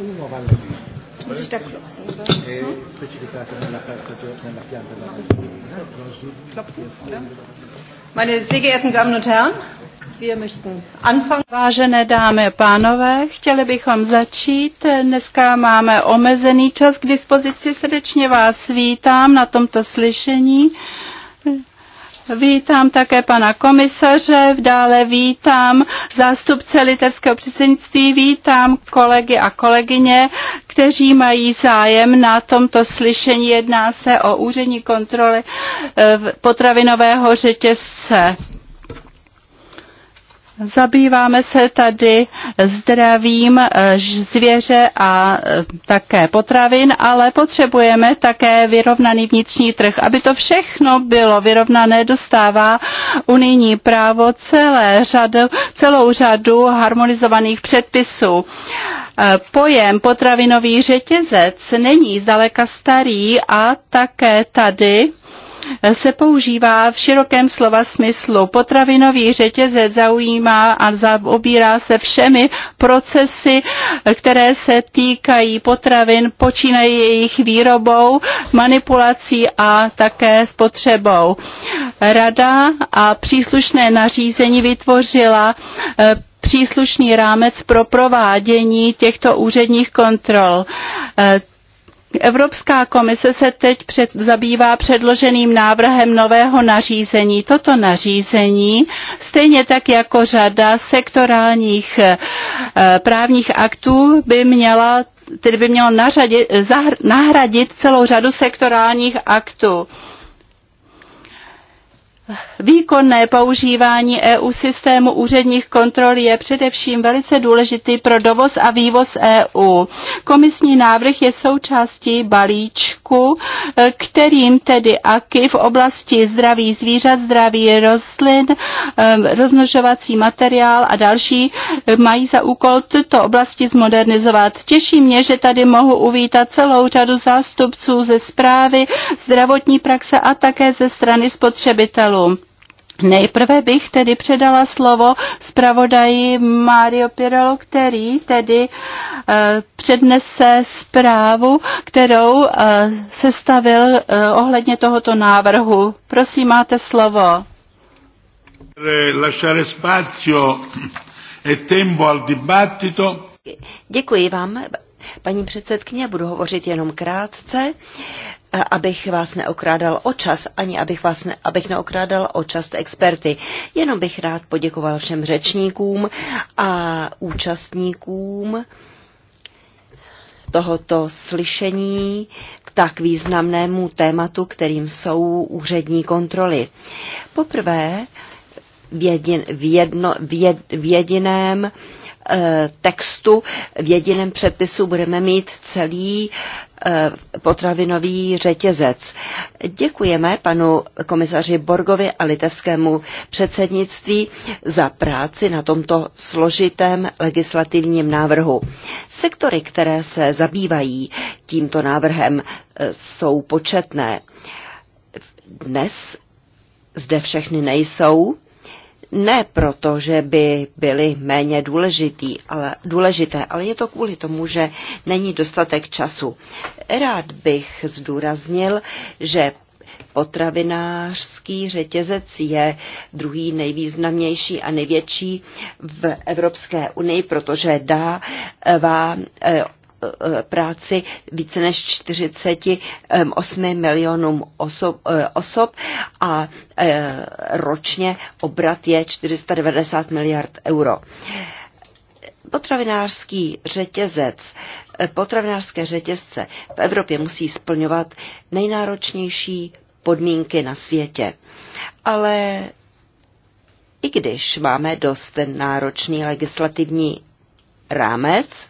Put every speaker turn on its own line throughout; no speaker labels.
uno Così sta È specificato nella pianta della Meine sehr geehrten Damen und Herren, wir möchten anfangen. Vážené dámy a pánové, chtěli bychom začít. Dneska máme omezený čas k dispozici. Srdečně vás vítám na tomto slyšení. Vítám také pana komisaře, dále vítám zástupce litevského předsednictví, vítám kolegy a kolegyně, kteří mají zájem na tomto slyšení. Jedná se o úřední kontroly eh, potravinového řetězce. Zabýváme se tady zdravím eh, zvěře a eh, také potravin, ale potřebujeme také vyrovnaný vnitřní trh. Aby to všechno bylo vyrovnané, dostává unijní právo celé řadu, celou řadu harmonizovaných předpisů. Eh, pojem potravinový řetězec není zdaleka starý a také tady se používá v širokém slova smyslu. Potravinový řetězec zaujímá a zaobírá se všemi procesy, které se týkají potravin, počínají jejich výrobou, manipulací a také spotřebou. Rada a příslušné nařízení vytvořila eh, příslušný rámec pro provádění těchto úředních kontrol. Eh, Evropská komise se teď před, zabývá předloženým návrhem nového nařízení. Toto nařízení, stejně tak jako řada sektorálních e, právních aktů, by měla tedy by mělo nařadit, zahr, nahradit celou řadu sektorálních aktů. Výkonné používání EU systému úředních kontrol je především velice důležitý pro dovoz a vývoz EU. Komisní návrh je součástí balíčku, kterým tedy AKY v oblasti zdraví zvířat, zdraví rostlin, eh, rozmnožovací materiál a další eh, mají za úkol tyto oblasti zmodernizovat. Těší mě, že tady mohu uvítat celou řadu zástupců ze zprávy, zdravotní praxe a také ze strany spotřebitelů cílů. Nejprve bych tedy předala slovo zpravodaji Mario Pirolo, který tedy eh, přednese zprávu, kterou eh, sestavil eh, ohledně tohoto návrhu. Prosím, máte slovo. E
Děkuji vám, paní předsedkyně, budu hovořit jenom krátce abych vás neokrádal o čas, ani abych, vás ne, abych neokrádal o čas experty. Jenom bych rád poděkoval všem řečníkům a účastníkům tohoto slyšení k tak významnému tématu, kterým jsou úřední kontroly. Poprvé v, jedin, v, jedno, v, jed, v jediném eh, textu, v jediném předpisu budeme mít celý Eh, potravinový řetězec. Děkujeme panu komisaři Borgovi a litevskému předsednictví za práci na tomto složitém legislativním návrhu. Sektory, které se zabývají tímto návrhem, eh, jsou početné. Dnes zde všechny nejsou, ne proto, že by byly méně důležitý, ale, důležité, ale je to kvůli tomu, že není dostatek času. Rád bych zdůraznil, že potravinářský řetězec je druhý nejvýznamnější a největší v Evropské unii, protože dává eh, Eh, práci více než 48 milionům osob, eh, osob a eh, ročně obrat je 490 miliard euro. Potravinářský řetězec, potravinářské řetězce v Evropě musí splňovat nejnáročnější podmínky na světě. Ale i když máme dost náročný legislativní rámec,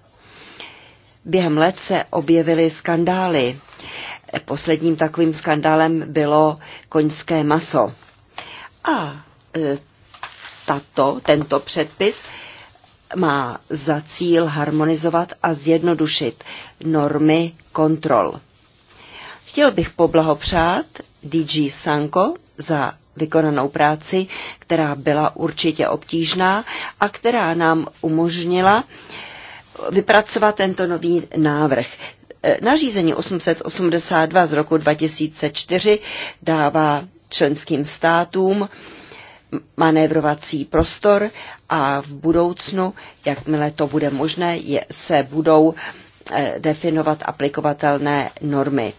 Během let se objevily skandály. Posledním takovým skandálem bylo koňské maso. A e, tato, tento předpis má za cíl harmonizovat a zjednodušit normy kontrol. Chtěl bych poblahopřát DG Sanko za vykonanou práci, která byla určitě obtížná a která nám umožnila eh, vypracovat tento nový návrh. E, nařízení 882 z roku 2004 dává členským státům manévrovací prostor a v budoucnu, jakmile to bude možné, je, se budou e, definovat aplikovatelné normy.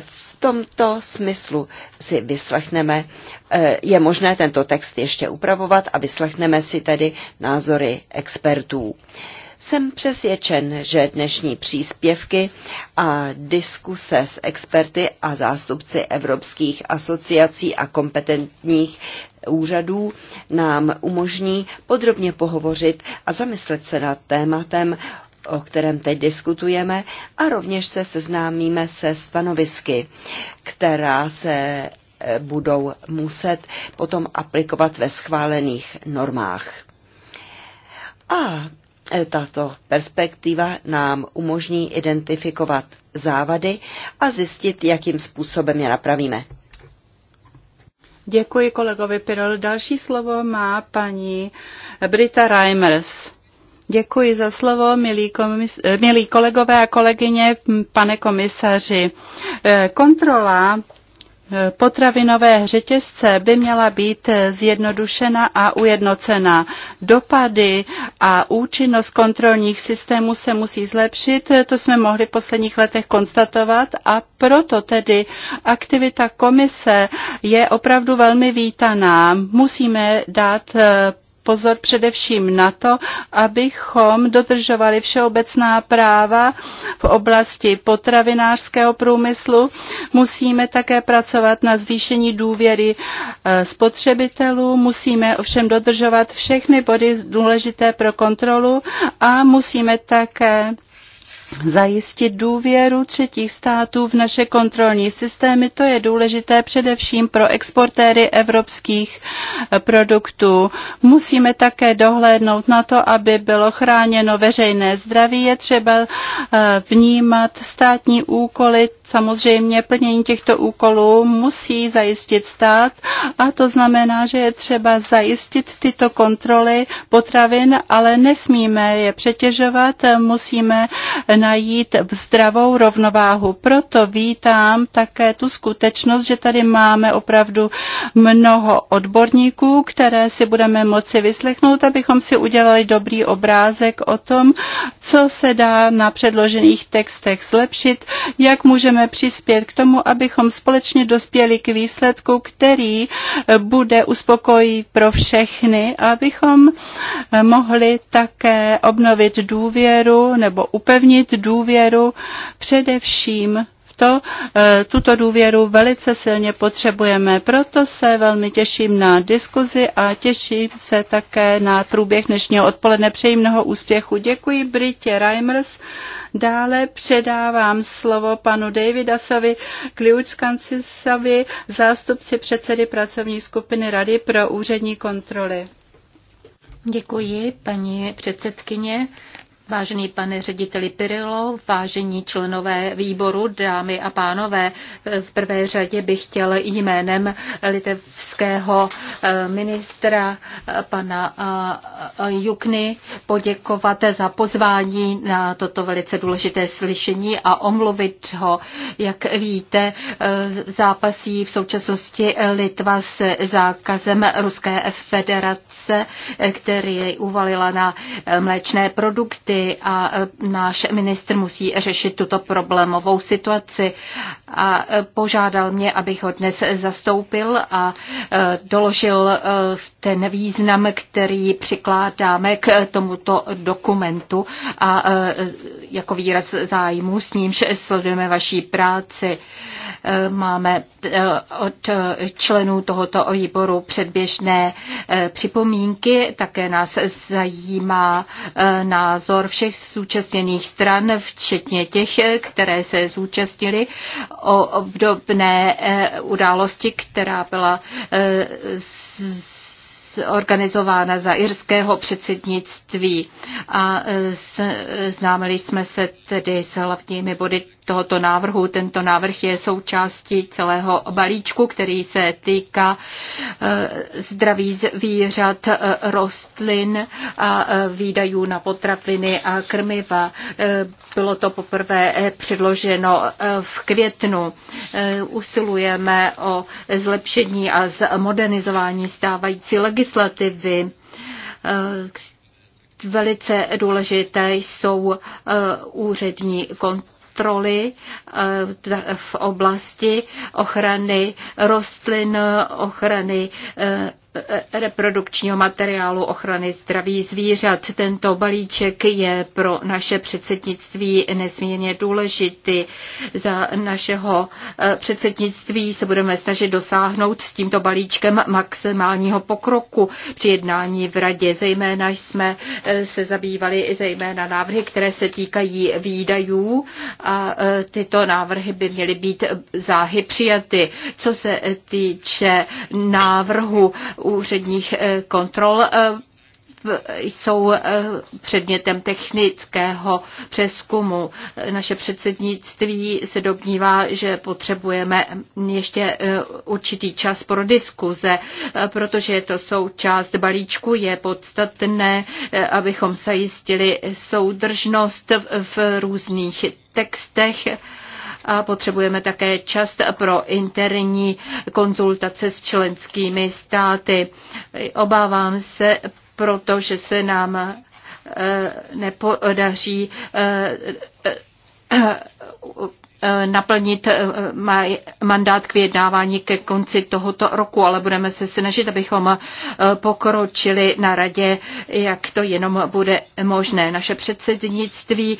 V tomto smyslu si vyslechneme, e, je možné tento text ještě upravovat a vyslechneme si tedy názory expertů. Jsem přesvědčen, že dnešní příspěvky a diskuse s experty a zástupci evropských asociací a kompetentních úřadů nám umožní podrobně pohovořit a zamyslet se nad tématem, o kterém teď diskutujeme, a rovněž se seznámíme se stanovisky, která se e, budou muset potom aplikovat ve schválených normách. A tato perspektiva nám umožní identifikovat závady a zjistit, jakým způsobem je napravíme.
Děkuji kolegovi Pirol. Další slovo má paní Brita Reimers. Děkuji za slovo, milí, komis, milí kolegové a kolegyně, pane komisaři. Eh, kontrola potravinové řetězce by měla být zjednodušena a ujednocena. Dopady a účinnost kontrolních systémů se musí zlepšit, to jsme mohli v posledních letech konstatovat a proto tedy aktivita komise je opravdu velmi vítaná. Musíme dát eh, pozor především na to, abychom dodržovali všeobecná práva v oblasti potravinářského průmyslu. Musíme také pracovat na zvýšení důvěry eh, spotřebitelů, musíme ovšem dodržovat všechny body důležité pro kontrolu a musíme také zajistit důvěru třetích států v naše kontrolní systémy. To je důležité především pro exportéry evropských eh, produktů. Musíme také dohlédnout na to, aby bylo chráněno veřejné zdraví. Je třeba eh, vnímat státní úkoly. Samozřejmě plnění těchto úkolů musí zajistit stát a to znamená, že je třeba zajistit tyto kontroly potravin, ale nesmíme je přetěžovat, musíme najít v zdravou rovnováhu. Proto vítám také tu skutečnost, že tady máme opravdu mnoho odborníků, které si budeme moci vyslechnout, abychom si udělali dobrý obrázek o tom, co se dá na předložených textech zlepšit, jak můžeme přispět k tomu, abychom společně dospěli k výsledku, který bude uspokojí pro všechny, abychom mohli také obnovit důvěru nebo upevnit mít důvěru především to, eh, tuto důvěru velice silně potřebujeme. Proto se velmi těším na diskuzi a těším se také na průběh dnešního odpoledne. Přeji mnoho úspěchu. Děkuji Britě Reimers. Dále předávám slovo panu Davidasovi Kliučkancisovi, zástupci předsedy pracovní skupiny Rady pro úřední kontroly. Děkuji, paní předsedkyně. Vážený pane řediteli Pirilo,
vážení členové výboru, dámy a pánové, v prvé řadě bych chtěl jménem litevského eh, ministra eh, pana eh, Jukny poděkovat za pozvání na toto velice důležité slyšení a omluvit ho. Jak víte, zápasí v současnosti Litva s zákazem Ruské federace, který uvalila na mléčné produkty a e, náš ministr musí řešit tuto problémovou situaci a e, požádal mě, abych ho dnes zastoupil a e, doložil ten význam, který přikládáme k tomuto dokumentu a jako výraz zájmu, s nímž sledujeme vaší práci. Máme od členů tohoto výboru předběžné připomínky, také nás zajímá názor všech zúčastněných stran, včetně těch, které se zúčastnily o obdobné eh, události, která byla eh, organizována za irského předsednictví a eh, známili jsme se tedy s hlavními body tohoto návrhu. Tento návrh je součástí celého balíčku, který se týká e, zdraví zvířat, e, rostlin a e, výdajů na potraviny a krmiva. Bylo to poprvé předloženo v květnu. Usilujeme o zlepšení a zmodernizování stávající legislativy velice důležité jsou úřední kontroly kontroly eh, v oblasti ochrany rostlin, ochrany eh, Eh, reprodukčního materiálu ochrany zdraví zvířat. Tento balíček je pro naše předsednictví nesmírně důležitý. Za našeho eh, předsednictví se budeme snažit dosáhnout s tímto balíčkem maximálního pokroku při jednání v radě. Zejména jsme eh, se zabývali zejména návrhy, které se týkají výdajů a tyto návrhy by měly být záhy přijaty. Co se týče návrhu úředních eh, kontrol eh, jsou eh, předmětem technického přeskumu. Naše předsednictví se domnívá, že potřebujeme ještě určitý čas pro diskuze, protože je to součást balíčku, je podstatné, abychom zajistili soudržnost v různých textech a potřebujeme také čas pro interní konzultace s členskými státy. Obávám se proto, že se nám eh, nepodaří eh, eh, Eh, naplnit eh, mandát k vyjednávání ke konci tohoto roku, ale budeme se snažit, abychom eh, pokročili na radě, jak to jenom bude možné. Naše předsednictví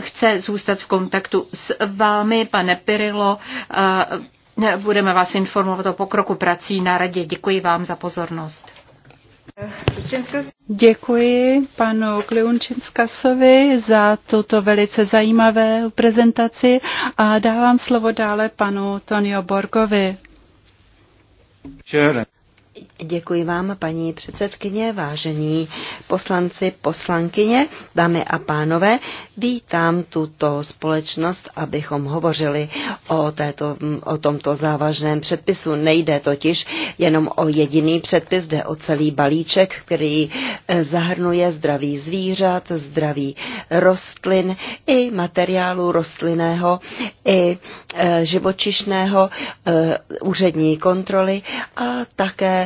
chce zůstat v kontaktu s vámi, pane Pirilo. Budeme vás informovat o pokroku prací na radě. Děkuji vám za pozornost.
Děkuji panu Kliunčinskasovi za tuto velice zajímavé prezentaci a dávám slovo dále panu Tonio
Borgovi. Sure. Děkuji vám, paní předsedkyně, vážení poslanci, poslankyně, dámy a pánové. Vítám tuto společnost, abychom hovořili o, této, o tomto závažném předpisu. Nejde totiž jenom o jediný předpis, jde o celý balíček, který eh, zahrnuje zdraví zvířat, zdraví rostlin i materiálu rostlinného, i eh, živočišného, eh, úřední kontroly a také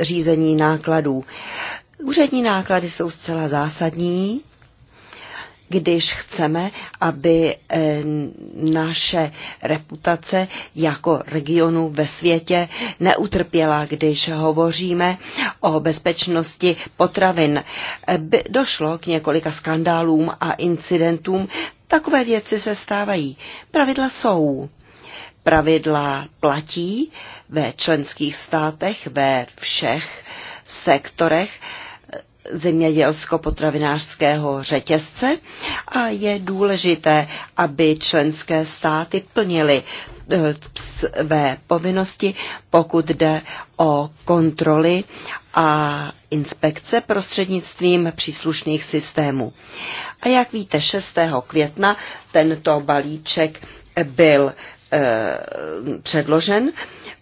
řízení nákladů. Úřední náklady jsou zcela zásadní, když chceme, aby eh, naše reputace jako regionu ve světě neutrpěla, když hovoříme o bezpečnosti potravin. Eh, by došlo k několika skandálům a incidentům, takové věci se stávají. Pravidla jsou. Pravidla platí, ve členských státech, ve všech sektorech zemědělsko-potravinářského řetězce a je důležité, aby členské státy plnily eh, své povinnosti, pokud jde o kontroly a inspekce prostřednictvím příslušných systémů. A jak víte, 6. května tento balíček byl eh, předložen. eh,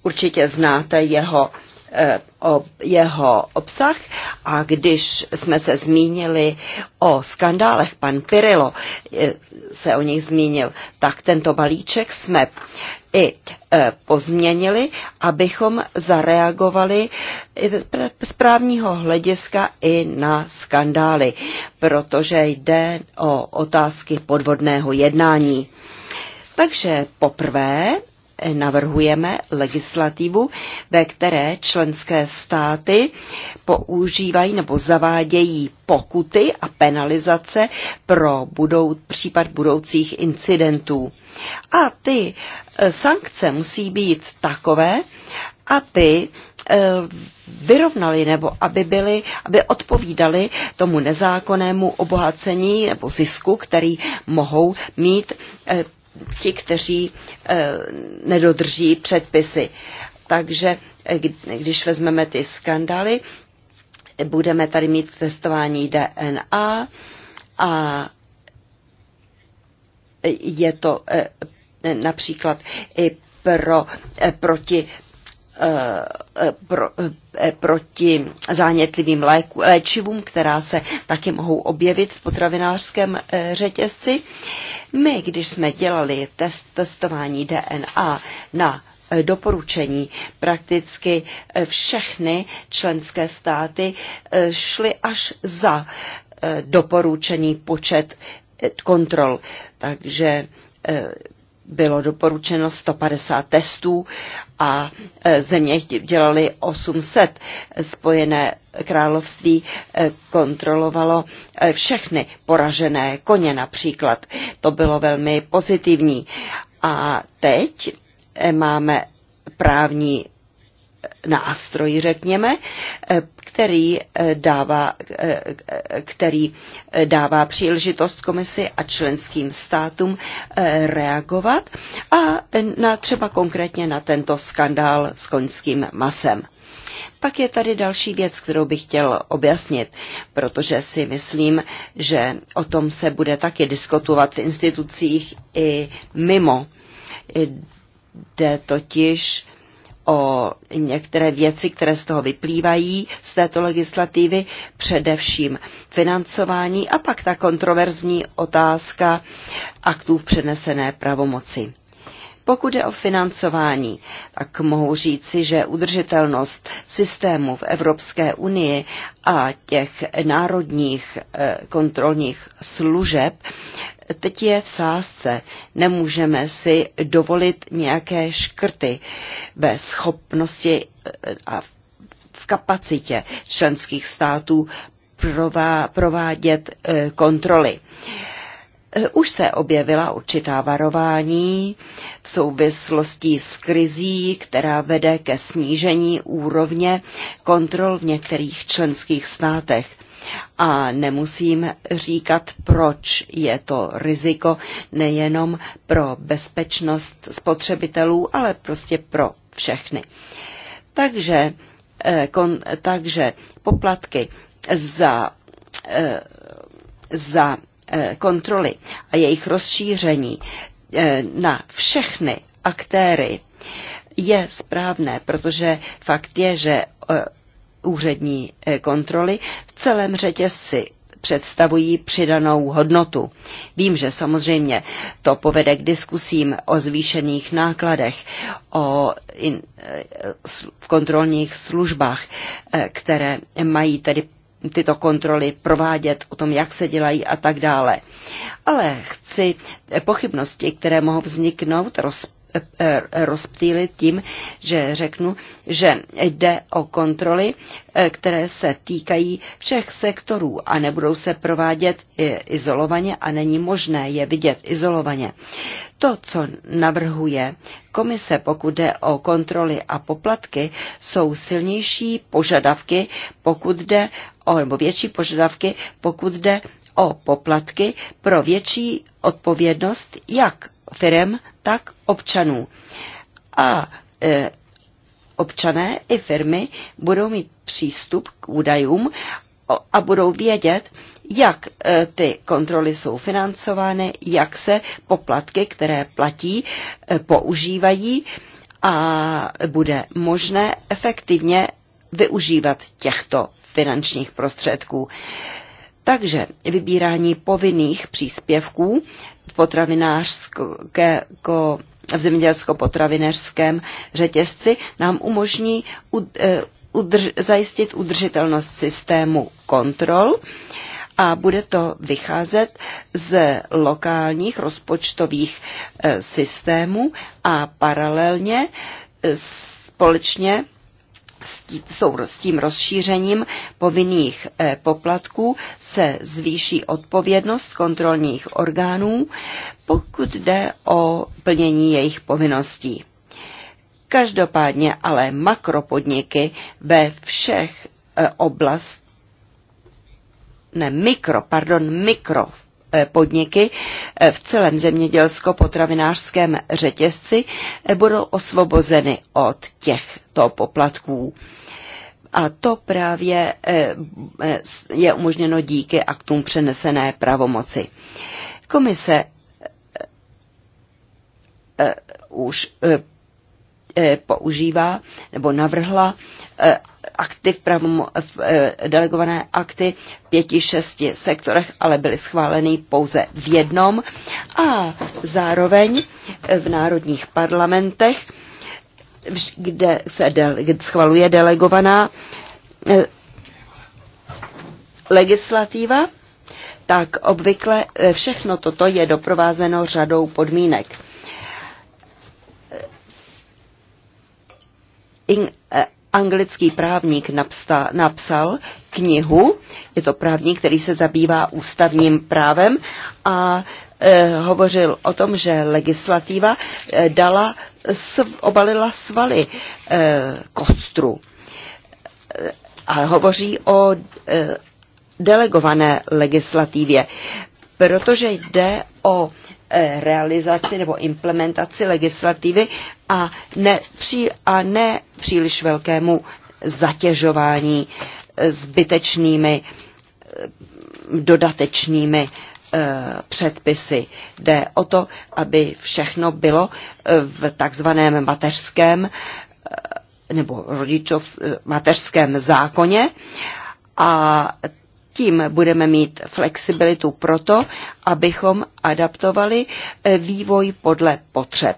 určitě znáte jeho eh, o jeho obsah a když jsme se zmínili o skandálech, pan Pirilo eh, se o nich zmínil, tak tento balíček jsme i eh, pozměnili, abychom zareagovali z právního hlediska i na skandály, protože jde o otázky podvodného jednání. Takže poprvé navrhujeme legislativu, ve které členské státy používají nebo zavádějí pokuty a penalizace pro budou, případ budoucích incidentů. A ty eh, sankce musí být takové, aby eh, vyrovnali nebo aby, byli, aby odpovídali tomu nezákonnému obohacení nebo zisku, který mohou mít eh, ti, kteří eh, nedodrží předpisy. Takže eh, když vezmeme ty skandály, budeme tady mít testování DNA a je to eh, například i pro, proti Eh, pro, eh, proti zánětlivým léku, léčivům, která se taky mohou objevit v potravinářském eh, řetězci. My, když jsme dělali test testování DNA na doporučení. Prakticky všechny členské státy šly až za doporučený počet kontrol. Takže bylo doporučeno 150 testů a e, země dělali 800. Spojené království e, kontrolovalo e, všechny poražené koně například. To bylo velmi pozitivní. A teď máme právní nástroj, řekněme, eh, který eh, dává, eh, který dává příležitost komisi a členským státům reagovat a na, třeba konkrétně na tento skandál s koňským masem. Pak je tady další věc, kterou bych chtěl objasnit, protože si myslím, že o tom se bude taky diskutovat v institucích i mimo. Jde totiž o některé věci, které z toho vyplývají z této legislativy, především financování a pak ta kontroverzní otázka aktů v přenesené pravomoci. Pokud je o financování, tak mohu říci, že udržitelnost systému v Evropské unii a těch národních eh, kontrolních služeb teď je v sázce. Nemůžeme si dovolit nějaké škrty ve schopnosti eh, a v kapacitě členských států provádět eh, kontroly. Eh, už se objevila určitá varování v souvislosti s krizí, která vede ke snížení úrovně kontrol v některých členských státech. A nemusím říkat, proč je to riziko nejenom pro bezpečnost spotřebitelů, ale prostě pro všechny. Takže, eh, kon, takže poplatky za, eh, za Eh, kontroly a jejich rozšíření eh, na všechny aktéry je správné, protože fakt je, že eh, úřední kontroly v celém řetězci představují přidanou hodnotu. Vím, že samozřejmě to povede k diskusím o zvýšených nákladech, o in, v kontrolních službách, které mají tedy tyto kontroly provádět, o tom, jak se dělají a tak dále. Ale chci pochybnosti, které mohou vzniknout, rozpět Eh, rozptýlit tím, že řeknu, že jde o kontroly, eh, které se týkají všech sektorů a nebudou se provádět eh, izolovaně a není možné je vidět izolovaně. To, co navrhuje komise, pokud jde o kontroly a poplatky, jsou silnější požadavky, pokud jde o, nebo větší požadavky, pokud jde o poplatky pro větší odpovědnost jak firem, tak občanů. A e, občané i firmy budou mít přístup k údajům a budou vědět, jak e, ty kontroly jsou financovány, jak se poplatky, které platí, e, používají a bude možné efektivně využívat těchto finančních prostředků. Takže vybírání povinných příspěvků v potravinářsko, v zemědělsko-potravinářském řetězci nám umožní eh, udrž, zajistit udržitelnost systému kontrol a bude to vycházet z lokálních rozpočtových eh, systémů a paralelně eh, společně s tím rozšířením povinných eh, poplatků se zvýší odpovědnost kontrolních orgánů, pokud jde o plnění jejich povinností. Každopádně ale makropodniky ve všech eh, oblastech ne mikro, pardon, mikro Eh, podniky eh, v celém zemědělsko-potravinářském řetězci eh, budou osvobozeny od těchto poplatků. A to právě je umožněno díky aktům přenesené pravomoci. Komise už Eh, používá nebo navrhla eh, akty v, pravom, v eh, delegované akty v pěti, šesti sektorech, ale byly schváleny pouze v jednom a zároveň v národních parlamentech, kde se dele, schvaluje delegovaná legislativa, tak obvykle všechno toto je doprovázeno řadou podmínek Eh, anglický právník napsta, napsal knihu, je to právník, který se zabývá ústavním právem a e, hovořil o tom, že legislativa e, dala, sv, obalila svaly e, kostru e, a hovoří o e, delegované legislativě, protože jde o Eh, realizaci nebo implementaci legislativy a ne, při, a ne příliš velkému zatěžování eh, zbytečnými eh, dodatečnými předpisy. Jde o to, aby všechno bylo v takzvaném mateřském nebo rodičov, mateřském zákoně a tím budeme mít flexibilitu proto, abychom adaptovali e, vývoj podle potřeb.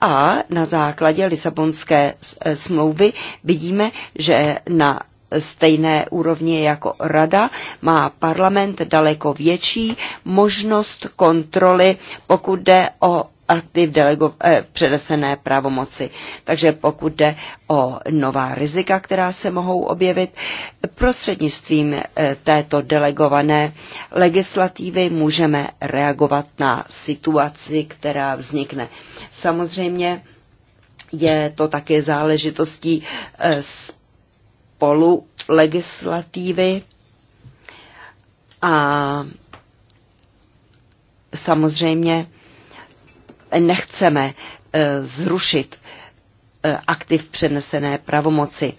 A na základě Lisabonské e, smlouvy vidíme, že na stejné úrovni jako rada, má parlament daleko větší možnost kontroly, pokud jde o a ty v delego, eh, předesené pravomoci. Takže pokud jde o nová rizika, která se mohou objevit, prostřednictvím eh, této delegované legislativy můžeme reagovat na situaci, která vznikne. Samozřejmě je to také záležitostí eh, spolu legislativy a samozřejmě nechceme eh, zrušit eh, aktiv přenesené pravomoci.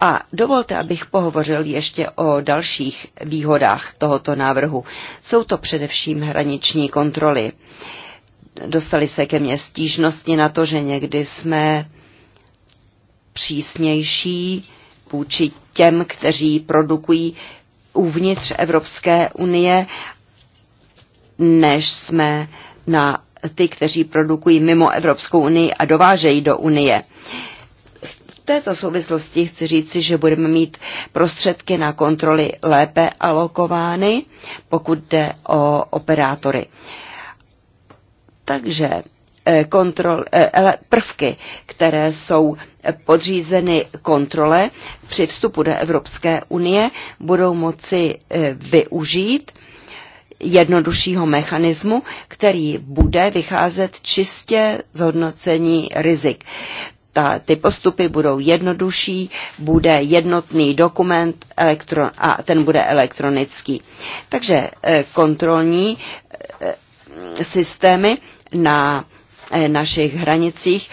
A dovolte, abych pohovořil ještě o dalších výhodách tohoto návrhu. Jsou to především hraniční kontroly. Dostali se ke mně stížnosti na to, že někdy jsme přísnější vůči těm, kteří produkují uvnitř Evropské unie než jsme na ty, kteří produkují mimo Evropskou unii a dovážejí do Unie. V této souvislosti chci říci, že budeme mít prostředky na kontroly lépe alokovány, pokud jde o operátory. Takže eh, kontrol, eh, prvky, které jsou podřízeny kontrole při vstupu do Evropské unie, budou moci eh, využít jednoduššího mechanismu, který bude vycházet čistě z hodnocení rizik. Ta, ty postupy budou jednodušší, bude jednotný dokument elektro, a ten bude elektronický. Takže eh, kontrolní eh, systémy na eh, našich hranicích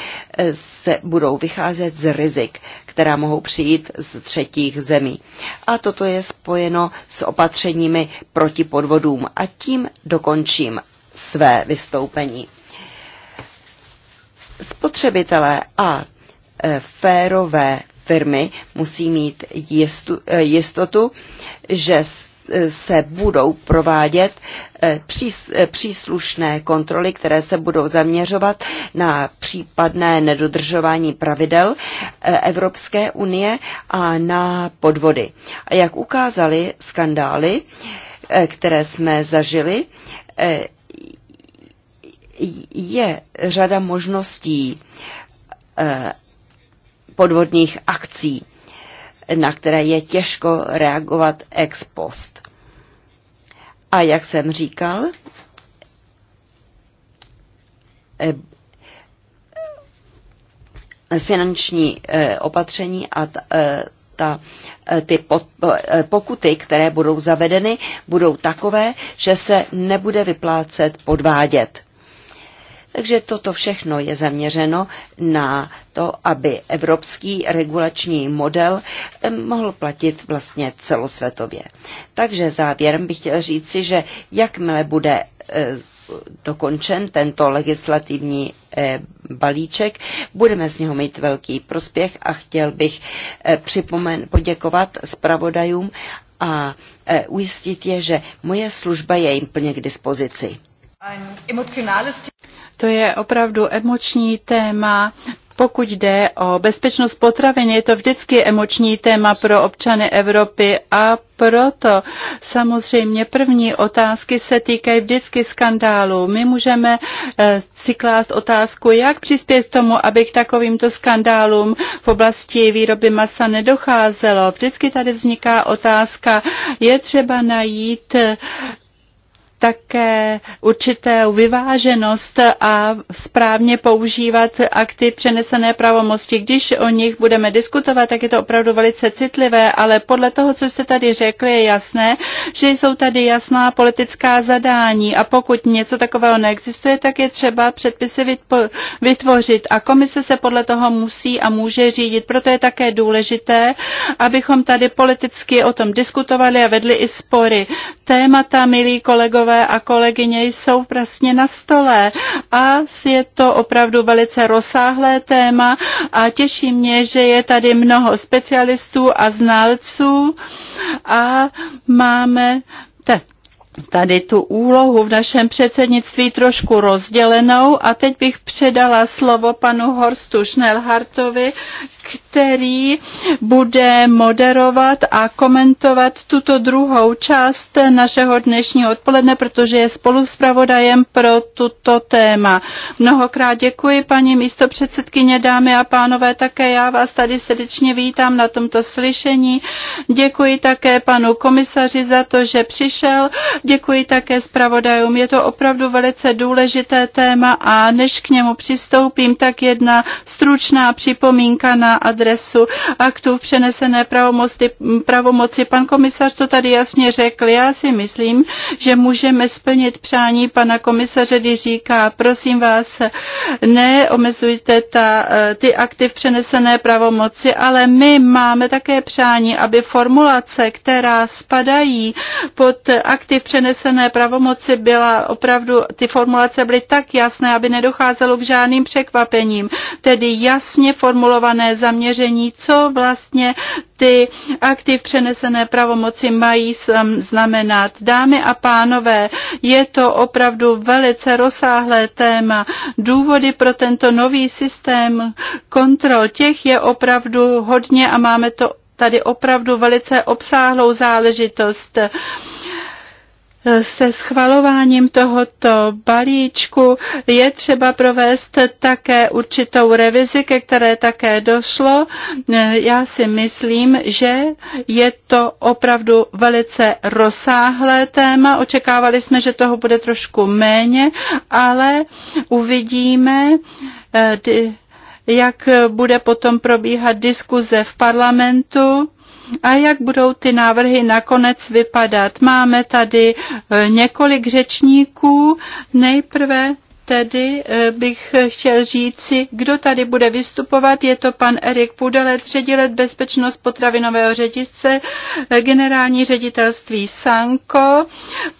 se budou vycházet z rizik která mohou přijít z třetích zemí. A toto je spojeno s opatřeními proti podvodům. A tím dokončím své vystoupení. Spotřebitelé a e, férové firmy musí mít e, jistotu, že s se budou provádět eh, eh, příslušné kontroly, které se budou zaměřovat na případné nedodržování pravidel eh, Evropské unie a na podvody. A jak ukázaly skandály, které jsme zažili, je řada možností podvodních akcí na které je těžko reagovat ex post. A jak jsem říkal, eh, finanční eh, opatření a ta, eh, ty pokuty, které budou zavedeny, budou takové, že se nebude vyplácet podvádět. Takže toto všechno je zaměřeno na to, aby evropský regulační model mohl platit vlastně celosvětově. Takže závěrem bych chtěl říci, že jakmile bude e, dokončen tento legislativní e, balíček. Budeme z něho mít velký prospěch a chtěl bych e, připomen, poděkovat zpravodajům a ujistit je, že moje služba je jim plně k dispozici.
To je opravdu emoční téma. Pokud jde o bezpečnost potravin, je to vždycky emoční téma pro občany Evropy a proto samozřejmě první otázky se týkají vždycky skandálu. My můžeme eh, si klást otázku, jak přispět k tomu, aby k takovýmto skandálům v oblasti výroby masa nedocházelo. Vždycky tady vzniká otázka, je třeba najít eh, také určité vyváženost a správně používat akty přenesené pravomosti. Když o nich budeme diskutovat, tak je to opravdu velice citlivé, ale podle toho, co jste tady řekli, je jasné, že jsou tady jasná politická zadání a pokud něco takového neexistuje, tak je třeba předpisy vytvořit a komise se podle toho musí a může řídit. Proto je také důležité, abychom tady politicky o tom diskutovali a vedli i spory. Témata, milí kolegové, kolegové a kolegyně jsou vlastně na stole a je to opravdu velice rozsáhlé téma a těší mě, že je tady mnoho specialistů a znalců a máme tady tu úlohu v našem předsednictví trošku rozdělenou a teď bych předala slovo panu Horstu Schnellhartovi, který bude moderovat a komentovat tuto druhou část našeho dnešního odpoledne, protože je spolu s pro tuto téma. Mnohokrát děkuji, paní místopředsedkyně, dámy a pánové, také já vás tady srdečně vítám na tomto slyšení. Děkuji také panu komisaři za to, že přišel. Děkuji také zpravodajům. Je to opravdu velice důležité téma a než k němu přistoupím, tak jedna stručná připomínka na adresu aktů přenesené pravomoci, pravomoci. Pan komisař to tady jasně řekl. Já si myslím, že můžeme splnit přání pana komisaře, když říká, prosím vás, neomezujte ta, ty akty v přenesené pravomoci, ale my máme také přání, aby formulace, která spadají pod aktiv přenesené přenesené pravomoci byla opravdu, ty formulace byly tak jasné, aby nedocházelo k žádným překvapením, tedy jasně formulované zaměření, co vlastně ty aktiv přenesené pravomoci mají znamenat. Dámy a pánové, je to opravdu velice rozsáhlé téma. Důvody pro tento nový systém kontrol, těch je opravdu hodně a máme to tady opravdu velice obsáhlou záležitost se schvalováním tohoto balíčku je třeba provést také určitou revizi, ke které také došlo. Já si myslím, že je to opravdu velice rozsáhlé téma. Očekávali jsme, že toho bude trošku méně, ale uvidíme, eh, jak bude potom probíhat diskuze v parlamentu a jak budou ty návrhy nakonec vypadat. Máme tady e, několik řečníků. Nejprve tedy e, bych chtěl říci, kdo tady bude vystupovat. Je to pan Erik Pudelet, ředitel bezpečnost potravinového řetězce, e, generální ředitelství Sanko,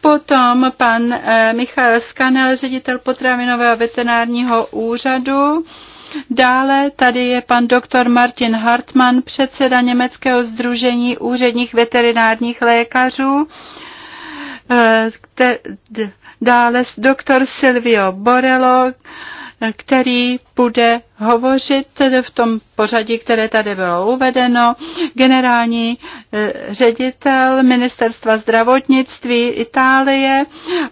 potom pan Michal Skanel, ředitel potravinového veterinárního úřadu, Dále tady je pan doktor Martin Hartmann, předseda Německého združení úředních veterinárních lékařů. Eh, dále doktor Silvio Borelo, který bude hovořit v tom pořadí, které tady bylo uvedeno. Generální eh, ředitel Ministerstva zdravotnictví Itálie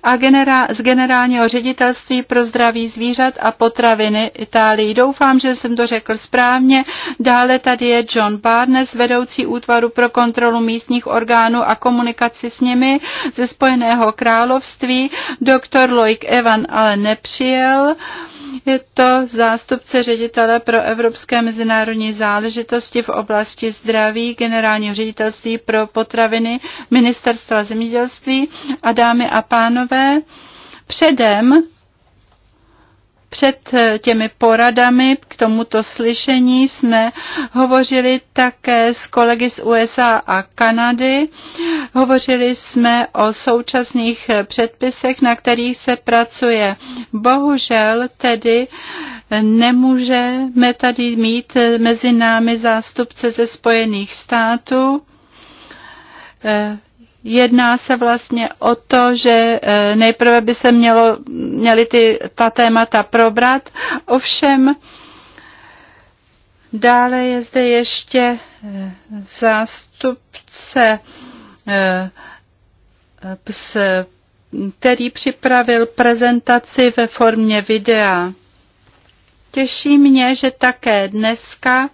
a generál, z generálního ředitelství pro zdraví zvířat a potraviny Itálie. Doufám, že jsem to řekl správně. Dále tady je John Barnes, vedoucí útvaru pro kontrolu místních orgánů a komunikaci s nimi ze Spojeného království. Doktor Loik Evan ale nepřijel. Uh, je to zástupce ředitele pro evropské mezinárodní záležitosti v oblasti zdraví generálního ředitelství pro potraviny ministerstva zemědělství a dámy a pánové. Předem před eh, těmi poradami k tomuto slyšení jsme hovořili také s kolegy z USA a Kanady. Hovořili jsme o současných eh, předpisech, na kterých se pracuje. Bohužel tedy eh, nemůžeme tady mít mezi námi zástupce ze Spojených států Jedná se vlastně o to, že eh, nejprve by se mělo, měly ty, ta témata probrat, ovšem dále je zde ještě eh, zástupce eh, který připravil prezentaci ve formě videa. Těší mě, že také dneska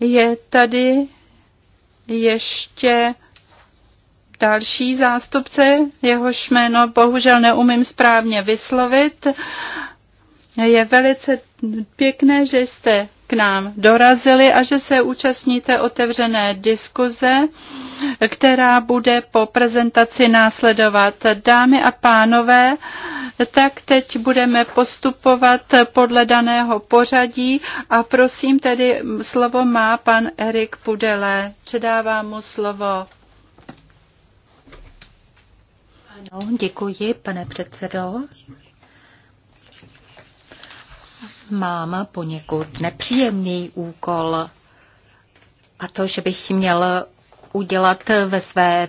je tady ještě další zástupce, jehož jméno bohužel neumím správně vyslovit. Je velice pěkné, že jste k nám dorazili a že se účastníte otevřené diskuze, která bude po prezentaci následovat. Dámy a pánové, tak teď budeme postupovat podle daného pořadí a prosím tedy slovo má pan Erik Pudele. Předávám mu slovo. Ano, děkuji, pane předsedo.
Mám poněkud nepříjemný úkol a to, že bych měl udělat ve své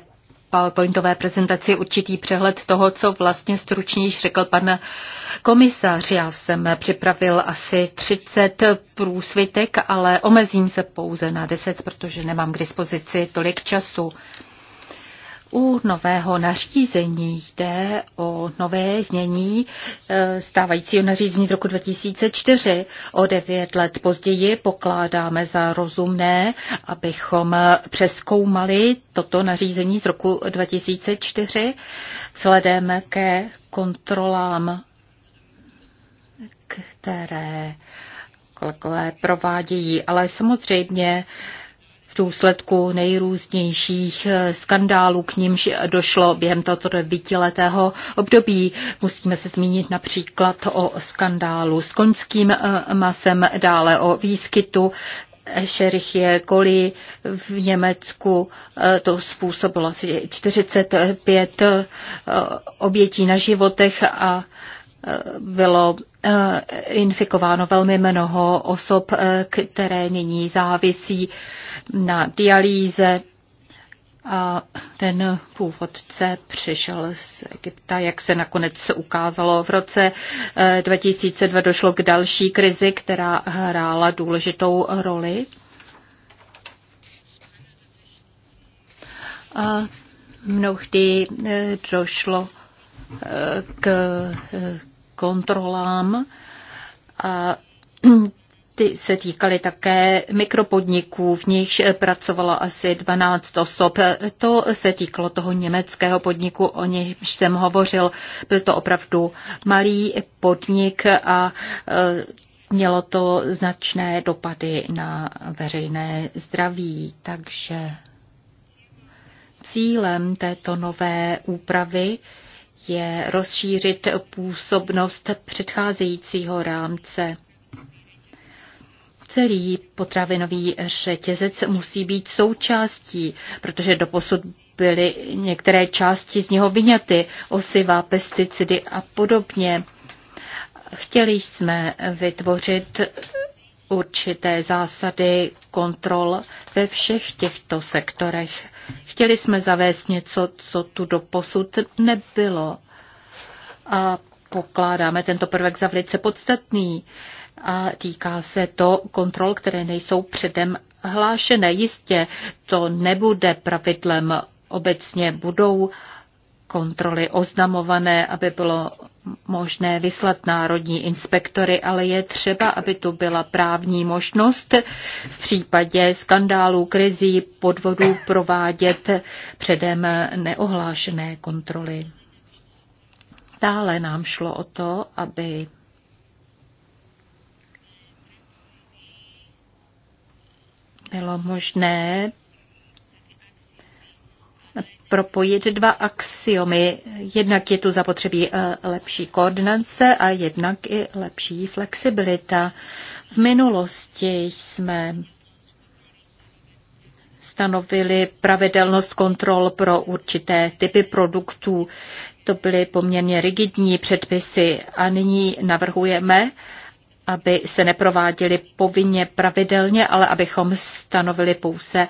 PowerPointové prezentaci určitý přehled toho, co vlastně stručnější řekl pan komisař. Já jsem připravil asi 30 průsvitek, ale omezím se pouze na 10, protože nemám k dispozici tolik času. U nového nařízení jde o nové znění eh, stávajícího nařízení z roku 2004. O devět let později pokládáme za rozumné, abychom eh, přeskoumali toto nařízení z roku 2004 vzhledem ke kontrolám, které kolegové provádějí. Ale samozřejmě v důsledku nejrůznějších eh, skandálů, k nímž došlo během tohoto devítiletého období. Musíme se zmínit například o skandálu s koňským eh, masem, dále o výskytu Šerichie Koli v Německu. Eh, to způsobilo asi 45 obětí na životech a bylo eh, infikováno velmi mnoho osob, eh, které nyní závisí na dialýze. A ten původce přišel z Egypta, jak se nakonec ukázalo v roce 2002 eh, došlo k další krizi, která hrála důležitou roli. A mnohdy došlo k kontrolám a ty se týkaly také mikropodniků, v nichž pracovalo asi 12 osob. To se týkalo toho německého podniku, o němž jsem hovořil. Byl to opravdu malý podnik a e, mělo to značné dopady na veřejné zdraví, takže cílem této nové úpravy je rozšířit působnost předcházejícího rámce. Celý potravinový řetězec musí být součástí, protože doposud byly některé části z něho vyňaty, osiva, pesticidy a podobně. Chtěli jsme vytvořit určité zásady kontrol ve všech těchto sektorech Chtěli jsme zavést něco, co tu doposud nebylo. A pokládáme tento prvek za velice podstatný a týká se to kontrol, které nejsou předem hlášené. Jistě to nebude pravidlem obecně, budou kontroly oznamované, aby bylo možné vyslat národní inspektory, ale je třeba, aby tu byla právní možnost v případě skandálů, krizí, podvodů provádět předem neohlášené kontroly. Dále nám šlo o to, aby bylo možné propojit dva axiomy. Jednak je tu zapotřebí eh, lepší koordinace a jednak i lepší flexibilita. V minulosti jsme stanovili pravidelnost kontrol pro určité typy produktů. To byly poměrně rigidní předpisy a nyní navrhujeme, aby se neprováděly povinně pravidelně, ale abychom stanovili pouze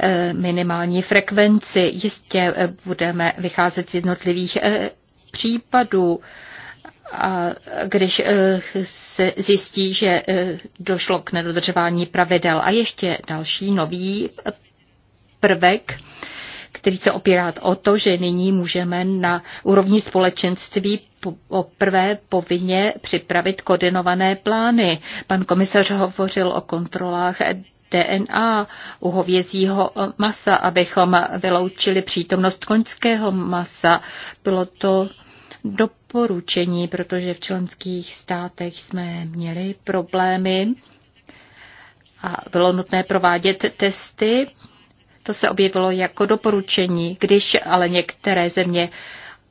eh, minimální frekvenci. Jistě eh, budeme vycházet z jednotlivých eh, případů. A když se zjistí, že došlo k nedodržování pravidel. A ještě další nový prvek, který se opírá o to, že nyní můžeme na úrovni společenství poprvé povinně připravit koordinované plány. Pan komisař hovořil o kontrolách DNA u hovězího masa, abychom vyloučili přítomnost koňského masa. Bylo to doporučení, protože v členských státech jsme měli problémy a bylo nutné provádět testy to se objevilo jako doporučení, když ale některé země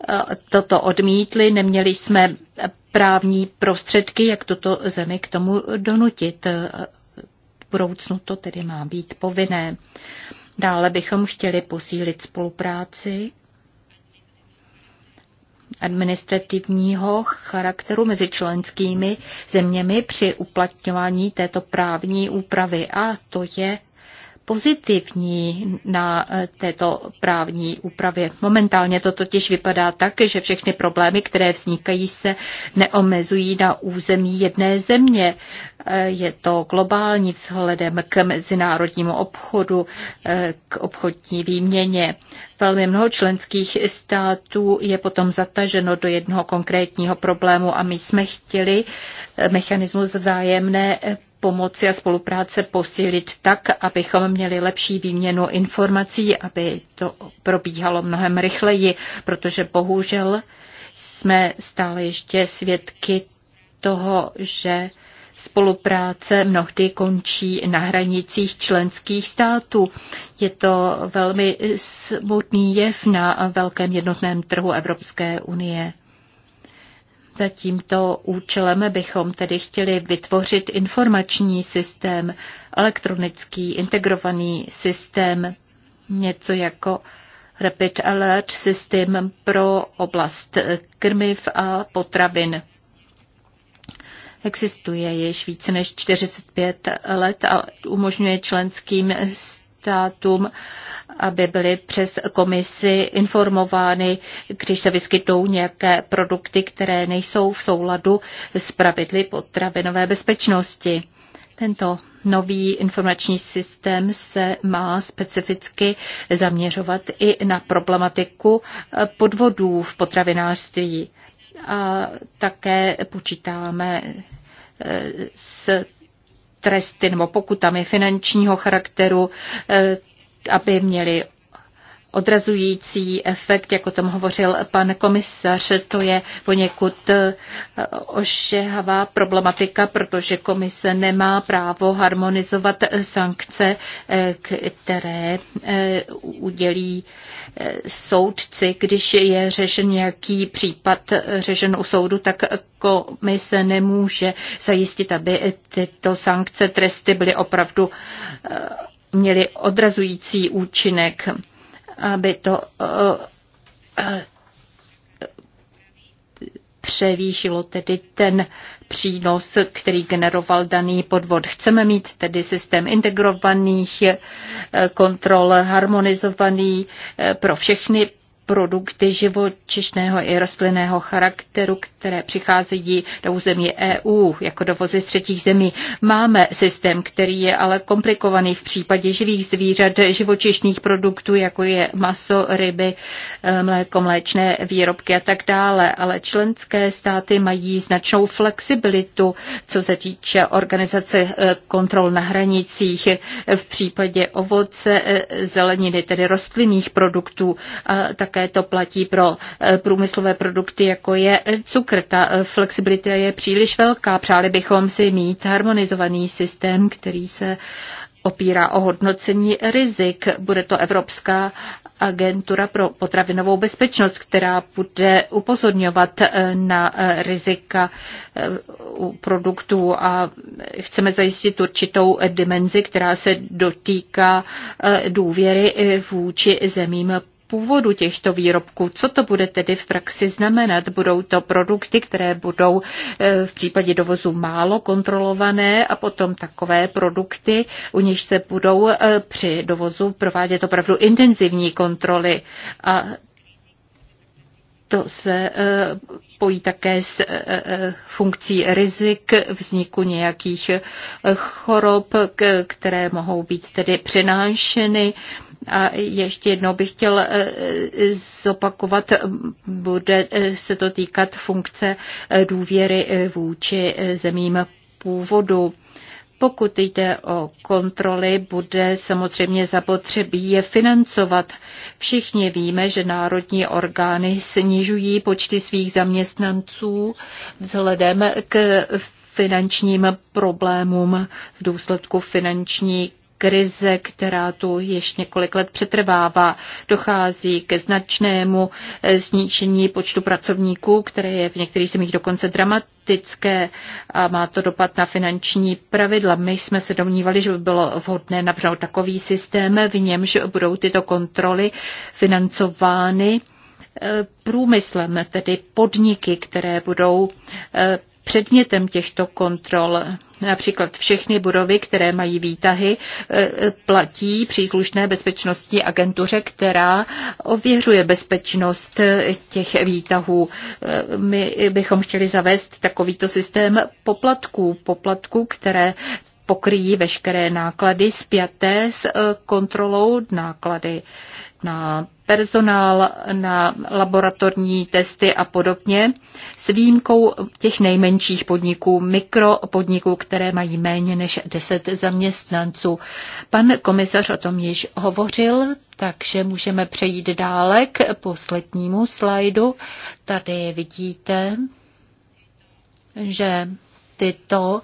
eh, toto odmítly, neměli jsme právní prostředky, jak tuto zemi k tomu donutit. Eh, v budoucnu to tedy má být povinné. Dále bychom chtěli posílit spolupráci administrativního charakteru mezi členskými zeměmi při uplatňování této právní úpravy a to je pozitivní na eh, této právní úpravě. Momentálně to totiž vypadá tak, že všechny problémy, které vznikají, se neomezují na území jedné země. Eh, je to globální vzhledem k mezinárodnímu obchodu, eh, k obchodní výměně. Velmi mnoho členských států je potom zataženo do jednoho konkrétního problému a my jsme chtěli mechanismus vzájemné pomoci a spolupráce posílit tak, abychom měli lepší výměnu informací, aby to probíhalo mnohem rychleji, protože bohužel jsme stále ještě svědky toho, že spolupráce mnohdy končí na hranicích členských států. Je to velmi smutný jev na velkém jednotném trhu Evropské unie. Za tímto účelem bychom tedy chtěli vytvořit informační systém, elektronický integrovaný systém, něco jako Rapid Alert systém pro oblast krmiv a potravin. Existuje již více než 45 let a umožňuje členským státům, aby byly přes komisi informovány, když se vyskytou nějaké produkty, které nejsou v souladu s pravidly potravinové bezpečnosti. Tento nový informační systém se má specificky zaměřovat i na problematiku podvodů v potravinářství. A také počítáme eh, s tresty nebo pokutami finančního charakteru, eh, aby měli odrazující efekt, jak o tom hovořil pan komisař, to je poněkud eh, ošehavá problematika, protože komise nemá právo harmonizovat sankce, eh, které eh, udělí soudci. Když je řešen nějaký případ řešen u soudu, tak komise nemůže zajistit, aby tyto sankce, tresty byly opravdu měly odrazující účinek aby to eh, eh, převýšilo tedy ten přínos, který generoval daný podvod. Chceme mít tedy systém integrovaných eh, kontrol, harmonizovaný pro všechny produkty živočišného i rostlinného charakteru, které přicházejí do území EU jako dovozy z třetích zemí. Máme systém, který je ale komplikovaný v případě živých zvířat, živočišných produktů, jako je maso, ryby, eh, mléko, mléčné výrobky a tak dále. Ale členské státy mají značnou flexibilitu, co se týče organizace eh, kontrol na hranicích eh, v případě ovoce, zeleniny, tedy rostlinných produktů. A tak také to platí pro eh, průmyslové produkty, jako je eh, cukr. Ta eh, flexibilita je příliš velká. Přáli bychom si mít harmonizovaný systém, který se opírá o hodnocení rizik. Bude to Evropská agentura pro potravinovou bezpečnost, která bude upozorňovat na rizika u produktů a chceme zajistit určitou dimenzi, která se dotýká důvěry vůči zemím původu těchto výrobků. Co to bude tedy v praxi znamenat? Budou to produkty, které budou e, v případě dovozu málo kontrolované a potom takové produkty, u nich se budou e, při dovozu provádět opravdu intenzivní kontroly. A to se e, pojí také s funkcí rizik vzniku nějakých chorob, které mohou být tedy přenášeny a ještě jednou bych chtěl eh, zopakovat, bude eh, se to týkat funkce eh, důvěry vůči zemím původu. Pokud jde o kontroly, bude samozřejmě zapotřebí je financovat. Všichni víme, že národní orgány snižují počty svých zaměstnanců vzhledem k finančním problémům v důsledku finanční krize, která tu již několik let přetrvává. Dochází ke značnému zničení eh, počtu pracovníků, které je v některých zemích dokonce dramatické a má to dopad na finanční pravidla. My jsme se domnívali, že by bylo vhodné navrhnout takový systém, v němž budou tyto kontroly financovány eh, průmyslem, tedy podniky, které budou eh, předmětem těchto kontrol. Například všechny budovy, které mají výtahy, e, e, platí příslušné bezpečnostní agentuře, která ověřuje bezpečnost e, těch výtahů. My bychom chtěli zavést takovýto systém poplatků, poplatků, které pokryjí veškeré náklady spjaté s kontrolou náklady na personál, na laboratorní testy a podobně, s výjimkou těch nejmenších podniků, mikropodniků, které mají méně než 10 zaměstnanců. Pan komisař o tom již hovořil, takže můžeme přejít dále k poslednímu slajdu. Tady vidíte, že tyto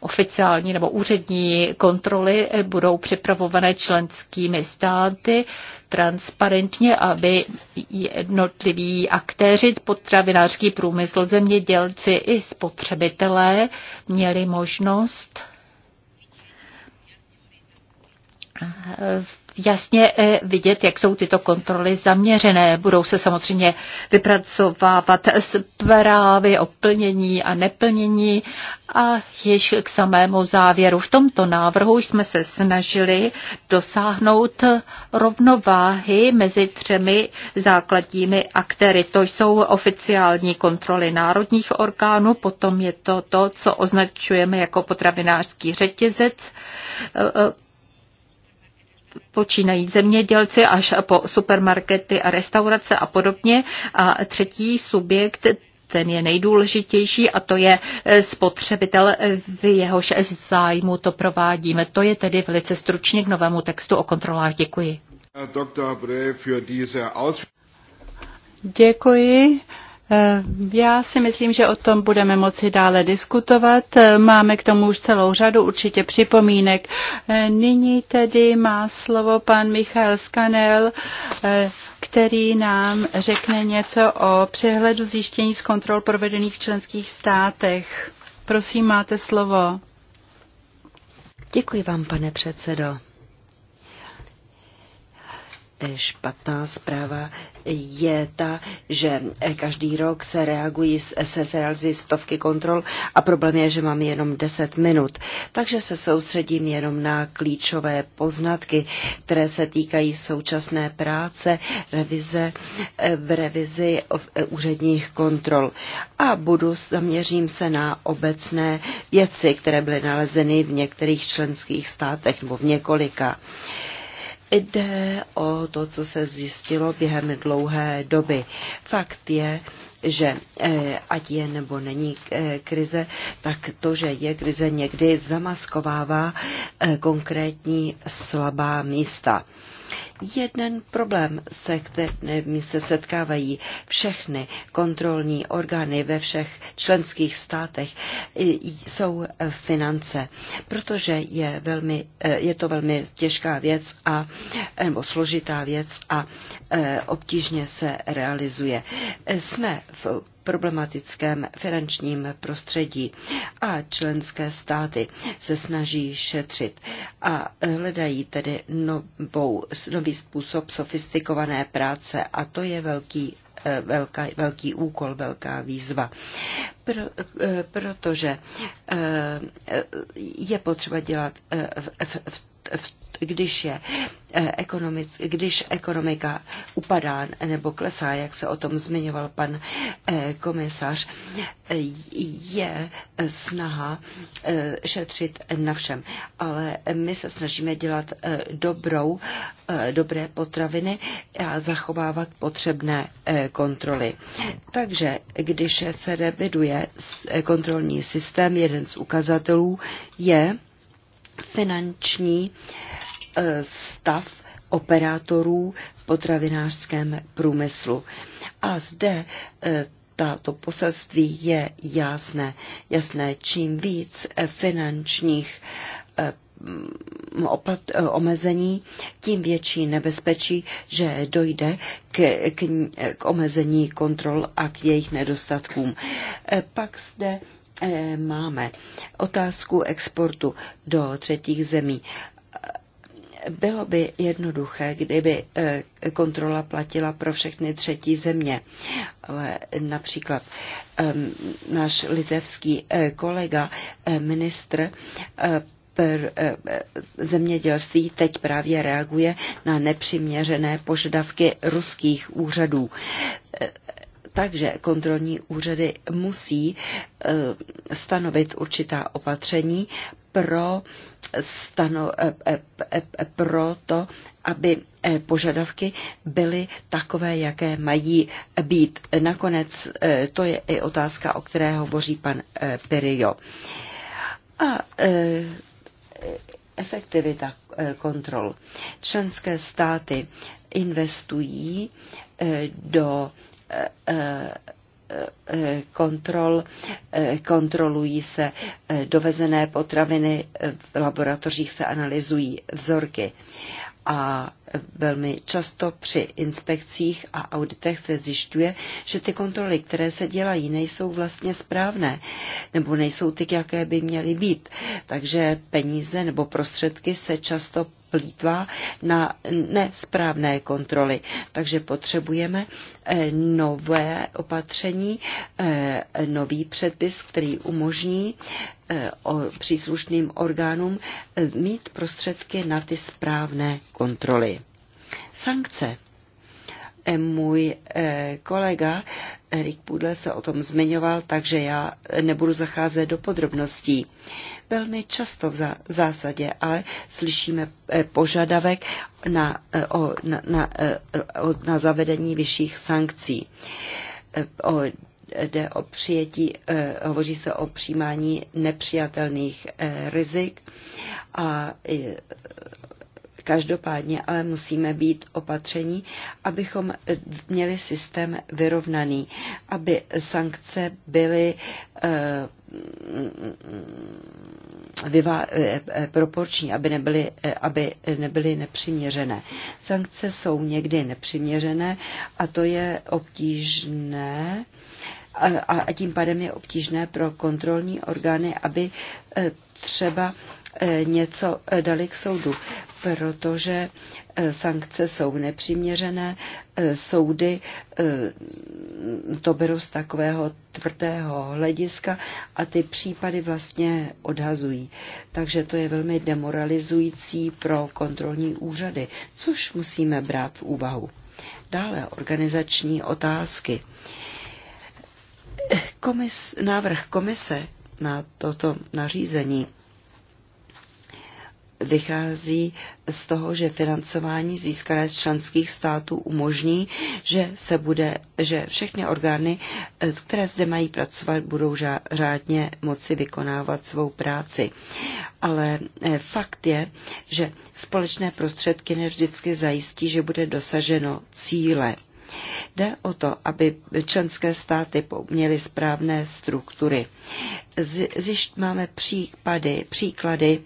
oficiální nebo úřední kontroly budou připravované členskými státy transparentně, aby jednotliví aktéři, potravinářský průmysl, zemědělci i spotřebitelé měli možnost v jasně eh, vidět, jak jsou tyto kontroly zaměřené. Budou se samozřejmě vypracovávat zprávy o plnění a neplnění a již k samému závěru. V tomto návrhu jsme se snažili dosáhnout rovnováhy mezi třemi základními aktéry. To jsou oficiální kontroly národních orgánů, potom je to to, co označujeme jako potravinářský řetězec, eh, eh, počínají zemědělci až po supermarkety a restaurace a podobně. A třetí subjekt ten je nejdůležitější a to je eh, spotřebitel, v jehož zájmu to provádíme. To je tedy velice stručně k novému
textu o kontrolách. Děkuji. Děkuji Eh, já si myslím, že o tom budeme moci dále diskutovat. Eh, máme k tomu už celou řadu určitě připomínek. Eh, nyní tedy má slovo pan Michal Skanel, který nám řekne něco o přehledu zjištění z kontrol provedených v členských státech.
Prosím, máte slovo. Děkuji vám, pane předsedo špatná zpráva je ta, že každý rok se reagují, se realizují stovky kontrol a problém je, že mám jenom 10 minut. Takže se soustředím jenom na klíčové poznatky, které se týkají současné práce, revize, v revizi eh, úředních kontrol. A budu, zaměřím se na obecné věci, které byly nalezeny v některých členských státech nebo v několika. Jde o to, co se zjistilo během dlouhé doby. Fakt je, že eh, ať je nebo není eh, krize, tak to, že je krize, někdy zamaskovává eh, konkrétní slabá místa. Jeden problém, se kterým se setkávají všechny kontrolní orgány ve všech členských státech, jsou finance, protože je, velmi, eh, je to velmi těžká věc a, nebo složitá věc a eh, obtížně se realizuje. Jsme v problematickém finančním prostředí. A členské státy se snaží šetřit a hledají tedy novou, nový způsob sofistikované práce a to je velký eh, velká, velký úkol, velká výzva. Pro, eh, protože eh, je potřeba dělat v, v, v když je eh, ekonomic, když ekonomika upadá nebo klesá, jak se o tom zmiňoval pan eh, komisař, eh, je snaha šetřit na všem. Ale my se snažíme dělat dobrou, dobré potraviny a zachovávat potřebné kontroly. Takže když se reviduje kontrolní systém, jeden z ukazatelů je, finanční eh, stav operátorů v potravinářském průmyslu. A zde eh, tato poselství je jasné. Jasné, čím víc eh, finančních opat, omezení, tím větší nebezpečí, že dojde k, k, k omezení kontrol a k jejich nedostatkům. Pak zde Eh, máme otázku exportu do třetích zemí. Eh, bylo by jednoduché, kdyby eh, kontrola platila pro všechny třetí země, ale například ehm, náš litevský kolega, ministr zemědělství teď právě reaguje na nepřiměřené požadavky ruských úřadů. Takže kontrolní úřady musí eh, stanovit určitá opatření pro, stano, eh, eh, pro to, aby požadavky byly takové, jaké mají být. Nakonec to je i otázka, o které hovoří pan Perio A efektivita kontrol. Členské státy investují do kontrol, kontrolují se eh, dovezené potraviny, v laboratořích se analyzují vzorky. A Velmi často při inspekcích a auditech se zjišťuje, že ty kontroly, které se dělají, nejsou vlastně správné nebo nejsou ty, jaké by měly být. Takže peníze nebo prostředky se často plítvá na nesprávné kontroly. Takže potřebujeme eh, nové opatření, eh, nový předpis, který umožní eh, příslušným orgánům mít prostředky na ty správné kontroly sankce. E, můj e, kolega Erik Pudle se o tom zmiňoval, takže já nebudu zacházet do podrobností. Velmi často v zásadě ale slyšíme e, požadavek na, o, na, na, o, na zavedení vyšších sankcí. O, jde o přijetí, hovoří se o přijímání nepřijatelných rizik a Každopádně ale musíme být opatření, abychom měli systém vyrovnaný, aby sankce byly eh, eh, proporční, aby nebyly, eh, aby nebyly nepřiměřené. Sankce jsou někdy nepřiměřené a to je obtížné a tím pádem je obtížné pro kontrolní orgány, aby třeba E, něco e, dali k soudu, protože e, sankce jsou nepřiměřené, soudy to berou z takového tvrdého hlediska a ty případy vlastně odhazují. Takže to je velmi demoralizující pro kontrolní úřady, což musíme brát v úvahu. Dále organizační otázky. Komis, návrh komise na toto nařízení vychází z toho, že financování získané z členských států umožní, že se bude, že všechny orgány, eh, které zde mají pracovat, budou řádně moci vykonávat svou práci. Ale eh, fakt je, že společné prostředky nevždycky zajistí, že bude dosaženo cíle. Jde o to, aby členské státy měly správné struktury. Zjišť máme případy, příklady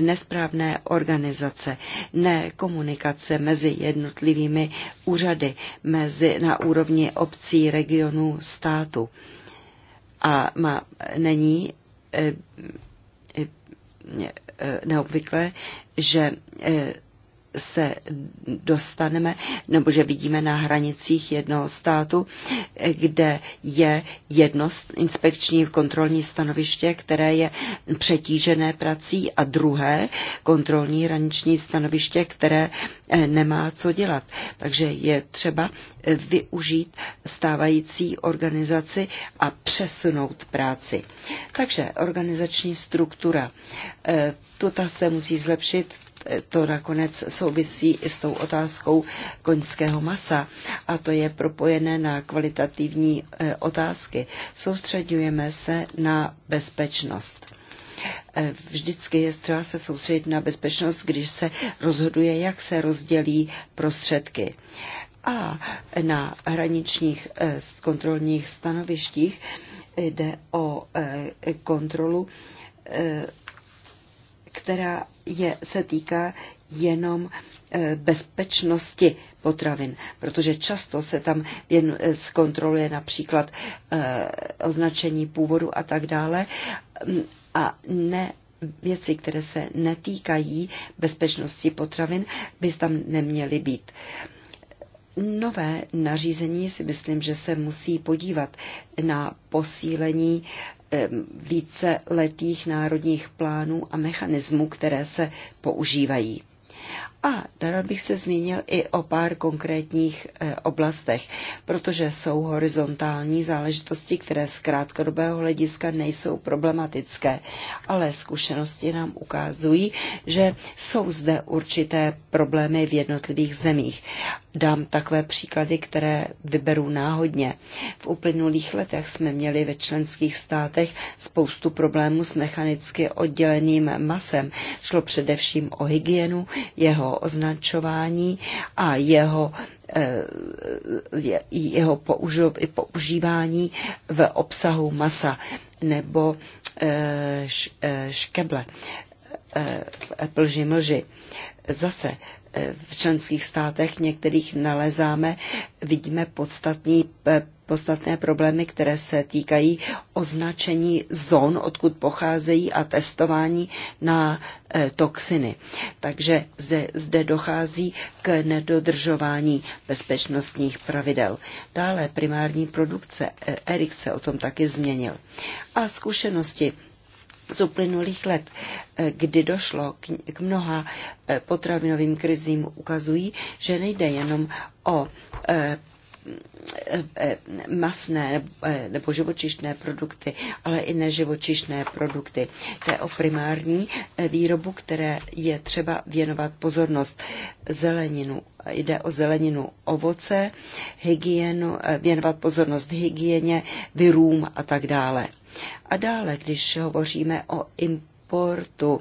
nesprávné organizace, nekomunikace mezi jednotlivými úřady, mezi na úrovni obcí, regionů, státu. A má, není eh, eh, neobvyklé, že eh, se dostaneme, nebo že vidíme na hranicích jednoho státu, kde je jedno inspekční kontrolní stanoviště, které je přetížené prací a druhé kontrolní hraniční stanoviště, které eh, nemá co dělat. Takže je třeba eh, využít stávající organizaci a přesunout práci. Takže organizační struktura. Eh, Tuta se musí zlepšit to nakonec souvisí i s tou otázkou koňského masa a to je propojené na kvalitativní eh, otázky. Soustředujeme se na bezpečnost. Eh, vždycky je třeba se soustředit na bezpečnost, když se rozhoduje, jak se rozdělí prostředky a na hraničních eh, kontrolních stanovištích jde o kontrolu která je, se týká jenom eh, bezpečnosti potravin, protože často se tam jen eh, zkontroluje například eh, označení původu a tak dále mm, a ne věci, které se netýkají bezpečnosti potravin, by tam neměly být. Nové nařízení si myslím, že se musí podívat na posílení Eh, více letých národních plánů a mechanismů, které se používají. A dala bych se zmínil i o pár konkrétních eh, oblastech, protože jsou horizontální záležitosti, které z krátkodobého hlediska nejsou problematické, ale zkušenosti nám ukazují, že jsou zde určité problémy v jednotlivých zemích. Dám takové příklady, které vyberu náhodně. V uplynulých letech jsme měli ve členských státech spoustu problémů s mechanicky odděleným masem. Šlo především o hygienu, jeho jeho označování a jeho eh, jeho používání v obsahu masa nebo eh, eh, škeble plži mlži. Zase v členských státech některých nalezáme, vidíme podstatný, eh, podstatné problémy, které se týkají označení zón, odkud pocházejí a testování na eh, toxiny. Takže zde, zde dochází k nedodržování bezpečnostních pravidel. Dále primární produkce, eh, Erik se o tom taky změnil. A zkušenosti z uplynulých let, eh, kdy došlo k mnoha eh, potravinovým krizím, ukazují, že nejde jenom o eh, Eh, masné eh, nebo živočišné produkty, ale i neživočišné produkty. je o primární eh, výrobu, které je třeba věnovat pozornost. Zeleninu. Jde o zeleninu ovoce, hygienu, věnovat pozornost hygieně, virům a tak dále. A dále, když hovoříme o Sportu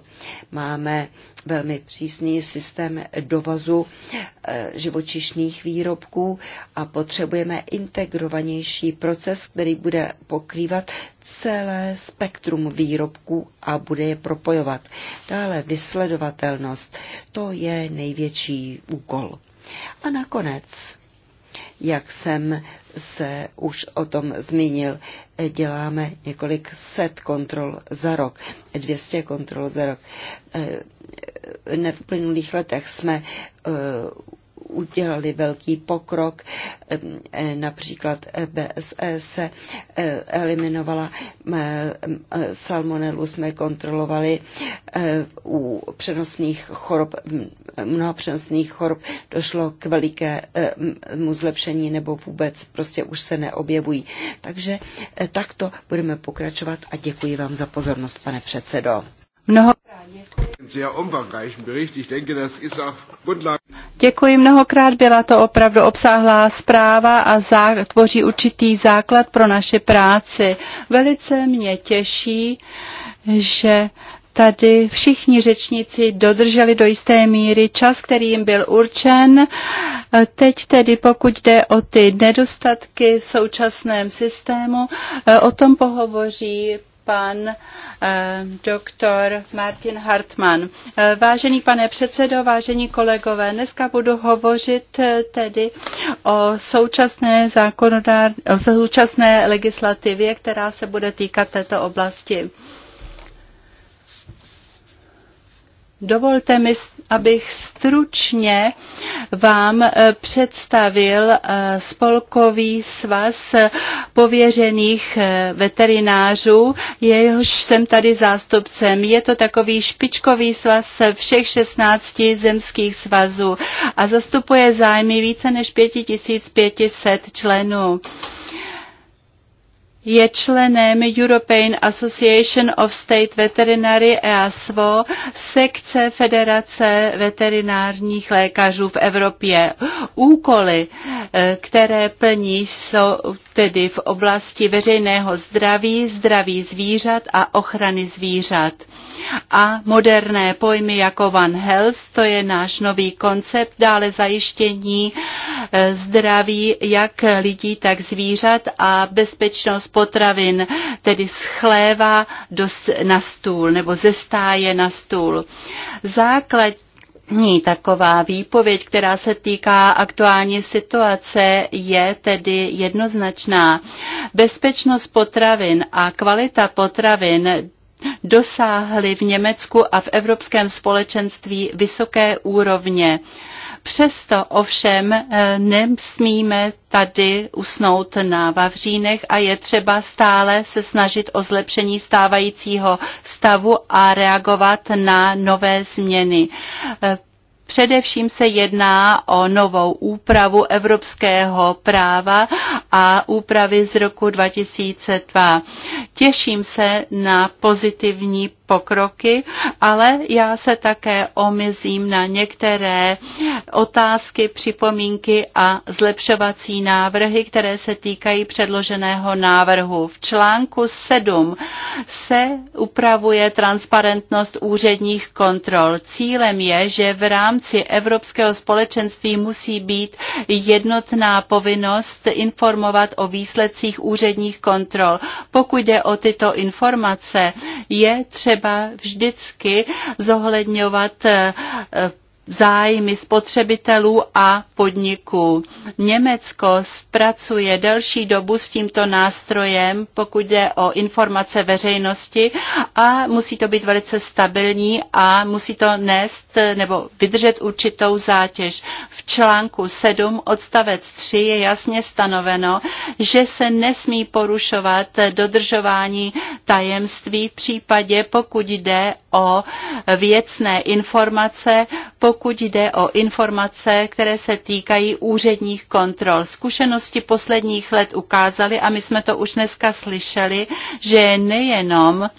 Máme velmi přísný systém dovozu eh, živočišných výrobků a potřebujeme integrovanější proces, který bude pokrývat celé spektrum výrobků a bude je propojovat. Dále vysledovatelnost. To je největší úkol. A nakonec jak jsem se už o tom zmínil, děláme několik set kontrol za rok, 200 kontrol za rok. Eh, eh, v uplynulých letech jsme eh, udělali velký pokrok, například BSE e se e, eliminovala, e, salmonelu jsme kontrolovali u přenosných chorob, mnoha přenosných chorob došlo k velikému zlepšení nebo vůbec prostě už se neobjevují. Takže takto budeme pokračovat a děkuji vám za pozornost, pane předsedo. Mnoho. děkuji.
Děkuji mnohokrát, byla to opravdu obsáhlá zpráva a zá, tvoří určitý základ pro naše práci. Velice mě těší, že tady všichni řečníci dodrželi do jisté míry čas, který jim byl určen. Teď tedy, pokud jde o ty nedostatky v současném systému, o tom pohovoří pan eh, doktor Martin Hartmann. Eh, vážený pane předsedo, vážení kolegové, dneska budu hovořit eh, tedy o současné, zákonodár, o současné legislativě, která se bude týkat této oblasti. Dovolte mi abych stručně vám eh, představil eh, spolkový svaz pověřených eh, veterinářů, jehož jsem tady zástupcem. Je to takový špičkový svaz všech 16 zemských svazů a zastupuje zájmy více než 5500 členů je členem European Association of State Veterinary EASVO, sekce Federace veterinárních lékařů v Evropě. Úkoly, eh, které plní, jsou tedy v oblasti veřejného zdraví, zdraví zvířat a ochrany zvířat. A moderné pojmy jako One Health, to je náš nový koncept, dále zajištění eh, zdraví jak lidí, tak zvířat a bezpečnost potravin, tedy z chléva do, na stůl nebo ze stáje na stůl. Základ Ní taková výpověď, která se týká aktuální situace, je tedy jednoznačná. Bezpečnost potravin a kvalita potravin dosáhly v Německu a v Evropském společenství vysoké úrovně. Přesto ovšem eh, nesmíme tady usnout na Vavřínech a je třeba stále se snažit o zlepšení stávajícího stavu a reagovat na nové změny. Eh, především se jedná o novou úpravu evropského práva a úpravy z roku 2002. Těším se na pozitivní pokroky, ale já se také omezím na některé otázky, připomínky a zlepšovací návrhy, které se týkají předloženého návrhu. V článku 7 se upravuje transparentnost úředních kontrol. Cílem je, že v rámci Evropského společenství musí být jednotná povinnost informovat o výsledcích úředních kontrol. Pokud jde o tyto informace, je třeba třeba vždycky zohledňovat eh, zájmy spotřebitelů a podniků. Německo zpracuje delší dobu s tímto nástrojem, pokud jde o informace veřejnosti a musí to být velice stabilní a musí to nést nebo vydržet určitou zátěž. V článku 7 odstavec 3 je jasně stanoveno, že se nesmí porušovat dodržování tajemství v případě, pokud jde o věcné informace, pokud jde o informace, které se týkají úředních kontrol. Zkušenosti posledních let ukázaly, a my jsme to už dneska slyšeli, že nejenom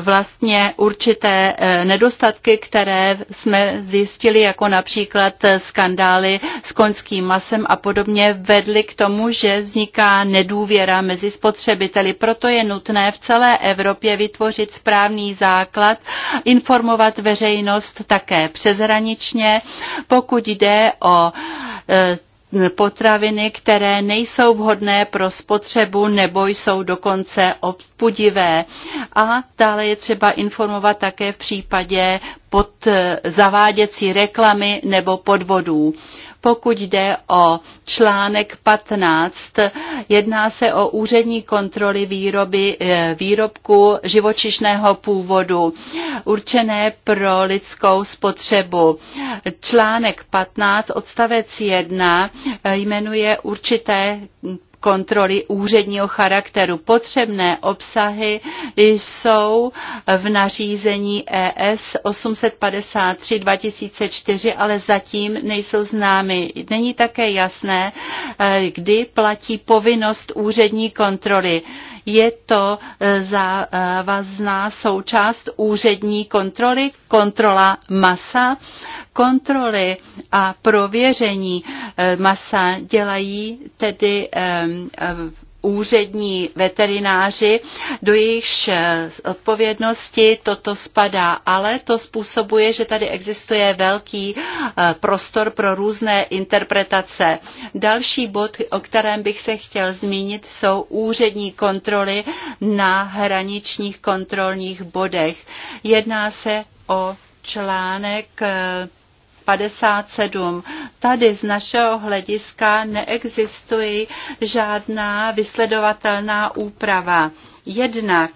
vlastně určité eh, nedostatky, které jsme zjistili, jako například eh, skandály s koňským masem a podobně, vedly k tomu, že vzniká nedůvěra mezi spotřebiteli. Proto je nutné v celé Evropě vytvořit správný základ, informovat veřejnost také přezhraničně, pokud jde o eh, potraviny, které nejsou vhodné pro spotřebu nebo jsou dokonce odpudivé. A dále je třeba informovat také v případě pod zaváděcí reklamy nebo podvodů. Pokud jde o článek 15, jedná se o úřední kontroly výroby eh, výrobku živočišného původu určené pro lidskou spotřebu. Článek 15 odstavec 1 eh, jmenuje určité kontroly úředního charakteru. Potřebné obsahy jsou v nařízení e ES 853-2004, ale zatím nejsou známy. Není také jasné, eh, kdy platí povinnost úřední kontroly je to eh, závazná součást úřední kontroly, kontrola masa kontroly a prověření eh, masa dělají tedy eh, eh, úřední veterináři, do jejichž odpovědnosti toto spadá, ale to způsobuje, že tady existuje velký prostor pro různé interpretace. Další bod, o kterém bych se chtěl zmínit, jsou úřední kontroly na hraničních kontrolních bodech. Jedná se o článek 57. Tady z našeho hlediska neexistuje žádná vysledovatelná úprava. Jednak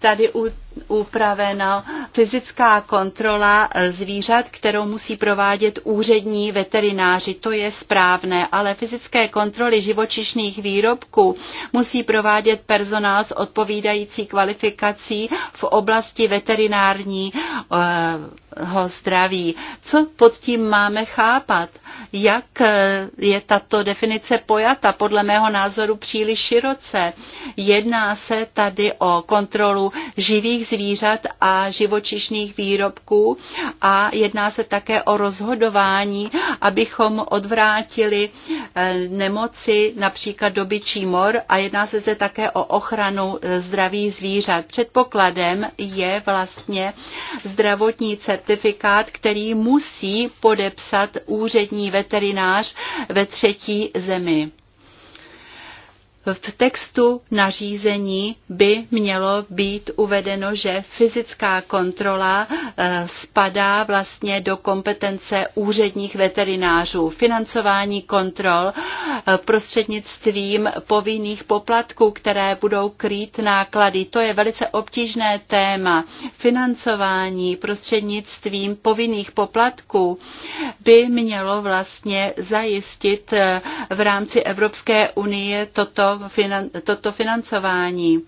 tady u upravena fyzická kontrola zvířat, kterou musí provádět úřední veterináři. To je správné, ale fyzické kontroly živočišných výrobků musí provádět personál s odpovídající kvalifikací v oblasti veterinárního eh, zdraví. Co pod tím máme chápat? Jak eh, je tato definice pojata? Podle mého názoru příliš široce. Jedná se tady o kontrolu živých zvířat a živočišných výrobků a jedná se také o rozhodování, abychom odvrátili eh, nemoci, například dobyčí mor a jedná se zde také o ochranu eh, zdraví zvířat. Předpokladem je vlastně zdravotní certifikát, který musí podepsat úřední veterinář ve třetí zemi. V textu nařízení by mělo být uvedeno, že fyzická kontrola eh, spadá vlastně do kompetence úředních veterinářů. Financování kontrol eh, prostřednictvím povinných poplatků, které budou krýt náklady. To je velice obtížné téma. Financování prostřednictvím povinných poplatků by mělo vlastně zajistit eh, v rámci Evropské unie toto finan, toto financování.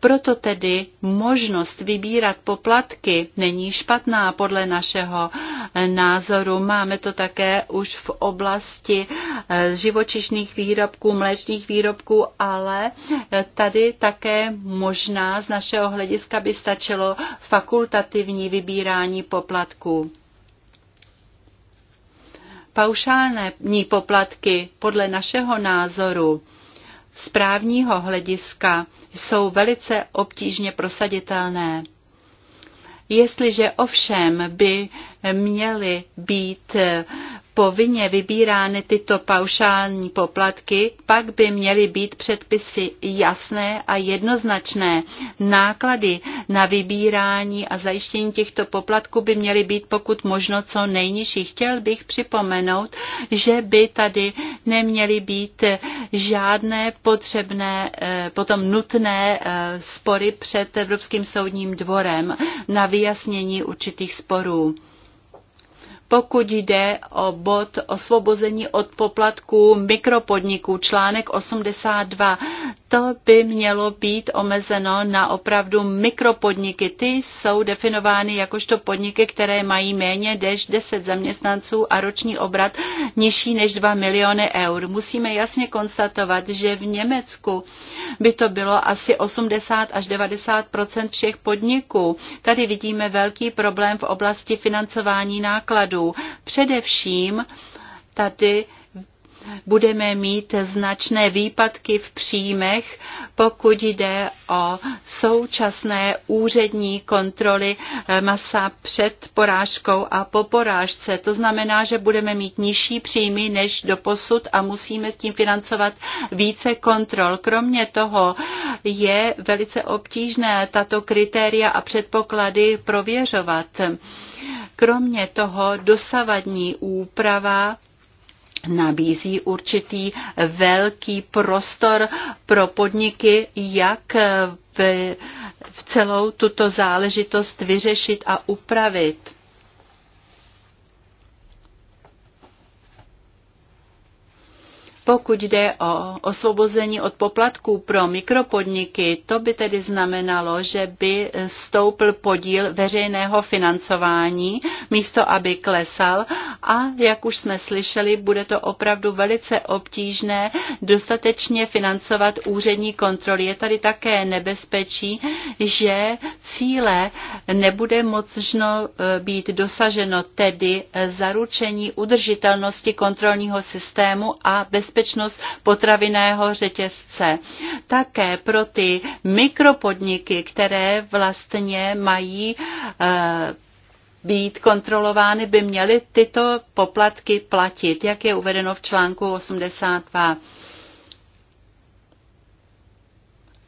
Proto tedy možnost vybírat poplatky není špatná podle našeho eh, názoru. Máme to také už v oblasti eh, živočišných výrobků, mléčných výrobků, ale eh, tady také možná z našeho hlediska by stačilo fakultativní vybírání poplatků. Paušální poplatky podle našeho názoru z právního hlediska jsou velice obtížně prosaditelné. Jestliže ovšem by měly být povinně vybírány tyto paušální poplatky, pak by měly být předpisy jasné a jednoznačné. Náklady na vybírání a zajištění těchto poplatků by měly být pokud možno co nejnižší. Chtěl bych připomenout, že by tady neměly být žádné potřebné, eh, potom nutné eh, spory před Evropským soudním dvorem na vyjasnění určitých sporů pokud jde o bod osvobození od poplatků mikropodniků, článek 82. To by mělo být omezeno na opravdu mikropodniky. Ty jsou definovány jakožto podniky, které mají méně než 10 zaměstnanců a roční obrat nižší než 2 miliony eur. Musíme jasně konstatovat, že v Německu by to bylo asi 80 až 90 všech podniků. Tady vidíme velký problém v oblasti financování nákladů důvodů. Především tady budeme mít značné výpadky v příjmech, pokud jde o současné úřední kontroly eh, masa před porážkou a po porážce. To znamená, že budeme mít nižší příjmy než do posud a musíme s tím financovat více kontrol. Kromě toho je velice obtížné tato kritéria a předpoklady prověřovat. Kromě toho dosavadní úprava nabízí určitý velký prostor pro podniky, jak v, v celou tuto záležitost vyřešit a upravit. Pokud jde o osvobození od poplatků pro mikropodniky, to by tedy znamenalo, že by stoupl podíl veřejného financování, místo aby klesal a, jak už jsme slyšeli, bude to opravdu velice obtížné dostatečně financovat úřední kontroly. Je tady také nebezpečí, že cíle nebude možno e, být dosaženo, tedy e, zaručení udržitelnosti kontrolního systému a bezpečnosti bezpečnost potravinného řetězce. Také pro ty mikropodniky, které vlastně mají eh, být kontrolovány, by měly tyto poplatky platit, jak je uvedeno v článku 82.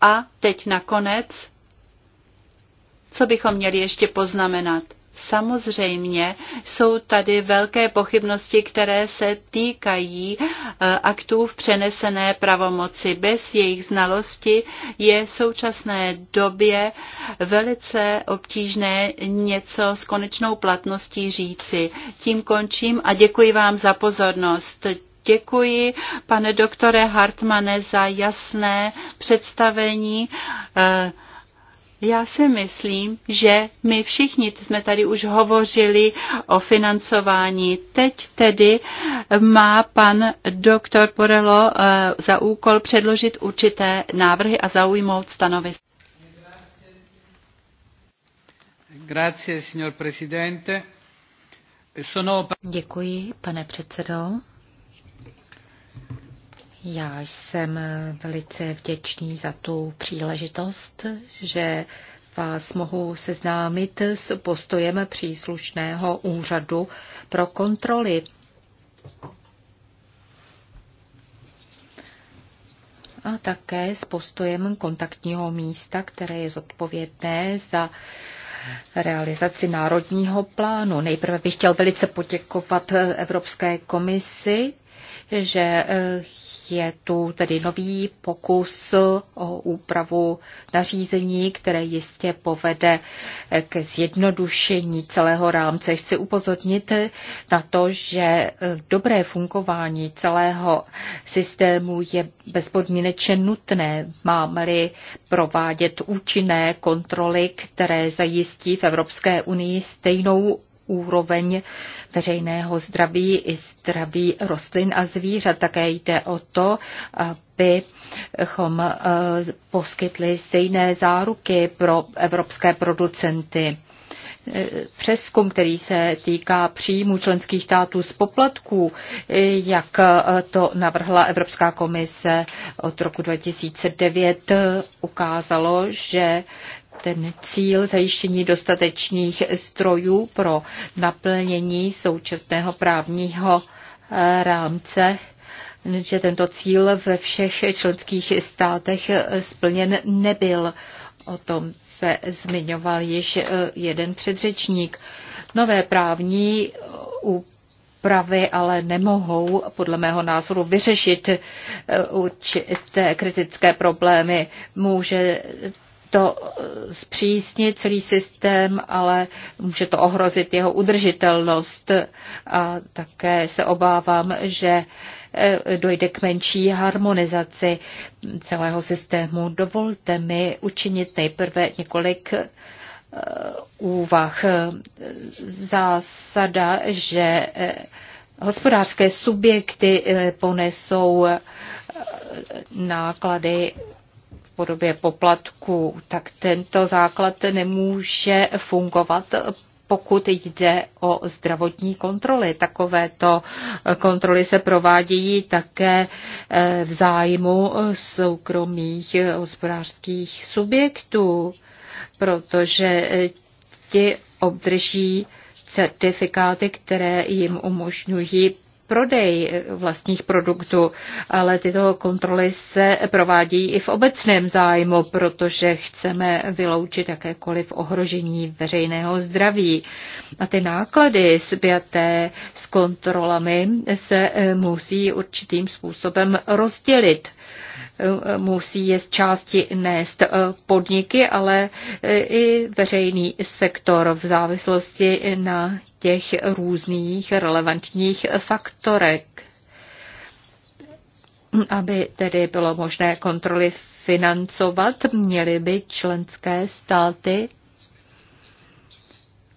A teď nakonec, co bychom měli ještě poznamenat? Samozřejmě jsou tady velké pochybnosti, které se týkají eh, aktů v přenesené pravomoci. Bez jejich znalosti je v současné době velice obtížné něco s konečnou platností říci. Tím končím a děkuji vám za pozornost děkuji, pane doktore Hartmane, za jasné představení. Eh, já si myslím, že my všichni jsme tady už hovořili o financování. Teď tedy má pan doktor Porelo eh, za úkol předložit určité návrhy a zaujmout stanovisko.
Děkuji, pane předsedo. Já jsem velice vděčný za tu příležitost, že vás mohu seznámit s postojem příslušného úřadu pro kontroly. A také s postojem kontaktního místa, které je zodpovědné za realizaci národního plánu. Nejprve bych chtěl velice poděkovat Evropské komisi, že je tu tedy nový pokus o úpravu nařízení, které jistě povede ke zjednodušení celého rámce. Chci upozornit na to, že dobré fungování celého systému je bezpodmínečně nutné. Máme-li provádět účinné kontroly, které zajistí v Evropské unii stejnou úroveň veřejného zdraví i zdraví rostlin a zvířat. Také jde o to, abychom eh, poskytli stejné záruky pro evropské producenty eh, přeskum, který se týká příjmu členských států z poplatků, eh, jak to navrhla Evropská komise od roku 2009, ukázalo, že ten cíl zajištění dostatečných strojů pro naplnění současného právního eh, rámce že tento cíl ve všech členských státech eh, splněn nebyl. O tom se zmiňoval již eh, jeden předřečník. Nové právní úpravy ale nemohou podle mého názoru vyřešit určité kritické problémy. Může to eh, zpřísnit celý systém, ale může to ohrozit jeho udržitelnost. A také se obávám, že eh, dojde k menší harmonizaci celého systému. Dovolte mi učinit nejprve několik eh, úvah. Zásada, že hospodářské subjekty ponesou náklady podobě poplatků, tak tento základ nemůže fungovat pokud jde o zdravotní kontroly. Takovéto kontroly se provádějí také eh, v zájmu soukromých hospodářských subjektů, protože eh, ti obdrží certifikáty, které jim umožňují prodej eh, vlastních produktů, ale tyto kontroly se provádí i v obecném zájmu, protože chceme vyloučit jakékoliv ohrožení veřejného zdraví. A ty náklady zpěté s kontrolami se eh, musí určitým způsobem rozdělit eh, musí je z části nést podniky, ale i veřejný sektor v závislosti na těch různých relevantních faktorek, aby tedy bylo možné kontroly financovat, měly by členské státy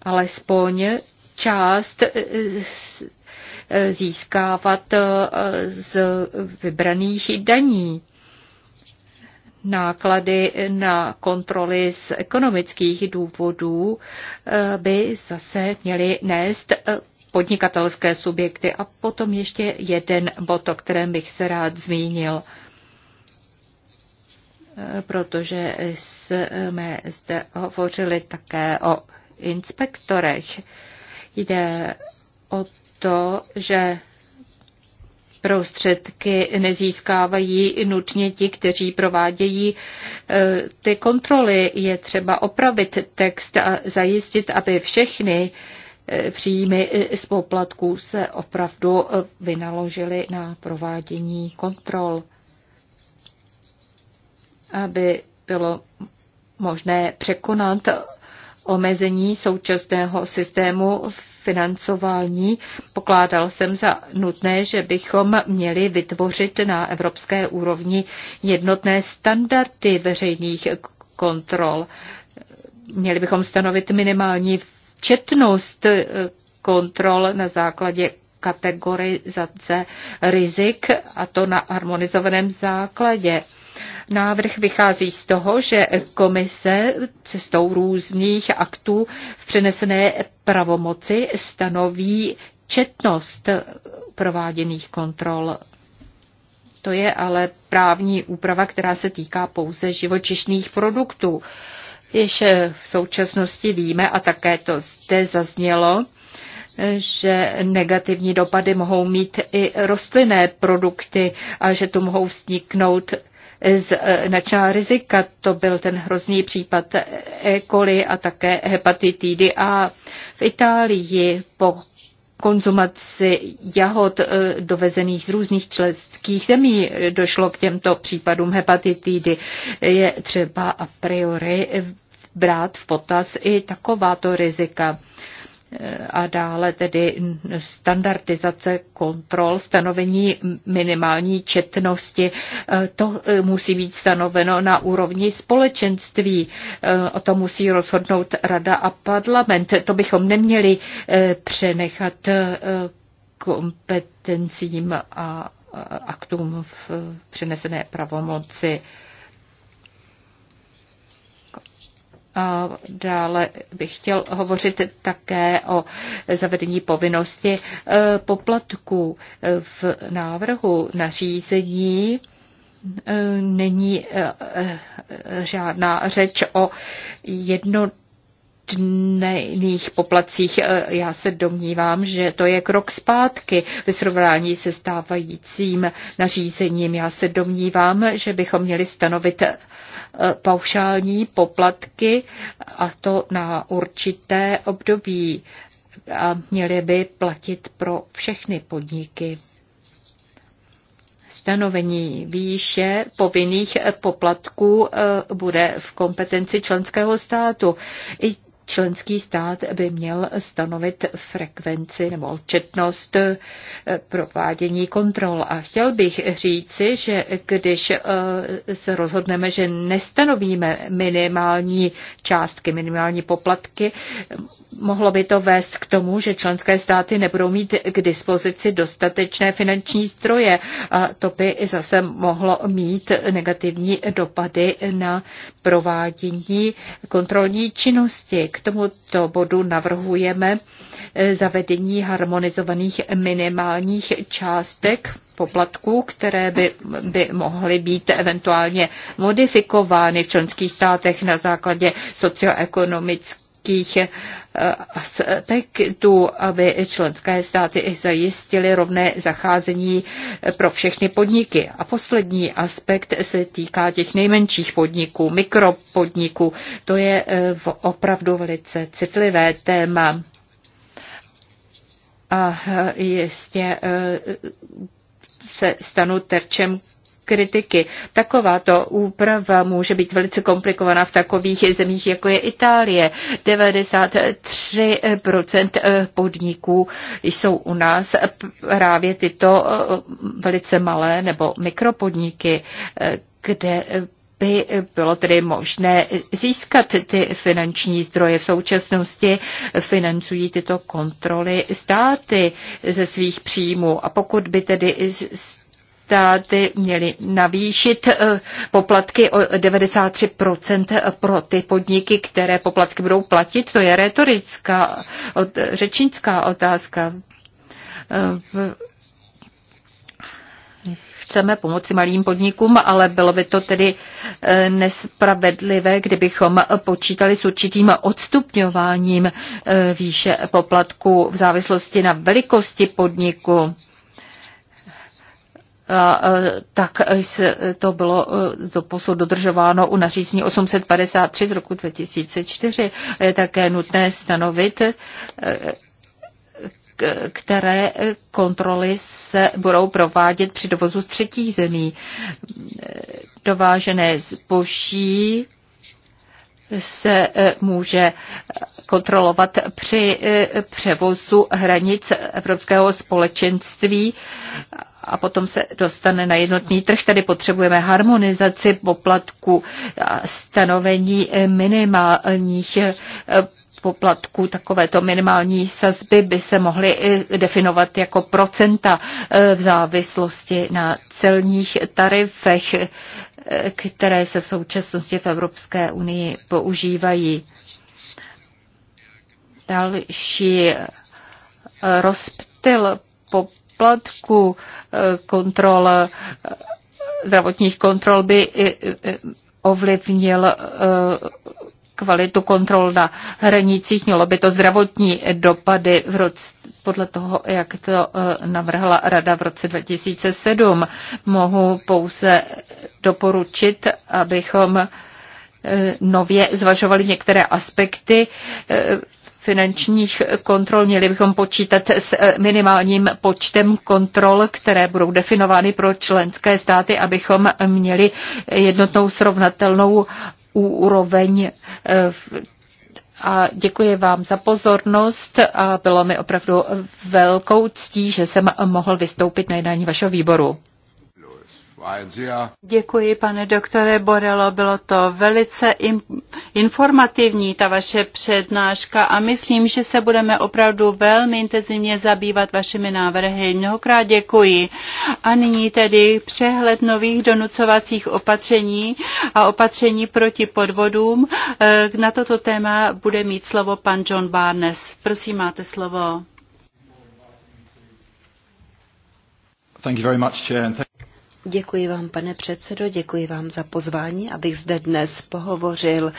alespoň část získávat z vybraných daní náklady na kontroly z ekonomických důvodů eh, by zase měly nést eh, podnikatelské subjekty. A potom ještě jeden bod, o kterém bych se rád zmínil eh, protože jsme zde hovořili také o inspektorech. Jde o to, že prostředky nezískávají nutně ti, kteří provádějí eh, ty kontroly. Je třeba opravit text a zajistit, aby všechny eh, příjmy eh, z poplatků se opravdu vynaložily na provádění kontrol, aby bylo možné překonat omezení současného systému financování, pokládal jsem za nutné, že bychom měli vytvořit na evropské úrovni jednotné standardy veřejných kontrol. Měli bychom stanovit minimální četnost kontrol na základě kategorizace rizik a to na harmonizovaném základě. Návrh vychází z toho, že komise cestou různých aktů v přenesené pravomoci stanoví četnost prováděných kontrol. To je ale právní úprava, která se týká pouze živočišných produktů. Již v současnosti víme, a také to zde zaznělo, že negativní dopady mohou mít i rostlinné produkty a že tu mohou vzniknout e, značná rizika. To byl ten hrozný případ E. coli a také hepatitidy A. V Itálii po konzumaci jahod e, dovezených z různých členských zemí došlo k těmto případům hepatitidy. Je třeba a priori brát v potaz i takováto rizika a dále tedy standardizace kontrol, stanovení minimální četnosti. E, to e, musí být stanoveno na úrovni společenství. E, o tom musí rozhodnout rada a parlament. To bychom neměli přenechat kompetencím a aktům v přenesené pravomoci. A dále bych chtěl hovořit také o zavedení povinnosti e, poplatků e, v návrhu nařízení e, není žádná řeč o jedno poplacích. Já se domnívám, že to je krok zpátky ve srovnání se stávajícím nařízením. Já se domnívám, že bychom měli stanovit Eh, paušální poplatky a to na určité období a měly by platit pro všechny podniky. Stanovení výše povinných poplatků eh, bude v kompetenci členského státu. I členský stát by měl stanovit frekvenci nebo četnost eh, provádění kontrol. A chtěl bych říci, že když eh, se rozhodneme, že nestanovíme minimální částky, minimální poplatky, mohlo by to vést k tomu, že členské státy nebudou mít k dispozici dostatečné finanční stroje. A to by zase mohlo mít negativní dopady na provádění kontrolní činnosti k tomuto bodu navrhujeme eh, zavedení harmonizovaných minimálních částek poplatků, které by, by mohly být eventuálně modifikovány v členských státech na základě socioekonomických politických eh, aspektů, aby členské státy zajistily rovné zacházení eh, pro všechny podniky. A poslední aspekt se týká těch nejmenších podniků, mikropodniků. To je eh, opravdu velice citlivé téma. A jistě se stanu terčem kritiky. Takováto úprava může být velice komplikovaná v takových zemích, jako je Itálie. 93% eh, podniků jsou u nás právě tyto eh, velice malé nebo mikropodniky, eh, kde by bylo tedy možné získat ty finanční zdroje. V současnosti financují tyto kontroly státy ze svých příjmů a pokud by tedy státy měly navýšit eh, poplatky o 93% pro ty podniky, které poplatky budou platit. To je retorická, řečnická otázka eh, chceme pomoci malým podnikům, ale bylo by to tedy eh, nespravedlivé, kdybychom počítali s určitým odstupňováním výše poplatku v závislosti na velikosti podniku tak e, e, to bylo e, doposud dodržováno u nařízení 853 z roku 2004. Je také nutné stanovit, které kontroly se budou provádět při dovozu z třetích zemí. Dovážené zboží se může kontrolovat při převozu hranic Evropského společenství a potom se dostane na jednotný trh. Tady potřebujeme harmonizaci poplatku, stanovení minimálních eh, poplatků. Takovéto minimální sazby by se mohly eh, definovat jako procenta eh, v závislosti na celních tarifech, které se v současnosti v Evropské unii používají. Další rozptyl po poplatku eh, kontrol, eh, zdravotních kontrol by eh, ovlivnil kvalitu kontrol na hranicích. Mělo by to zdravotní dopady v roce, podle toho, jak to navrhla Rada v roce 2007. Mohu pouze doporučit, abychom nově zvažovali některé aspekty finančních kontrol. Měli bychom počítat s eh, minimálním počtem kontrol, které budou definovány pro členské státy, abychom měli jednotnou srovnatelnou úroveň eh, a děkuji vám za pozornost a bylo mi opravdu velkou ctí, že jsem mohl vystoupit na jednání vašeho výboru.
Děkuji, pane doktore Borelo, bylo to velice informativní, ta vaše přednáška a myslím, že se budeme opravdu velmi intenzivně zabývat vašimi návrhy. Mnohokrát děkuji. A nyní tedy přehled nových donucovacích opatření a opatření proti podvodům. E, na toto téma bude mít slovo pan John Barnes. Prosím, máte slovo.
Thank you very much, Chair.
Děkuji vám, pane předsedo, děkuji vám za pozvání, abych zde dnes pohovořil.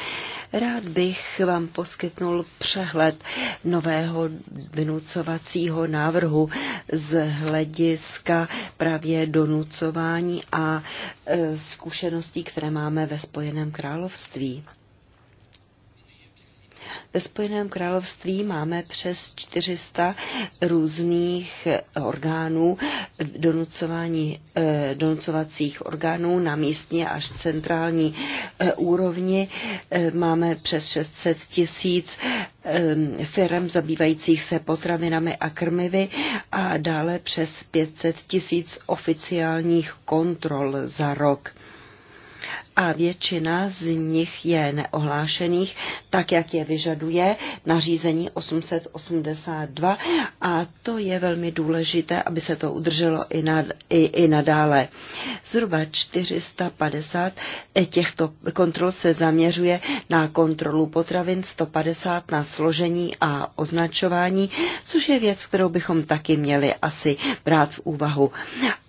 Rád bych vám poskytnul přehled nového vynucovacího návrhu z hlediska právě donucování a e, zkušeností, které máme ve Spojeném království. Ve Spojeném království máme přes 400 různých eh, orgánů, donucování, eh, donucovacích orgánů na místní až centrální eh, úrovni. Máme přes 600 tisíc firm zabývajících se potravinami a krmivy a dále přes 500 tisíc oficiálních kontrol za rok a většina z nich je neohlášených, tak jak je vyžaduje nařízení 882 a to je velmi důležité, aby se to udrželo i, na, i, i nadále. Zhruba 450 eh, těchto kontrol se zaměřuje na kontrolu potravin, 150 na složení a označování, což je věc, kterou bychom taky měli asi brát v úvahu.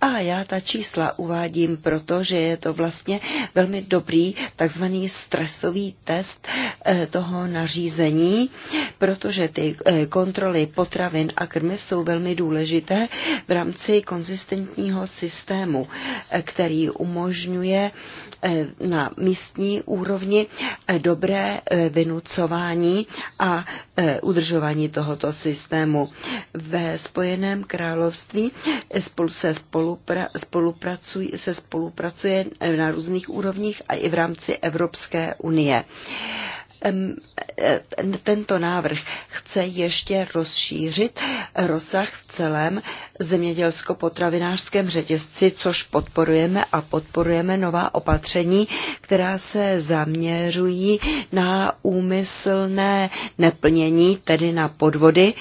A já ta čísla uvádím proto, že je to vlastně velmi velmi dobrý takzvaný stresový test eh, toho nařízení, protože ty eh, kontroly potravin a krmy jsou velmi důležité v rámci konzistentního systému, eh, který umožňuje na místní úrovni dobré vynucování a udržování tohoto systému. Ve Spojeném království se spolupra, spolupracuje, se spolupracuje na různých úrovních národních a i v rámci Evropské unie tento návrh chce ještě rozšířit rozsah v celém zemědělsko-potravinářském řetězci, což podporujeme a podporujeme nová opatření, která se zaměřují na úmyslné neplnění, tedy na podvody.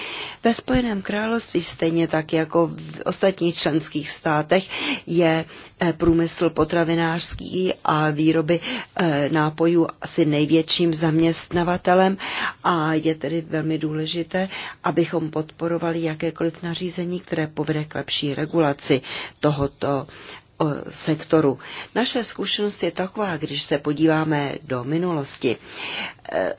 Ve Spojeném království stejně tak jako v ostatních členských státech je eh, průmysl potravinářský a výroby eh, nápojů asi největším zaměřením zaměstnavatelem a je tedy velmi důležité, abychom podporovali jakékoliv nařízení, které povede k lepší regulaci tohoto sektoru. Naše zkušenost je taková, když se podíváme do minulosti e,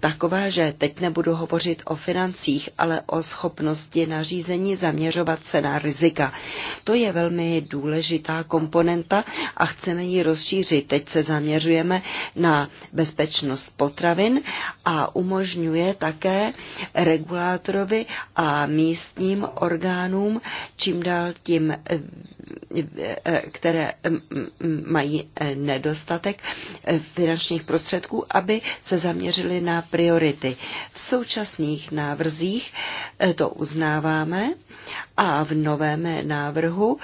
Taková, že teď nebudu hovořit o financích, ale o schopnosti nařízení zaměřovat se na rizika. To je velmi důležitá komponenta a chceme ji rozšířit. Teď se zaměřujeme na bezpečnost potravin a umožňuje také regulátorovi a místním orgánům čím dál tím, které mají nedostatek finančních prostředků, aby se zaměřili na priority. V současných návrzích eh, to uznáváme a v novém návrhu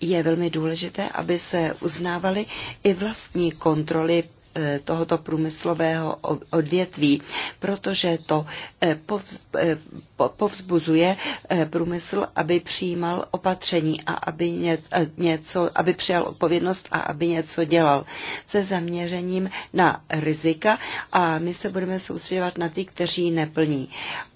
je velmi důležité, aby se uznávaly i vlastní kontroly Eh, tohoto průmyslového odvětví, protože to eh, eh, povzbuzuje průmysl, aby přijímal opatření a aby něco, aby přijal odpovědnost a aby něco dělal se zaměřením na rizika a my se budeme soustředovat na ty, kteří neplní.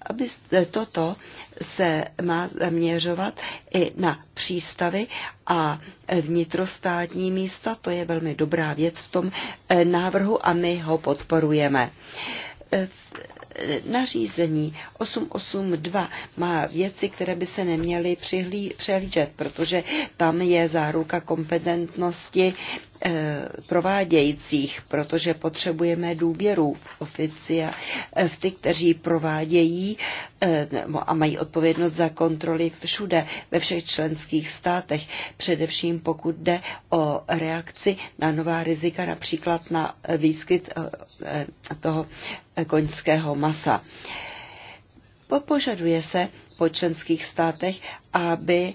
Aby toto se má zaměřovat i na přístavy a e, vnitrostátní místa. To je velmi dobrá věc v tom e, návrhu a my ho podporujeme e, nařízení 882 má věci, které by se neměly přihlí, přehlížet, protože tam je záruka kompetentnosti Eh, provádějících, protože potřebujeme důvěru v oficia, eh, v ty, kteří provádějí eh, a mají odpovědnost za kontroly všude, ve všech členských státech, především pokud jde o reakci na nová rizika, například na výskyt toho koňského masa. Požaduje se po členských státech, aby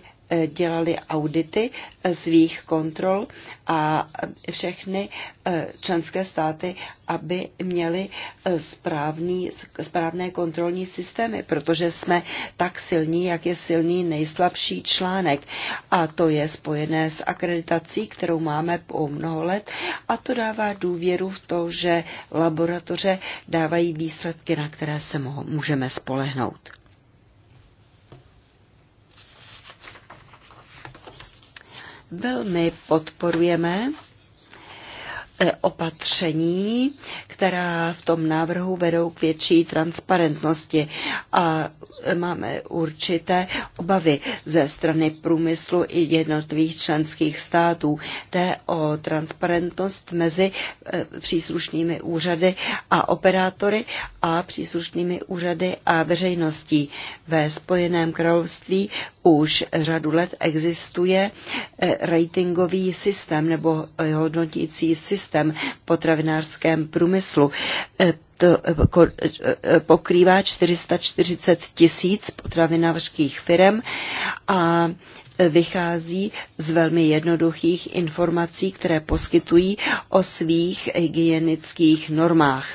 dělali audity svých kontrol a všechny eh, členské státy, aby měly eh, správný, správné kontrolní systémy, protože jsme tak silní, jak je silný nejslabší článek. A to je spojené s akreditací, kterou máme po mnoho let a to dává důvěru v to, že laboratoře dávají výsledky, na které se můžeme spolehnout. velmi podporujeme e, opatření, která v tom návrhu vedou k větší transparentnosti. A máme určité obavy ze strany průmyslu i jednotlivých členských států. Jde o transparentnost mezi e, příslušnými úřady a operátory a příslušnými úřady a veřejností. Ve Spojeném království už řadu let existuje eh, ratingový systém nebo eh, hodnotící systém v potravinářském průmyslu. Eh, to pokrývá 440 tisíc potravinářských firm a vychází z velmi jednoduchých informací, které poskytují o svých hygienických normách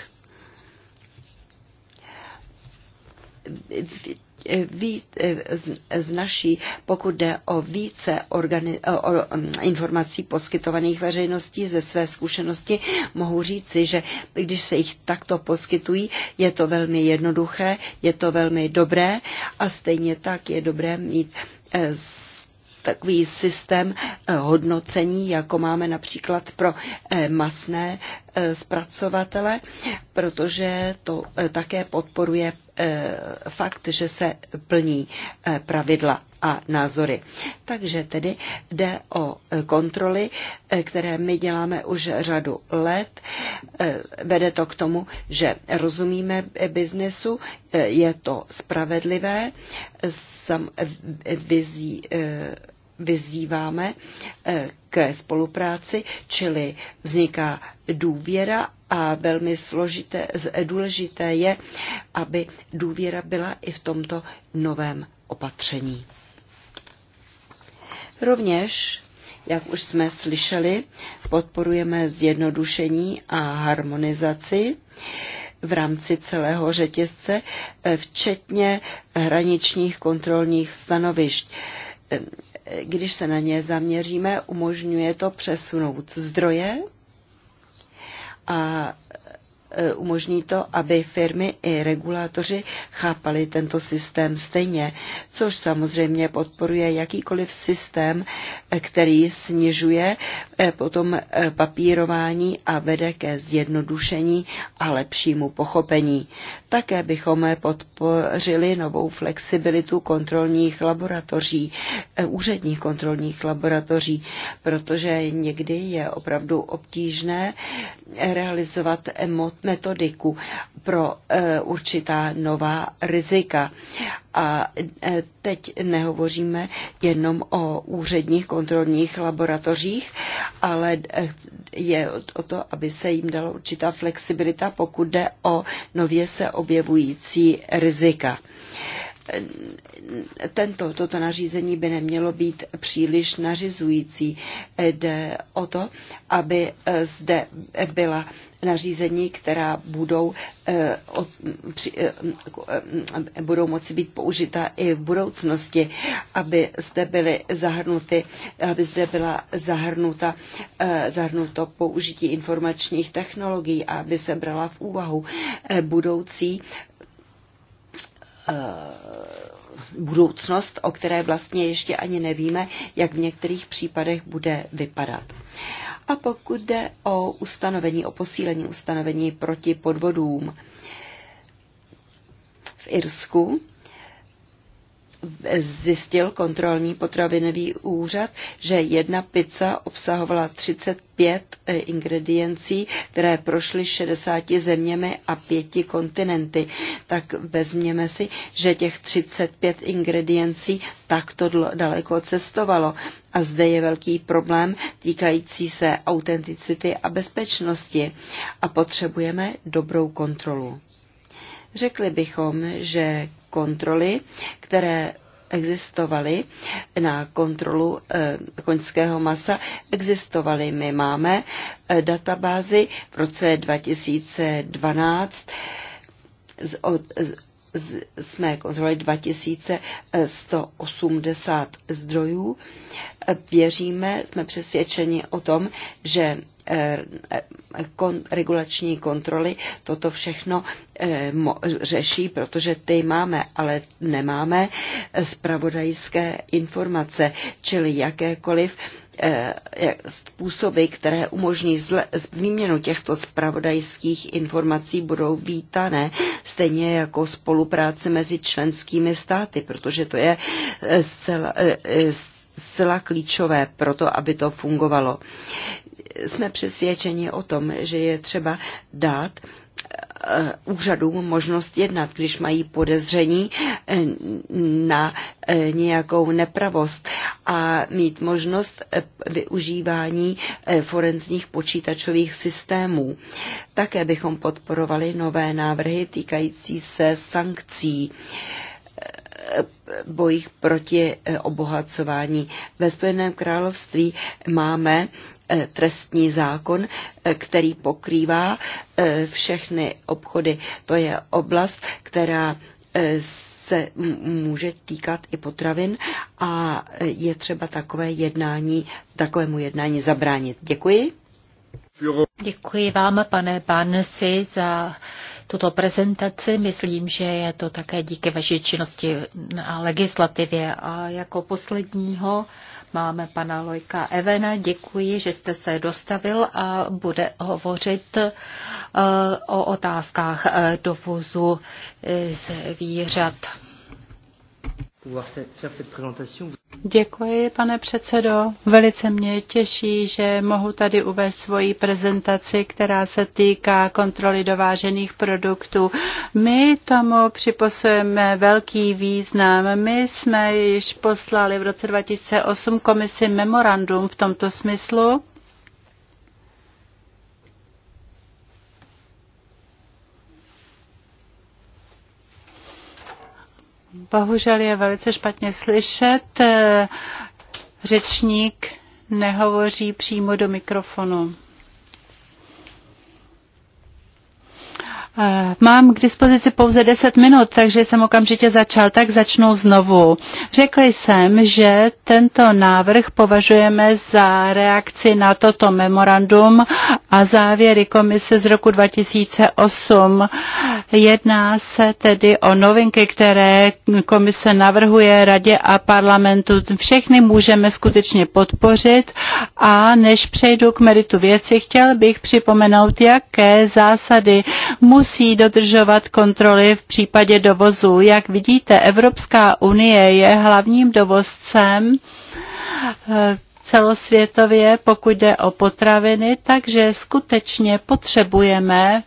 Eh, z naší, pokud jde o více organi- o mm, informací poskytovaných veřejností ze své zkušenosti, mohu říci, že když se jich takto poskytují, je to velmi jednoduché, je to velmi dobré a stejně tak je dobré mít eh, takový systém eh, hodnocení, jako máme například pro masné zpracovatele, protože to také podporuje Eh, fakt, že se plní eh, pravidla a názory. Takže tedy jde o eh, kontroly, které my děláme už řadu let. Vede to k tomu, že rozumíme biznesu, je to spravedlivé, sam vizí vyzýváme eh, k spolupráci, čili vzniká důvěra a velmi složité, důležité je, aby důvěra byla i v tomto novém opatření. Rovněž, jak už jsme slyšeli, podporujeme zjednodušení a harmonizaci v rámci celého řetězce, eh, včetně hraničních kontrolních stanovišť když se na ně zaměříme, umožňuje to přesunout zdroje a Eh, umožní to, aby firmy i regulátoři chápali tento systém stejně, což samozřejmě podporuje jakýkoliv systém, eh, který snižuje eh, potom papírování a vede ke zjednodušení a lepšímu pochopení. Také bychom podpořili novou flexibilitu kontrolních laboratoří, úředních kontrolních laboratoří, protože někdy je opravdu obtížné realizovat emot metodiku pro eh, určitá nová rizika. A eh, teď nehovoříme jenom o úředních kontrolních laboratořích, ale eh, je o to, aby se jim dala určitá flexibilita, pokud jde o nově se objevující rizika tento, toto nařízení by nemělo být příliš nařizující. Jde o to, aby zde byla nařízení, která budou, eh, eh, eh, budou moci být použita i v budoucnosti, aby zde byly zahrnuty, aby zde byla zahrnuta, zahrnuto použití informačních technologií a aby se brala v úvahu budoucí Eh, budoucnost, o které vlastně ještě ani nevíme, jak v některých případech bude vypadat. A pokud jde o ustanovení, o posílení ustanovení proti podvodům v Irsku, zjistil kontrolní potravinový úřad, že jedna pizza obsahovala 35 eh, ingrediencí, které prošly 60 zeměmi a pěti kontinenty. Tak vezměme si, že těch 35 ingrediencí takto daleko cestovalo. A zde je velký problém týkající se autenticity a bezpečnosti. A potřebujeme dobrou kontrolu. Řekli bychom, že kontroly, které existovaly na kontrolu eh, koňského masa, existovaly. My máme eh, databázy v roce 2012 z, od, z, jsme kontrolovali 2180 zdrojů. Věříme, jsme přesvědčeni o tom, že eh, regulační kontroly toto všechno eh, řeší, protože ty máme, ale nemáme spravodajské informace, čili jakékoliv Eh, eh, způsoby, které umožní výměnu těchto spravodajských informací, budou vítané, stejně jako spolupráce mezi členskými státy, protože to je eh, zcela, zcela klíčové pro to, aby to fungovalo. Jsme přesvědčeni o tom, že je třeba dát Eh, úřadům možnost jednat, když mají podezření eh, na eh, nějakou nepravost a mít možnost využívání forenzních počítačových systémů. Také bychom podporovali nové návrhy týkající se sankcí bojích proti obohacování. Ve Spojeném království máme Eh, trestní zákon, eh, který pokrývá eh, všechny obchody. To je oblast, která se může týkat i potravin a je třeba takové jednání, takovému jednání zabránit. Děkuji. Děkuji vám,
pane Barnesi, za tuto prezentaci. Myslím, že je to také díky vaší činnosti na legislativě. A jako posledního Máme pana Lojka Evena, děkuji, že jste se dostavil a bude hovořit e, o otázkách e, dovozu e, zvířat.
Děkuji, pane předsedo. Velice mě těší, že mohu tady uvést svoji prezentaci, která se týká kontroly dovážených produktů. My tomu připosujeme velký význam. My jsme již poslali v roce 2008 komisi memorandum v tomto smyslu Bohužel je velice špatně slyšet. Eh, řečník nehovoří přímo do mikrofonu. Eh, mám k dispozici pouze 10 minut, takže jsem okamžitě začal, tak začnu znovu. Řekl jsem, že tento návrh považujeme za reakci na toto memorandum a závěry komise z roku 2008. Jedná se tedy o novinky, které komise navrhuje radě a parlamentu. Všechny můžeme skutečně podpořit a než přejdu k meritu věci, chtěl bych připomenout, jaké zásady musí musí dodržovat kontroly v případě dovozu. Jak vidíte, Evropská unie je hlavním dovozcem eh, celosvětově, pokud jde o potraviny, takže skutečně potřebujeme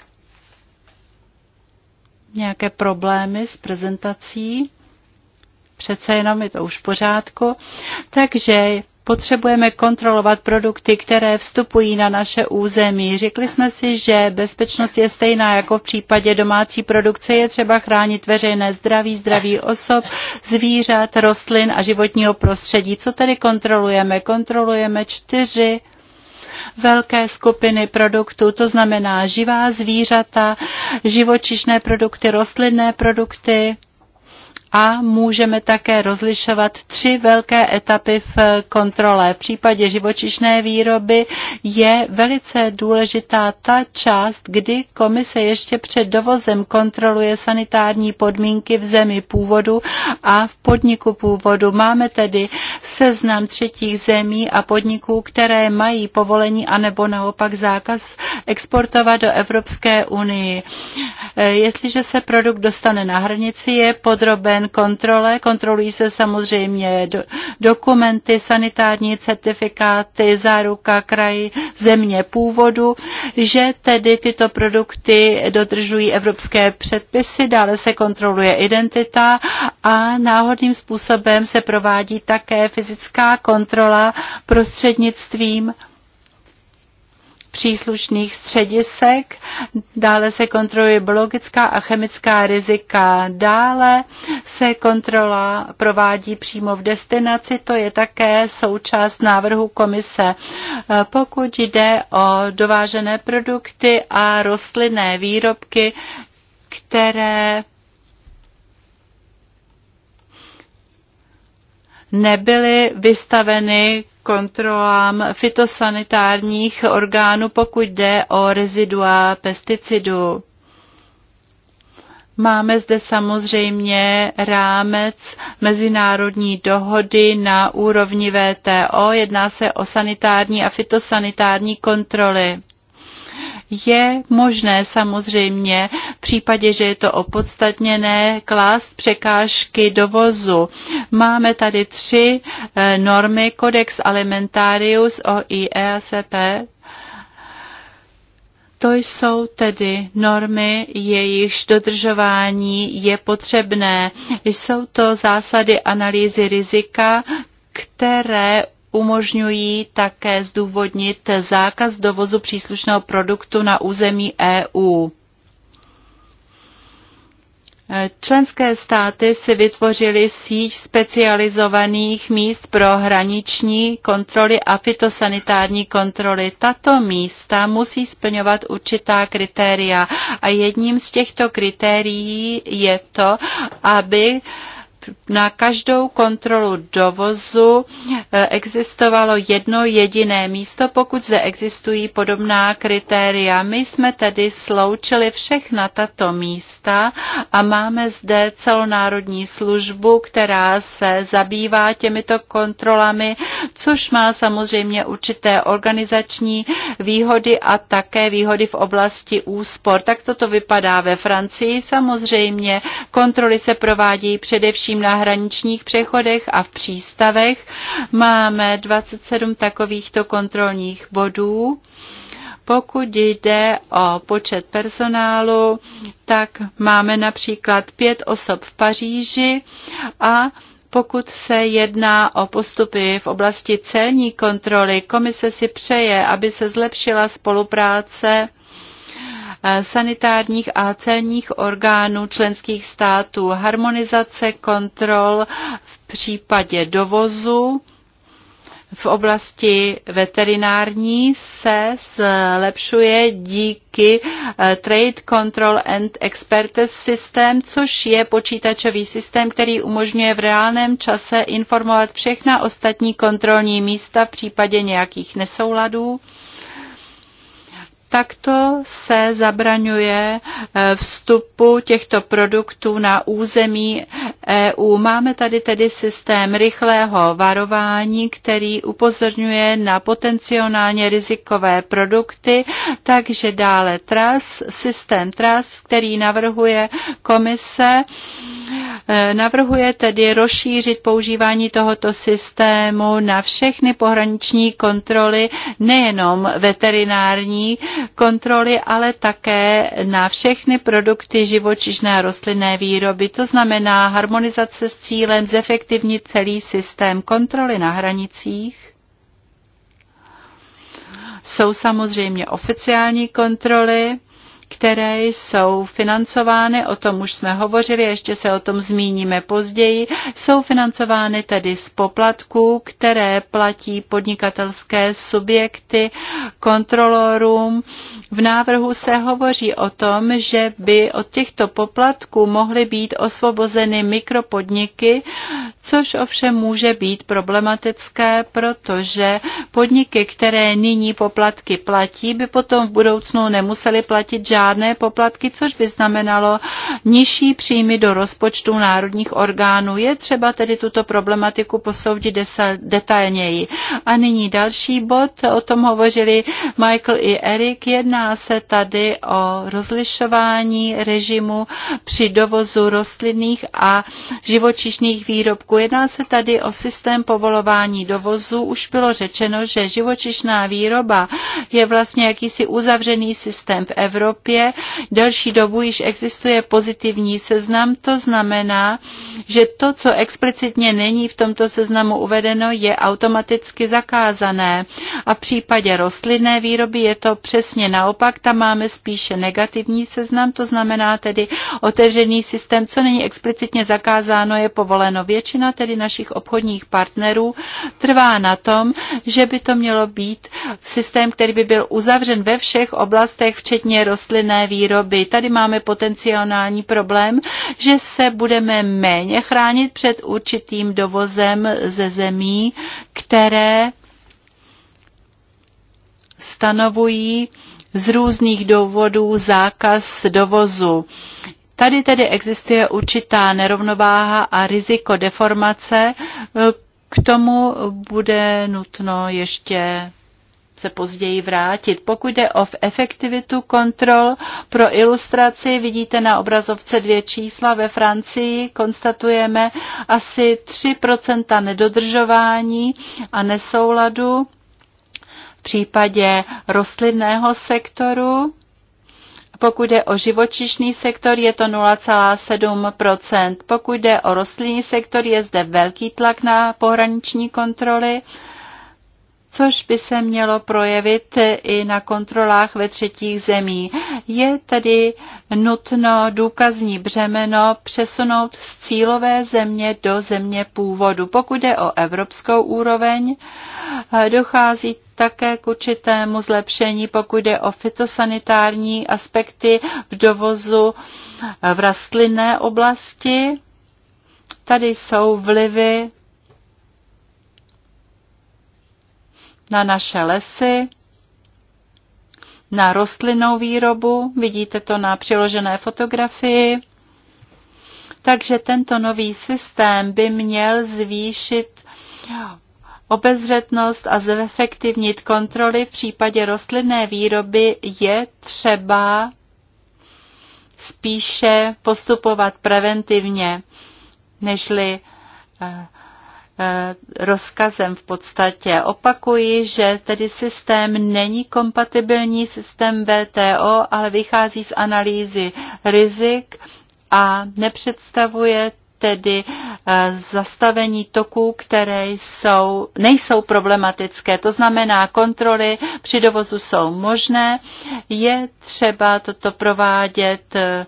nějaké problémy s prezentací. Přece jenom je to už v pořádku. Takže Potřebujeme kontrolovat produkty, které vstupují na naše území. Řekli jsme si, že bezpečnost je stejná jako v případě domácí produkce. Je třeba chránit veřejné zdraví, zdraví osob, zvířat, rostlin a životního prostředí. Co tedy kontrolujeme? Kontrolujeme čtyři velké skupiny produktů, to znamená živá zvířata, živočišné produkty, rostlinné produkty, a můžeme také rozlišovat tři velké etapy v kontrole. V případě živočišné výroby je velice důležitá ta část, kdy komise ještě před dovozem kontroluje sanitární podmínky v zemi původu a v podniku původu. Máme tedy seznam třetích zemí a podniků, které mají povolení anebo naopak zákaz exportovat do Evropské unii. Jestliže se produkt dostane na hranici, je podroben kontrole. Kontrolují se samozřejmě do, dokumenty, sanitární certifikáty, záruka kraj, země původu, že tedy tyto produkty dodržují evropské předpisy, dále se kontroluje identita a náhodným způsobem se provádí také fyzická kontrola prostřednictvím příslušných středisek, dále se kontroluje biologická a chemická rizika, dále se kontrola provádí přímo v destinaci, to je také součást návrhu komise. Pokud jde o dovážené produkty a rostlinné výrobky, které nebyly vystaveny kontrolám fitosanitárních orgánů, pokud jde o rezidua pesticidů. Máme zde samozřejmě rámec mezinárodní dohody na úrovni VTO. Jedná se o sanitární a fitosanitární kontroly. Je možné samozřejmě v případě, že je to opodstatněné, klást překážky dovozu. Máme tady tři eh, normy Codex Alimentarius OIESP to jsou tedy normy, jejichž dodržování je potřebné. Jsou to zásady analýzy rizika, které umožňují také zdůvodnit zákaz dovozu příslušného produktu na území EU. Členské státy si vytvořily síť specializovaných míst pro hraniční kontroly a fitosanitární kontroly. Tato místa musí splňovat určitá kritéria a jedním z těchto kritérií je to, aby na každou kontrolu dovozu eh, existovalo jedno jediné místo, pokud zde existují podobná kritéria. My jsme tedy sloučili všechna tato místa a máme zde celonárodní službu, která se zabývá těmito kontrolami, což má samozřejmě určité organizační výhody a také výhody v oblasti úspor. Tak toto vypadá ve Francii. Samozřejmě kontroly se provádějí především především na hraničních přechodech a v přístavech. Máme 27 takovýchto kontrolních bodů. Pokud jde o počet personálu, tak máme například pět osob v Paříži a pokud se jedná o postupy v oblasti celní kontroly, komise si přeje, aby se zlepšila spolupráce Eh, sanitárních a celních orgánů členských států, harmonizace kontrol v případě dovozu, v oblasti veterinární se zlepšuje díky eh, Trade Control and Expertise System, což je počítačový systém, který umožňuje v reálném čase informovat všechna ostatní kontrolní místa v případě nějakých nesouladů Takto se zabraňuje eh, vstupu těchto produktů na území EU. Máme tady tedy systém rychlého varování, který upozorňuje na potenciálně rizikové produkty, takže dále TRAS, systém TRAS, který navrhuje komise, eh, navrhuje tedy rozšířit používání tohoto systému na všechny pohraniční kontroly, nejenom veterinární, kontroly, ale také na všechny produkty živočišné a rostlinné výroby. To znamená harmonizace s cílem zefektivnit celý systém kontroly na hranicích. Jsou samozřejmě oficiální kontroly, které jsou financovány, o tom už jsme hovořili, ještě se o tom zmíníme později, jsou financovány tedy z poplatků, které platí podnikatelské subjekty kontrolorům. V návrhu se hovoří o tom, že by od těchto poplatků mohly být osvobozeny mikropodniky, což ovšem může být problematické, protože podniky, které nyní poplatky platí, by potom v budoucnu nemusely platit žádné žádné poplatky, což by znamenalo nižší příjmy do rozpočtu národních orgánů. Je třeba tedy tuto problematiku posoudit detailněji. A nyní další bod, o tom hovořili Michael i Erik. Jedná se tady o rozlišování režimu při dovozu rostlinných a živočišných výrobků. Jedná se tady o systém povolování dovozu. Už bylo řečeno, že živočišná výroba je vlastně jakýsi uzavřený systém v Evropě Evropě delší dobu již existuje pozitivní seznam. To znamená, že to, co explicitně není v tomto seznamu uvedeno, je automaticky zakázané. A v případě rostlinné výroby je to přesně naopak. Tam máme spíše negativní seznam, to znamená tedy otevřený systém, co není explicitně zakázáno, je povoleno. Většina tedy našich obchodních partnerů trvá na tom, že by to mělo být systém, který by byl uzavřen ve všech oblastech, včetně rostlin rostlinné výroby. Tady máme potenciální problém, že se budeme méně chránit před určitým dovozem ze zemí, které stanovují z různých důvodů zákaz dovozu. Tady tedy existuje určitá nerovnováha a riziko deformace. K tomu bude nutno ještě se později vrátit. Pokud jde o efektivitu kontrol, pro ilustraci vidíte na obrazovce dvě čísla. Ve Francii konstatujeme asi 3% nedodržování a nesouladu v případě rostlinného sektoru. Pokud jde o živočišný sektor, je to 0,7 Pokud jde o rostlinný sektor, je zde velký tlak na pohraniční kontroly což by se mělo projevit i na kontrolách ve třetích zemí. Je tedy nutno důkazní břemeno přesunout z cílové země do země původu. Pokud je o evropskou úroveň, dochází také k určitému zlepšení, pokud je o fitosanitární aspekty v dovozu v rastlinné oblasti. Tady jsou vlivy na naše lesy, na rostlinnou výrobu. Vidíte to na přiložené fotografii. Takže tento nový systém by měl zvýšit obezřetnost a zefektivnit kontroly v případě rostlinné výroby je třeba spíše postupovat preventivně, nežli eh, Eh, rozkazem v podstatě. Opakuji, že tedy systém není kompatibilní systém VTO, ale vychází z analýzy rizik a nepředstavuje tedy eh, zastavení toků, které jsou, nejsou problematické. To znamená, kontroly při dovozu jsou možné, je třeba toto provádět. Eh,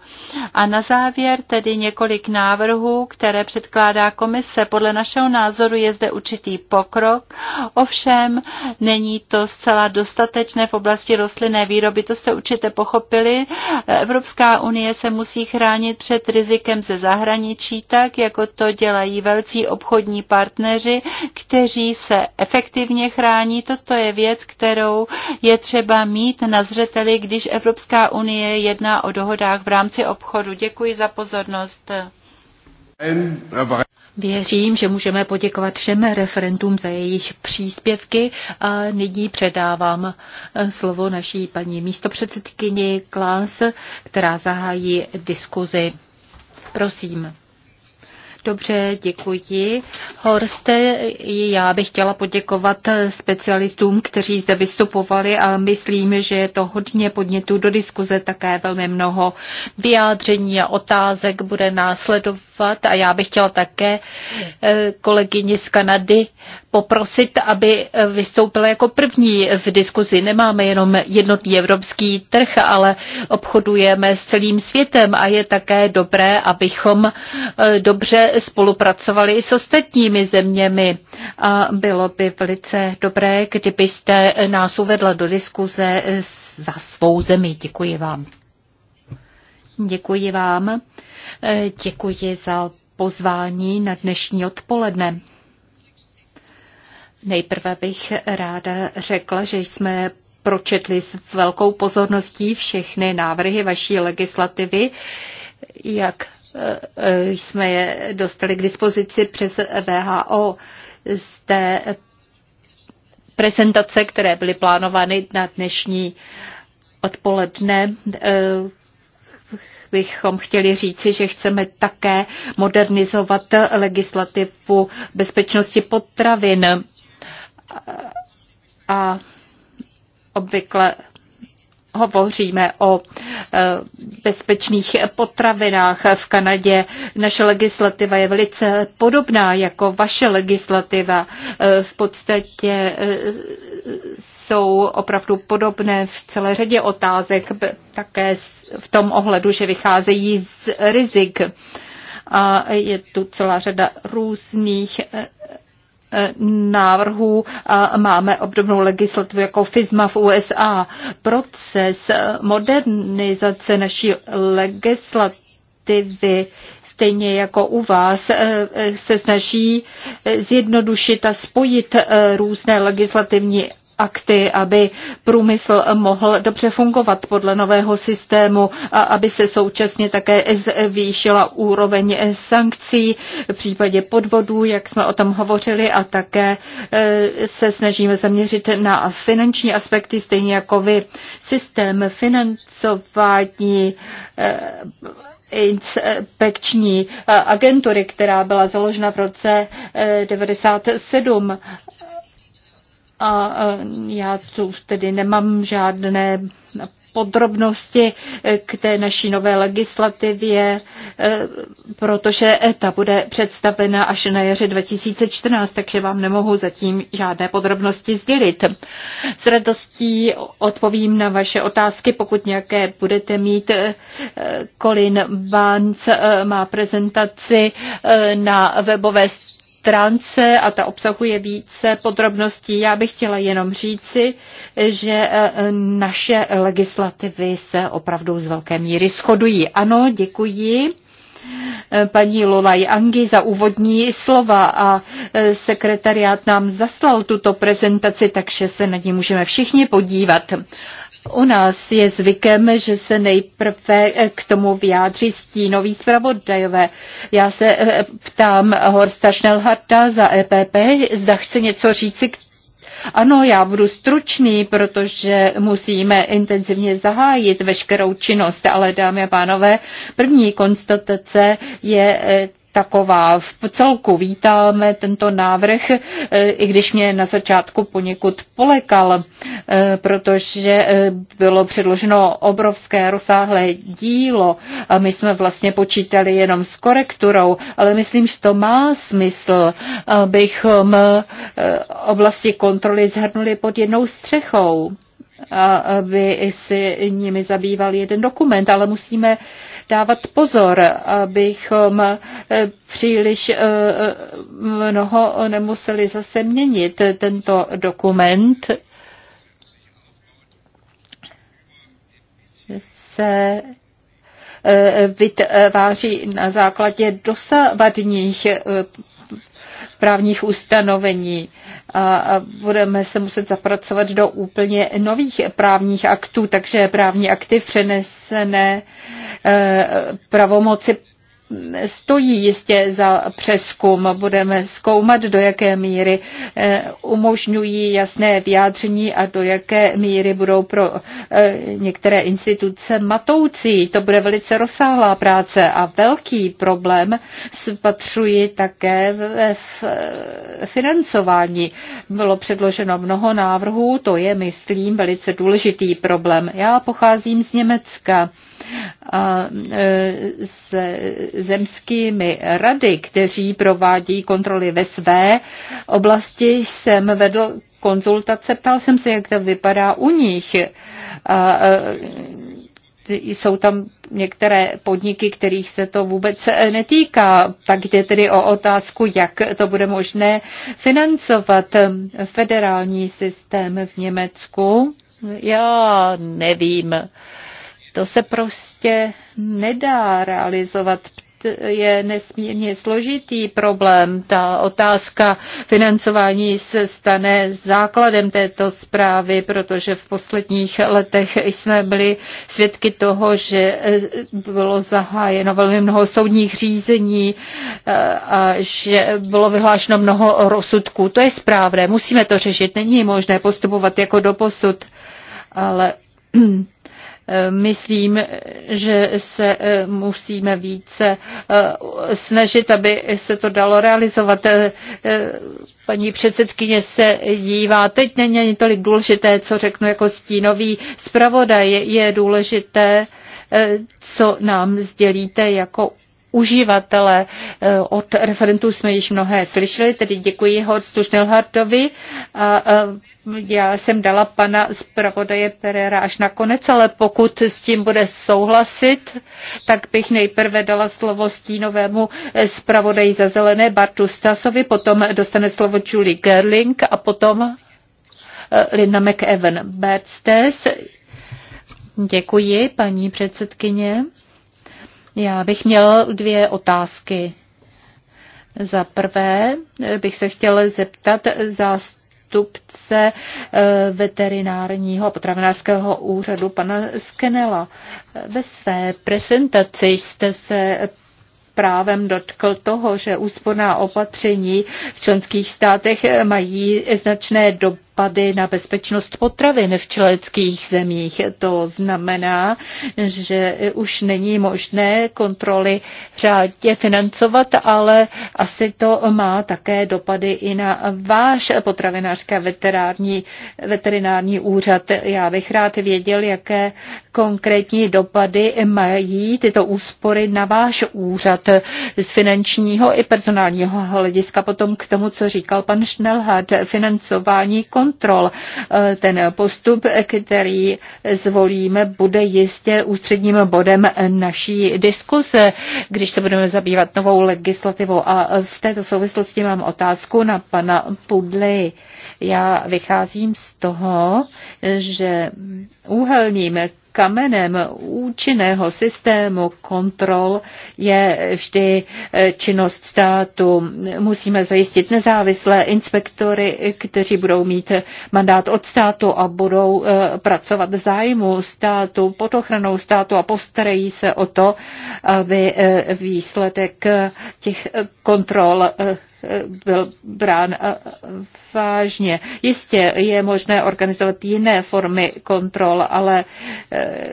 a na závěr tedy několik návrhů, které předkládá komise. Podle našeho názoru je zde určitý pokrok, ovšem není to zcela dostatečné v oblasti rostlinné výroby, to jste určitě pochopili. Evropská unie se musí chránit před rizikem ze zahraničí, tak, jako to dělají velcí obchodní partneři, kteří se efektivně chrání. Toto je věc, kterou je třeba mít na zřeteli, když Evropská unie jedná o dohodách v rámci obchodu. Děkuji za pozornost.
Věřím, že můžeme poděkovat všem referentům za jejich příspěvky a nyní předávám eh, slovo naší paní místopředsedkyni Klás, která zahájí diskuzi. Prosím. Dobře, děkuji. Horste, já bych chtěla poděkovat specialistům, kteří zde vystupovali a myslím, že je to hodně podnětů do diskuze, také velmi mnoho vyjádření a otázek bude následovat a já bych chtěla také eh, kolegyni z Kanady poprosit, aby eh, vystoupila jako první v diskuzi. Nemáme jenom jednotný evropský trh, ale obchodujeme s celým světem a je také dobré, abychom eh, dobře spolupracovali s ostatními zeměmi. A bylo by velice dobré, kdybyste nás uvedla do diskuze eh, za svou zemi. Děkuji vám. Děkuji vám. Děkuji za pozvání na dnešní odpoledne. Nejprve bych ráda řekla, že jsme pročetli s velkou pozorností všechny návrhy vaší legislativy, jak eh, jsme je dostali k dispozici přes VHO. Z té prezentace, které byly plánovány na dnešní odpoledne, eh, bychom chtěli říci, že chceme také modernizovat legislativu bezpečnosti potravin a obvykle hovoříme o e, bezpečných potravinách v Kanadě. Naše legislativa je velice podobná jako vaše legislativa. E, v podstatě e, jsou opravdu podobné v celé řadě otázek, také v tom ohledu, že vycházejí z rizik. A je tu celá řada různých návrhů a máme obdobnou legislativu jako FISMA v USA. Proces modernizace naší legislativy stejně jako u vás, eh, se snaží zjednodušit a spojit eh, různé legislativní akty, aby průmysl mohl dobře fungovat podle nového systému a aby se současně také zvýšila úroveň sankcí v případě podvodů, jak jsme o tom hovořili, a také e, se snažíme zaměřit na finanční aspekty, stejně jako vy. Systém financování e, inspekční agentury, která byla založena v roce 1997 e, a já tu tedy nemám žádné podrobnosti k té naší nové legislativě, e, protože ta bude představena až na jaře 2014, takže vám nemohu zatím žádné podrobnosti sdělit. S radostí odpovím na vaše otázky, pokud nějaké budete mít. E, Colin Vance má prezentaci e, na webové stránce a ta obsahuje více podrobností. Já bych chtěla jenom říci, že e, naše legislativy se opravdu z velké míry shodují. Ano, děkuji e, paní Lolaj Angi za úvodní slova a e, sekretariát nám zaslal tuto prezentaci, takže se na ní můžeme všichni podívat. U nás je zvykem, že se nejprve eh, k tomu vyjádří stínový zpravodajové. Já se eh, ptám Horsta Schnellharta za EPP, zda chce něco říci k ano, já budu stručný, protože musíme intenzivně zahájit veškerou činnost, ale dámy a pánové, první konstatace je eh, taková. V celku vítáme tento návrh, e, i když mě na začátku poněkud polekal, e, protože e, bylo předloženo obrovské rozsáhlé dílo a my jsme vlastně počítali jenom s korekturou, ale myslím, že to má smysl, abychom oblasti kontroly zhrnuli pod jednou střechou aby si nimi zabýval jeden dokument, ale musíme dávat pozor, abychom eh, příliš eh, eh, mnoho nemuseli zase měnit tento dokument. Se vytváří na základě dosavadních právních ustanovení a budeme se muset zapracovat do úplně nových právních aktů, takže právní akty přenesené eh, pravomoci stojí jistě za přeskum. Budeme zkoumat, do jaké míry eh, umožňují jasné vyjádření a do jaké míry budou pro eh, některé instituce matoucí. To bude velice rozsáhlá práce a velký problém spatřuji také v eh, financování. Bylo předloženo mnoho návrhů, to je, myslím, velice důležitý problém. Já pocházím z Německa. E, s zemskými rady, kteří provádějí kontroly ve své oblasti, jsem vedl konzultace, ptal jsem se, jak to vypadá u nich. E, e, jsou tam některé podniky, kterých se to vůbec netýká. Tak jde tedy o otázku, jak to bude možné financovat federální systém v Německu. Já nevím. To se prostě nedá realizovat. Je nesmírně složitý problém. Ta otázka financování se stane základem této zprávy, protože v posledních letech jsme byli svědky toho, že e, bylo zahájeno velmi mnoho soudních řízení e, a že bylo vyhlášeno mnoho rozsudků. To je správné, musíme to řešit. Není možné postupovat jako doposud, ale Myslím, že se eh, musíme více eh, snažit, aby se to dalo realizovat. Eh, paní předsedkyně se dívá. Teď není tolik důležité, co řeknu jako stínový zpravodaj. Je důležité, co nám sdělíte jako uživatele. Eh, od referentů jsme již mnohé slyšeli, tedy děkuji Horstu Schnellhardovi. A eh, já jsem dala pana zpravodaje Perera až nakonec, ale pokud s tím bude souhlasit, tak bych nejprve dala slovo stínovému eh, zpravodaji za zelené Bartu Stasovi, potom dostane slovo Julie Gerling a potom Linda McEwen. Bert Stas, děkuji paní předsedkyně. Já bych měl dvě otázky. Za prvé bych se chtěl zeptat zástupce eh, veterinárního a potravinářského úřadu pana Skenela. Ve své prezentaci jste se právem dotkl toho, že úsporná opatření v členských státech mají značné dopady dopady na bezpečnost potravin v členských zemích. To znamená, že už není možné kontroly řádně financovat, ale asi to má také dopady i na váš potravinářský veterinární, veterinární úřad. Já bych rád věděl, jaké konkrétní dopady mají tyto úspory na váš úřad z finančního i personálního hlediska. Potom k tomu, co říkal pan Schnellhardt, financování kontrol kontrol. Eh, ten postup, který zvolíme, bude jistě ústředním bodem naší diskuse, když se budeme zabývat novou legislativou. A v této souvislosti mám otázku na pana Pudly. Já vycházím z toho, že úhelním kamenem účinného systému kontrol je vždy eh, činnost státu. Musíme zajistit nezávislé inspektory, kteří budou mít mandát od státu a budou eh, pracovat v zájmu státu, pod ochranou státu a postarají se o to, aby eh, výsledek těch kontrol byl brán eh, vážně. Jistě je možné organizovat jiné formy kontrol, ale eh,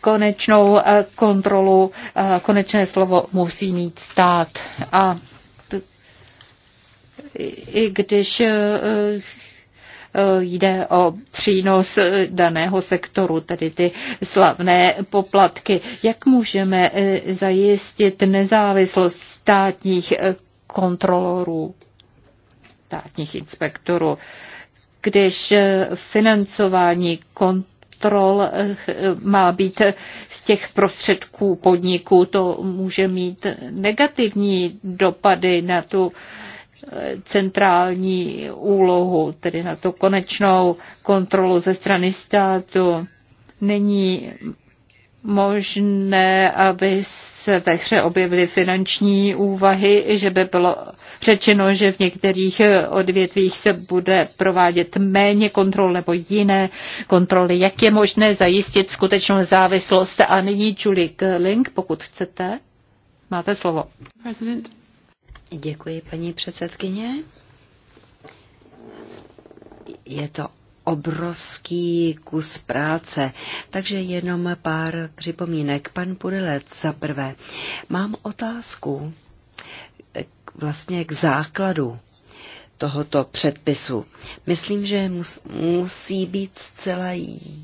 konečnou eh, kontrolu, konečné slovo musí mít stát. A i když Eh, jde o přínos eh, daného sektoru, tedy ty slavné poplatky. Jak můžeme eh, zajistit nezávislost státních kontrolorů, státních inspektorů, když financování kontrolorů kontrol má být z těch prostředků podniku, to může mít negativní dopady na tu centrální úlohu, tedy na tu konečnou kontrolu ze strany státu. Není možné, aby se ve hře objevily finanční úvahy, že by bylo řečeno, že v některých odvětvích se bude provádět méně kontrol nebo jiné kontroly. Jak je možné zajistit skutečnou závislost? A nyní Julie Gerling, pokud chcete, máte slovo.
President.
Děkuji, paní předsedkyně. Je to obrovský kus práce. Takže jenom pár připomínek. Pan Pudelec za prvé. Mám otázku vlastně k základu tohoto předpisu. Myslím, že musí být zcela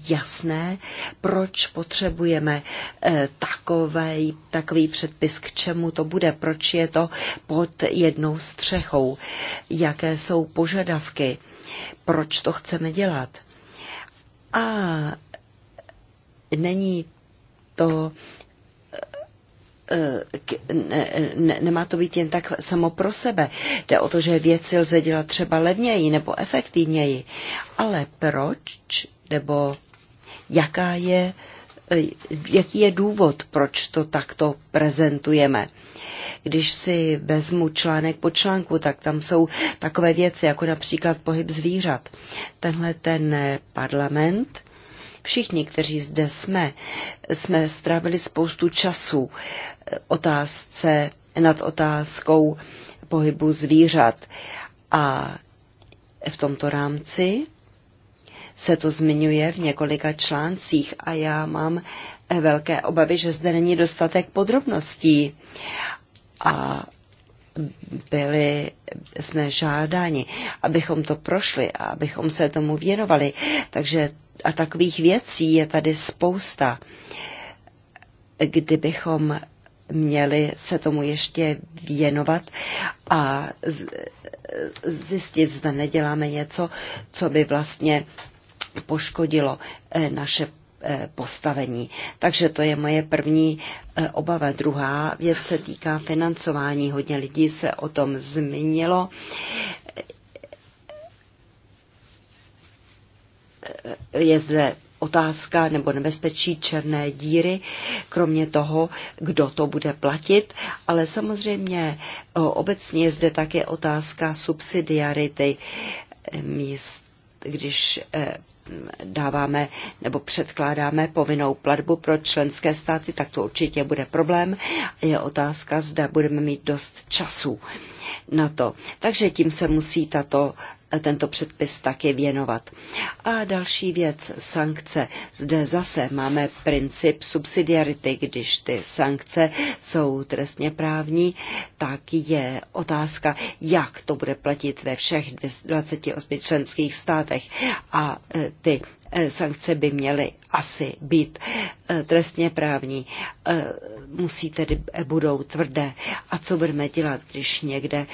jasné, proč potřebujeme eh, takový, takový předpis, k čemu to bude, proč je to pod jednou střechou, jaké jsou požadavky, proč to chceme dělat. A není to ne, ne, nemá to být jen tak samo pro sebe. Jde o to, že věci lze dělat třeba levněji nebo efektivněji. Ale proč nebo jaká je, eh, jaký je důvod, proč to takto prezentujeme? Když si vezmu článek po článku, tak tam jsou takové věci, jako například pohyb zvířat. Tenhle ten eh, parlament Všichni, kteří zde jsme, jsme strávili spoustu času eh, otázce nad otázkou pohybu zvířat. A v tomto rámci se to zmiňuje v několika článcích a já mám eh, velké obavy, že zde není dostatek podrobností. A byli, jsme žádáni, abychom to prošli a abychom se tomu věnovali. Takže a takových věcí je tady spousta. Kdybychom měli se tomu ještě věnovat a zjistit, zda neděláme něco, co by vlastně poškodilo eh, naše Eh, postavení. Takže to je moje první eh, obava. Druhá věc se týká financování. Hodně lidí se o tom zmínilo. Eh, je zde otázka nebo nebezpečí černé díry, kromě toho, kdo to bude platit, ale samozřejmě obecně je zde také otázka subsidiarity míst, když dáváme nebo předkládáme povinnou platbu pro členské státy, tak to určitě bude problém. Je otázka, zda budeme mít dost času na to. Takže tím se musí tato tento předpis taky věnovat. A další věc, sankce. Zde zase máme princip subsidiarity, když ty sankce jsou trestně právní, tak je otázka, jak to bude platit ve všech 28 členských státech. A e, ty Eh, sankce by měly asi být eh, trestně právní. Eh, musí tedy budou tvrdé. A co budeme dělat, když někde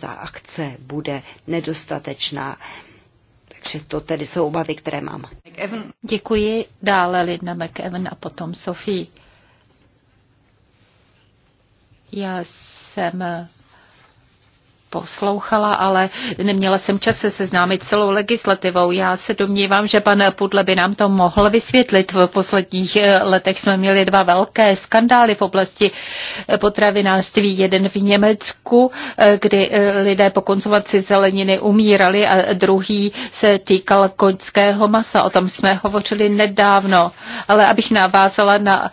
ta akce bude nedostatečná? Takže to tedy jsou obavy, které mám.
Děkuji. Dále Lidna McEwen a potom Sofie. Já jsem poslouchala, ale neměla jsem čas se seznámit celou legislativou. Já se domnívám, že pan Pudle by nám to mohl vysvětlit. V posledních eh, letech jsme měli dva velké skandály v oblasti eh, potravinářství. Jeden v Německu, eh, kdy lidé po konzumaci zeleniny umírali a druhý se týkal koňského masa. O tom jsme hovořili nedávno. Ale abych navázala na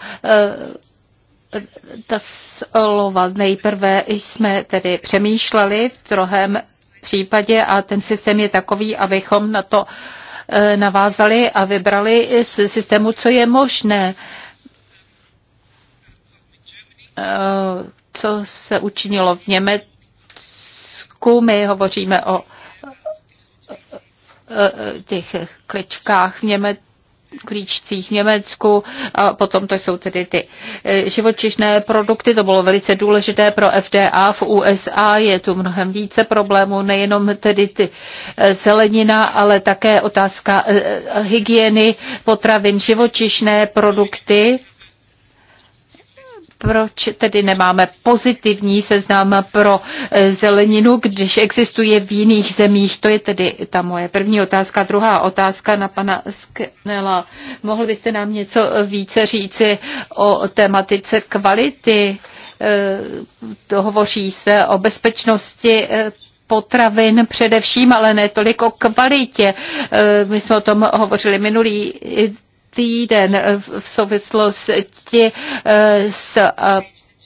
ta slova. Nejprve jsme tedy přemýšleli v druhém případě a ten systém je takový, abychom na to eh, navázali a vybrali z systému, co je možné. Eh, co se učinilo v Německu, my hovoříme o eh, těch kličkách v Německu, klíčcích v Německu. A potom to jsou tedy ty eh, živočišné produkty. To bylo velice důležité pro FDA v USA. Je tu mnohem více problémů, nejenom tedy ty eh, zelenina, ale také otázka eh, hygieny potravin, živočišné produkty proč tedy nemáme pozitivní seznam pro eh, zeleninu, když existuje v jiných zemích? To je tedy ta moje první otázka. Druhá otázka na pana Sknela. Mohl byste nám něco více říci o tematice kvality? Eh, hovoří se o bezpečnosti eh, potravin především, ale ne tolik o kvalitě. My jsme o tom hovořili minulý týden v souvislosti eh, s eh,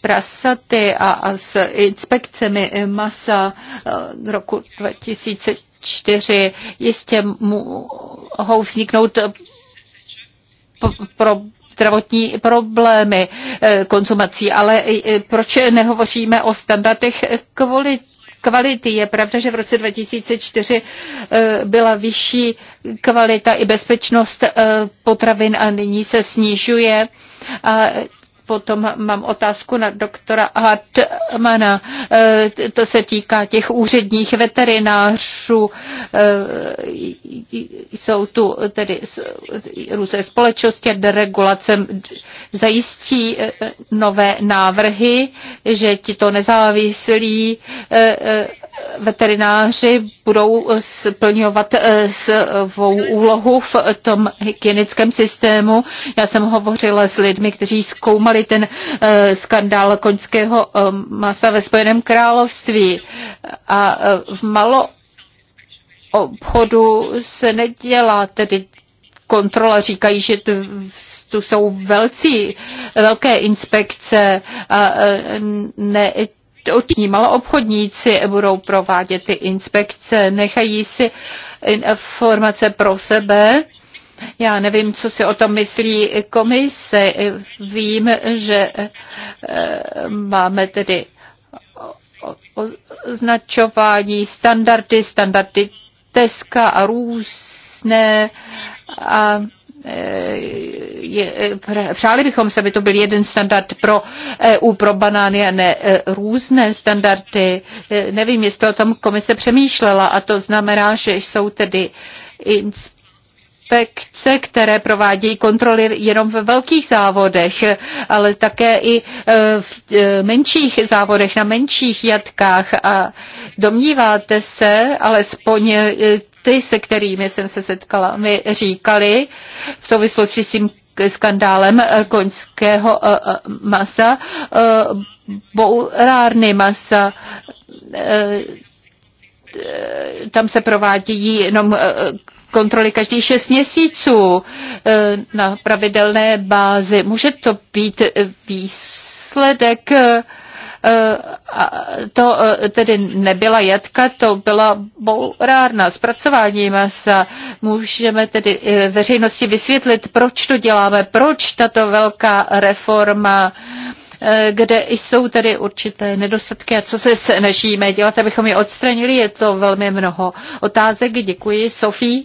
prasaty a s inspekcemi masa eh, roku 2004. Jistě mohou vzniknout pro zdravotní problémy konzumací, ale proč nehovoříme o standardech kvality? kvality. Je pravda, že v roce 2004 eh, byla vyšší kvalita i bezpečnost eh, potravin a nyní se snižuje. A Potom mám otázku na doktora Hartmana. Eh, to se týká těch úředních veterinářů. Eh, jsou tu tedy různé společnosti a deregulace. Zajistí eh, nové návrhy, že ti to nezávislí veterináři budou splňovat eh, svou úlohu v tom hygienickém systému. Já jsem hovořila s lidmi, kteří zkoumali ten eh, skandál koňského eh, masa ve Spojeném království a v malo obchodu se nedělá tedy kontrola, říkají, že tu jsou velcí, velké inspekce a ne oční maloobchodníci budou provádět ty inspekce, nechají si informace pro sebe. Já nevím, co si o tom myslí komise. Vím, že eh, máme tedy označování standardy, standardy Teska a různé a Eh, je, eh, přáli bychom se, aby to byl jeden standard pro EU, pro banány a ne eh, různé standardy. Nevím, jestli o tom komise přemýšlela a to znamená, že jsou tedy inspekce, které provádějí kontroly jenom ve velkých závodech, ale také i v menších závodech, na menších jatkách. A domníváte se, alespoň ty, se kterými jsem se setkala, mi říkali v souvislosti s tím skandálem eh, koňského eh, eh, masa, bourárny masa, tam se provádí jenom kontroly každý šest měsíců na pravidelné bázi. Může to být výsledek Eh, to eh, tedy nebyla jatka, to byla bourárna, zpracování se Můžeme tedy eh, veřejnosti vysvětlit, proč to děláme, proč tato velká reforma kde jsou tedy určité nedostatky a co se snažíme dělat, abychom je odstranili. Je to velmi mnoho otázek. Děkuji, Sofie.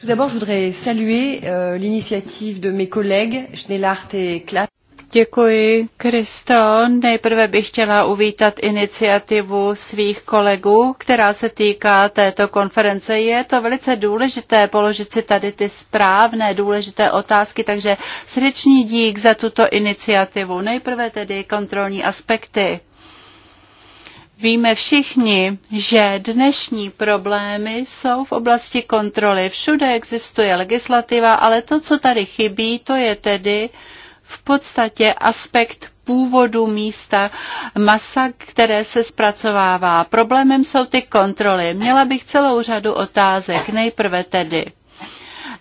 Tout d'abord, je voudrais saluer euh, l'initiative de mes collègues Schnellhardt et Klapp. Děkuji, Kristo. Nejprve bych chtěla uvítat iniciativu svých kolegů, která se týká této konference. Je to velice důležité položit si tady ty správné, důležité otázky, takže srdečný dík za tuto iniciativu. Nejprve tedy kontrolní aspekty. Víme všichni, že dnešní problémy jsou v oblasti kontroly. Všude existuje legislativa, ale to, co tady chybí, to je tedy v podstatě aspekt původu místa masa, které se zpracovává. Problémem jsou ty kontroly. Měla bych celou řadu otázek. Nejprve tedy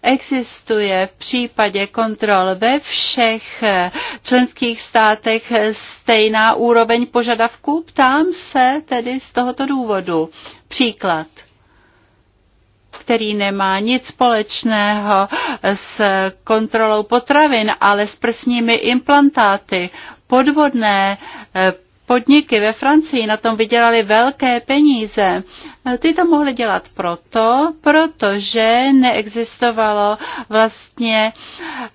existuje v případě kontrol ve všech členských státech stejná úroveň požadavků? Ptám se tedy z tohoto důvodu. Příklad který nemá nic společného s kontrolou potravin, ale s prsními implantáty. Podvodné eh, podniky ve Francii na tom vydělali velké peníze. Ty to mohly dělat proto, protože neexistovalo vlastně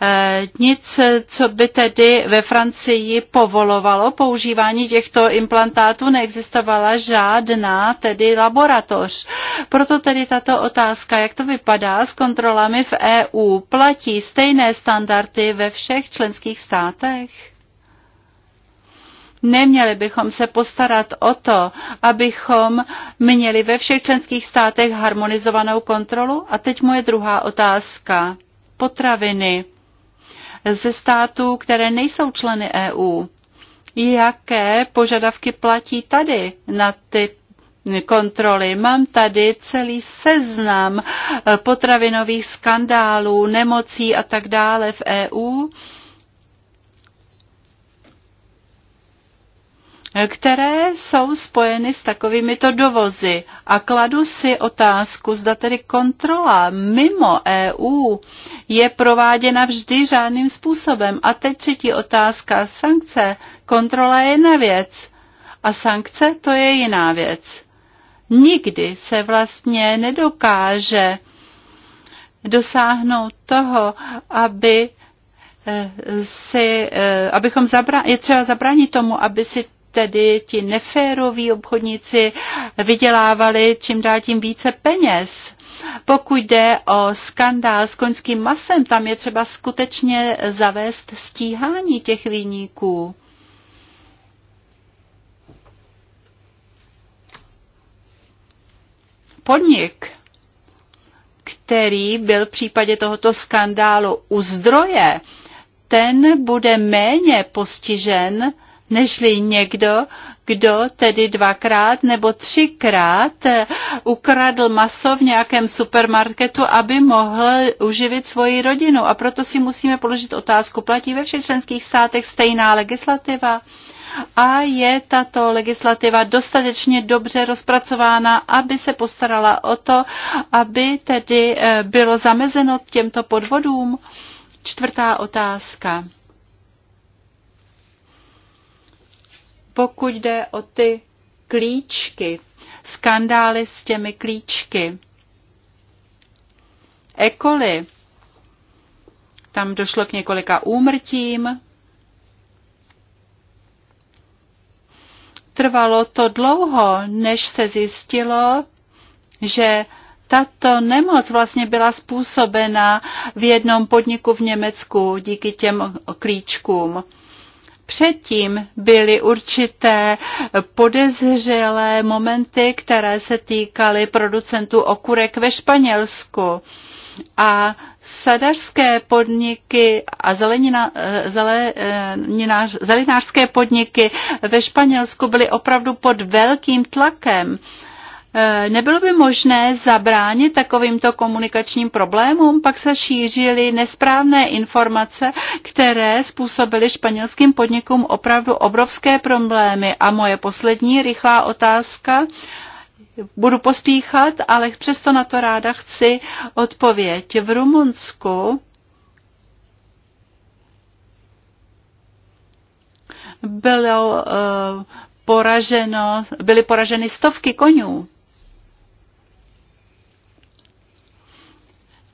eh, nic, co by tedy ve Francii povolovalo používání těchto implantátů, neexistovala žádná tedy laboratoř. Proto tedy tato otázka, jak to vypadá s kontrolami v EU, platí stejné standardy ve všech členských státech? Neměli bychom se postarat o to, abychom měli ve všech členských státech harmonizovanou kontrolu? A teď moje druhá otázka. Potraviny ze států, které nejsou členy EU. Jaké požadavky platí tady na ty kontroly. Mám tady celý seznam eh, potravinových skandálů, nemocí a tak dále v EU. které jsou spojeny s takovýmito dovozy. A kladu si otázku, zda tedy kontrola mimo EU je prováděna vždy řádným způsobem. A teď třetí otázka, sankce. Kontrola je jedna věc a sankce to je jiná věc. Nikdy se vlastně nedokáže dosáhnout toho, aby eh, si, eh, abychom zabra- je třeba zabránit tomu, aby si tedy ti neféroví obchodníci vydělávali čím dál tím více peněz. Pokud jde o skandál s koňským masem, tam je třeba skutečně zavést stíhání těch výniků. Podnik, který byl v případě tohoto skandálu u zdroje, ten bude méně postižen nežli někdo, kdo tedy dvakrát nebo třikrát eh, ukradl maso v nějakém supermarketu, aby mohl uživit svoji rodinu. A proto si musíme položit otázku, platí ve všech členských státech stejná legislativa? a je tato legislativa dostatečně dobře rozpracována, aby se postarala o to, aby tedy eh, bylo zamezeno těmto podvodům? Čtvrtá otázka. pokud jde o ty klíčky, skandály s těmi klíčky. Ekoli, tam došlo k několika úmrtím, Trvalo to dlouho, než se zjistilo, že tato nemoc vlastně byla způsobena v jednom podniku v Německu díky těm klíčkům předtím byly určité podezřelé momenty, které se týkaly producentů okurek ve Španělsku. A sadařské podniky a zeleninářské eh, zelenářské podniky ve Španělsku byly opravdu pod velkým tlakem Eh, nebylo by možné zabránit takovýmto komunikačním problémům? Pak se šířily nesprávné informace, které způsobily španělským podnikům opravdu obrovské problémy. A moje poslední rychlá otázka. Budu pospíchat, ale přesto na to ráda chci odpověď. V Rumunsku bylo, eh, poraženo, byly poraženy stovky konů.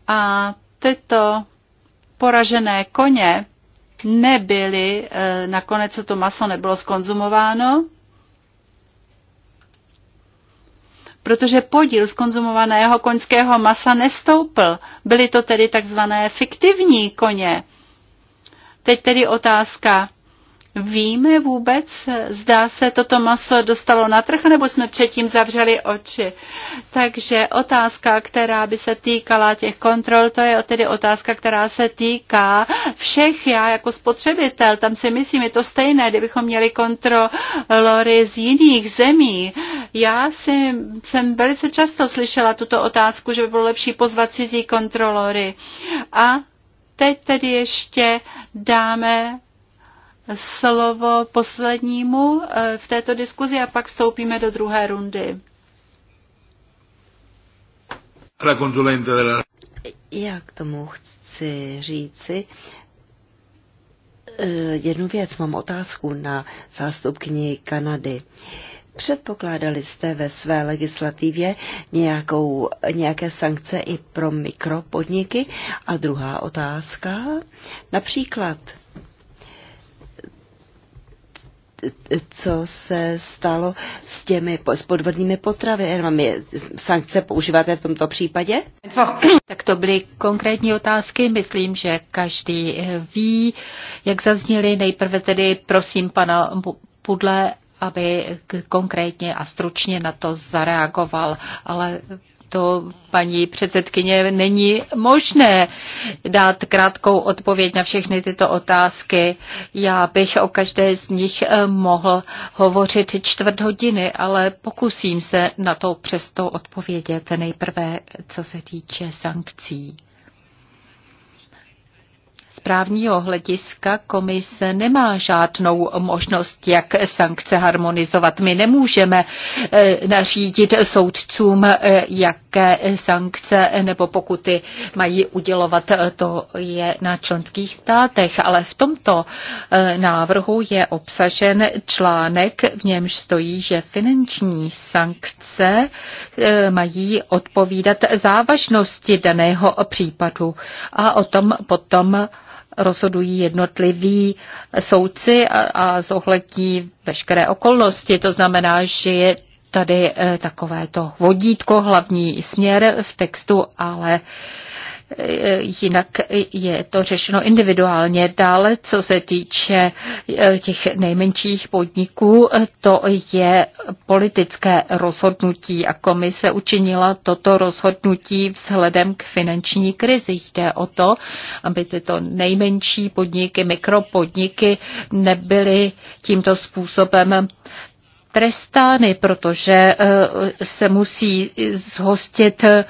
A tyto poražené koně nebyly, eh, nakonec to maso nebylo skonzumováno, protože podíl skonzumovaného koňského masa nestoupl. Byly to tedy takzvané fiktivní koně. Teď tedy otázka, Víme vůbec, zdá se toto maso dostalo na trh, nebo jsme předtím zavřeli oči. Takže otázka, která by se týkala těch kontrol, to je tedy otázka, která se týká všech. Já jako spotřebitel, tam si myslím, je to stejné, kdybychom měli kontrolory z jiných zemí. Já si, jsem velice často slyšela tuto otázku, že by bylo lepší pozvat cizí kontrolory. A teď tedy ještě dáme slovo poslednímu eh, v této diskuzi a pak vstoupíme do
druhé rundy. Já k tomu chci říci eh, jednu věc. Mám otázku na zástupkyni Kanady. Předpokládali jste ve své legislativě nějakou, nějaké sankce i pro mikropodniky? A druhá otázka, například co se stalo s těmi s podvodnými potravinami. Sankce používáte v tomto případě?
Tak to byly konkrétní otázky. Myslím, že každý eh, ví, jak zazněly. Nejprve tedy prosím pana Pudle, aby konkrétně a stručně na to zareagoval, ale to, paní předsedkyně, není možné dát krátkou odpověď na všechny tyto otázky. Já bych o každé z nich eh, mohl hovořit čtvrt hodiny, ale pokusím se na to přesto odpovědět nejprve, co se týče sankcí právního hlediska komise nemá žádnou možnost, jak sankce harmonizovat. My nemůžeme eh, nařídit soudcům, eh, jaké sankce nebo pokuty mají udělovat. Eh, to je na členských státech, ale v tomto návrhu je obsažen článek, v němž stojí, že finanční sankce mají odpovídat závažnosti daného případu a o tom potom rozhodují jednotliví soudci a, a zohlední veškeré okolnosti. To znamená, že je tady eh, takovéto vodítko, hlavní směr v textu, ale jinak je to řešeno individuálně. Dále, co se týče eh, těch nejmenších podniků, to je politické rozhodnutí a komise učinila toto rozhodnutí vzhledem k finanční krizi. Jde o to, aby tyto nejmenší podniky, mikropodniky nebyly tímto způsobem trestány, protože eh, se musí zhostit eh,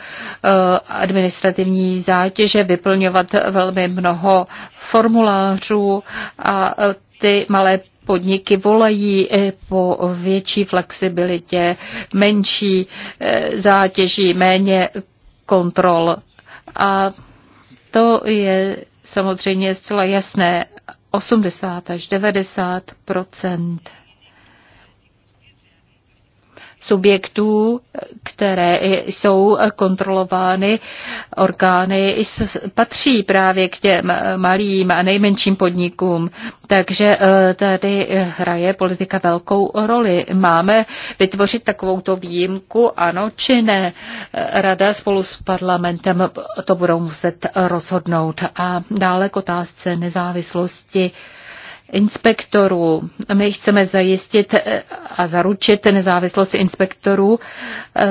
administrativní zátěže, vyplňovat velmi mnoho formulářů a eh, ty malé podniky volají po větší flexibilitě, menší zátěží, méně kontrol. A to je samozřejmě zcela jasné. 80 až 90 subjektů, které jsou kontrolovány orgány, patří právě k těm malým a nejmenším podnikům. Takže eh, tady hraje politika velkou roli. Máme vytvořit takovou výjimku, ano či ne. Rada spolu s parlamentem to budou muset rozhodnout. A dále k otázce nezávislosti inspektorů. My chceme zajistit a zaručit nezávislost inspektorů eh,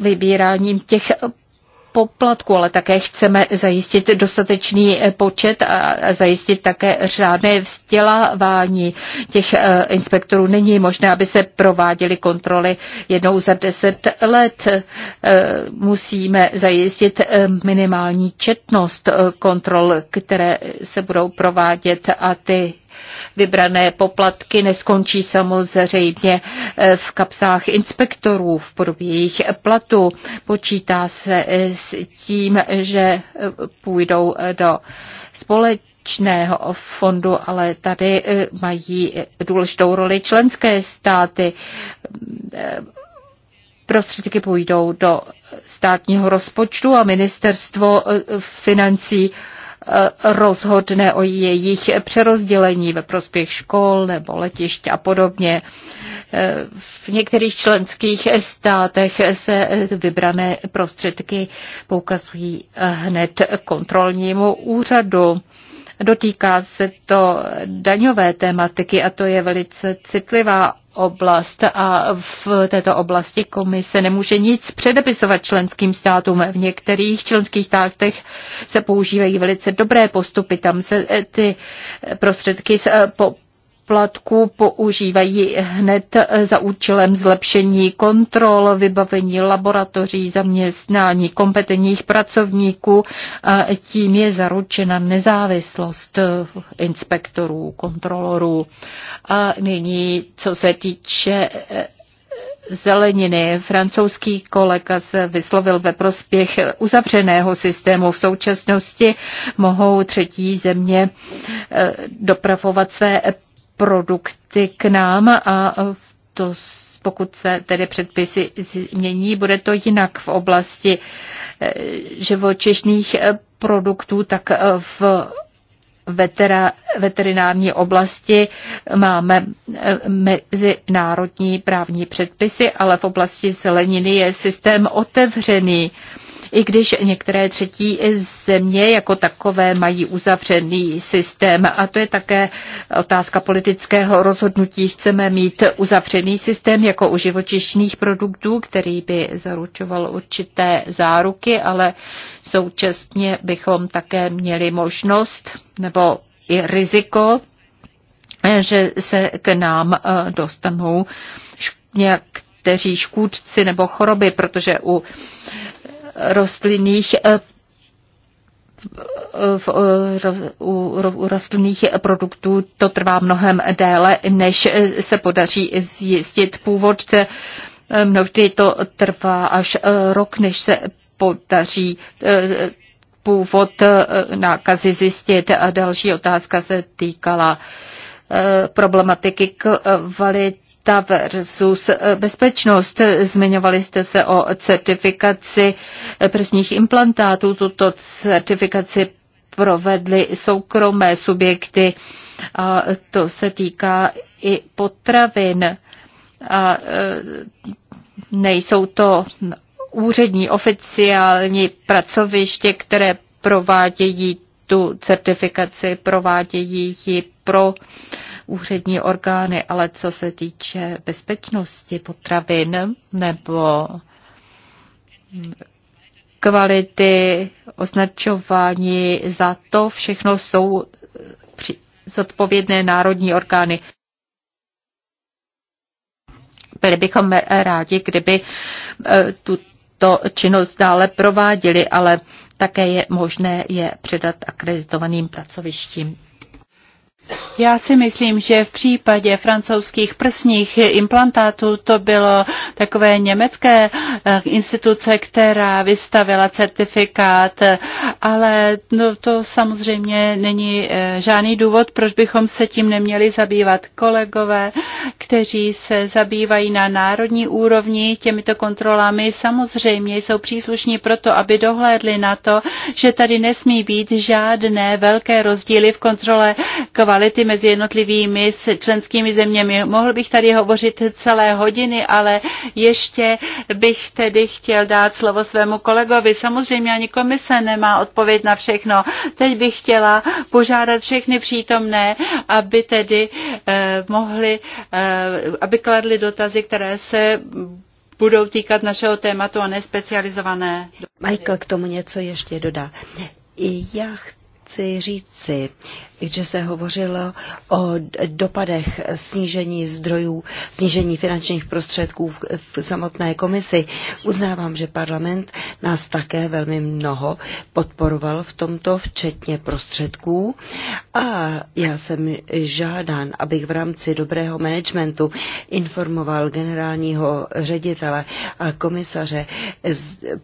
vybíráním těch poplatku, ale také chceme zajistit dostatečný počet a zajistit také řádné vzdělávání těch eh, inspektorů. Není možné, aby se prováděly kontroly jednou za deset let. Eh, musíme zajistit minimální četnost kontrol, které se budou provádět a ty vybrané poplatky neskončí samozřejmě eh, v kapsách inspektorů v podobě jejich platu. Počítá se eh, s tím, že eh, půjdou do společnosti společného fondu, ale tady mají důležitou roli členské státy. Prostředky půjdou do státního rozpočtu a ministerstvo financí Eh, rozhodne o jejich přerozdělení ve prospěch škol nebo letišť a podobně. Eh, v některých členských státech se vybrané prostředky poukazují hned kontrolnímu úřadu. Dotýká se to daňové tématiky a to je velice citlivá oblast a v této oblasti komise nemůže nic předepisovat členským státům. V některých členských státech se používají velice dobré postupy, tam se eh, ty prostředky eh, po poplatků používají hned za účelem zlepšení kontrol, vybavení laboratoří, zaměstnání kompetentních pracovníků a tím je zaručena nezávislost inspektorů, kontrolorů. A nyní, co se týče eh, zeleniny. Francouzský kolega se vyslovil ve prospěch uzavřeného systému. V současnosti mohou třetí země eh, dopravovat své produkty k nám a to, pokud se tedy předpisy změní, bude to jinak v oblasti eh, živočišných eh, produktů, tak eh, v vetera, veterinární oblasti máme mezinárodní právní předpisy, ale v oblasti zeleniny je systém otevřený i když některé třetí země jako takové mají uzavřený systém. A to je také otázka politického rozhodnutí. Chceme mít uzavřený systém jako u živočišných produktů, který by zaručoval určité záruky, ale současně bychom také měli možnost nebo i riziko, že se k nám eh, dostanou nějak kteří škůdci nebo choroby, protože u rostlinných eh, v, eh, eh, u, u rostlinných produktů to trvá mnohem déle, než se podaří zjistit původce. Mnohdy to trvá až rok, než se podaří původ nákazy zjistit. A další otázka se týkala problematiky kvalit kvalita versus eh, bezpečnost. Zmiňovali jste se o certifikaci eh, prsních implantátů. Tuto certifikaci provedly soukromé subjekty. A to se týká i potravin. A eh, nejsou to úřední oficiální pracoviště, které provádějí tu certifikaci, provádějí ji pro uh, úřední orgány, ale co se týče bezpečnosti potravin nebo kvality, označování, za to všechno jsou zodpovědné národní orgány. Byli bychom rádi, kdyby e, tuto činnost dále prováděli, ale také je možné je předat akreditovaným pracovištím.
Já si myslím, že v případě francouzských prsních implantátů to bylo takové německé eh, instituce, která vystavila certifikát, ale no, to samozřejmě není eh, žádný důvod, proč bychom se tím neměli zabývat. Kolegové, kteří se zabývají na národní úrovni těmito kontrolami, samozřejmě jsou příslušní proto, aby dohlédli na to, že tady nesmí být žádné velké rozdíly v kontrole kvality kvality mezi jednotlivými členskými zeměmi. Mohl bych tady hovořit celé hodiny, ale ještě bych tedy chtěl dát slovo svému kolegovi. Samozřejmě ani komise nemá odpověď na všechno. Teď bych chtěla požádat všechny přítomné, aby tedy eh, mohli, eh, aby kladli dotazy, které se budou týkat našeho tématu a nespecializované.
Michael k tomu něco ještě dodá. Já chci chci říci, že se hovořilo o dopadech snížení zdrojů, snížení finančních prostředků v, v samotné komisi. Uznávám, že parlament nás také velmi mnoho podporoval v tomto, včetně prostředků. A já jsem žádán, abych v rámci dobrého managementu informoval generálního ředitele a komisaře,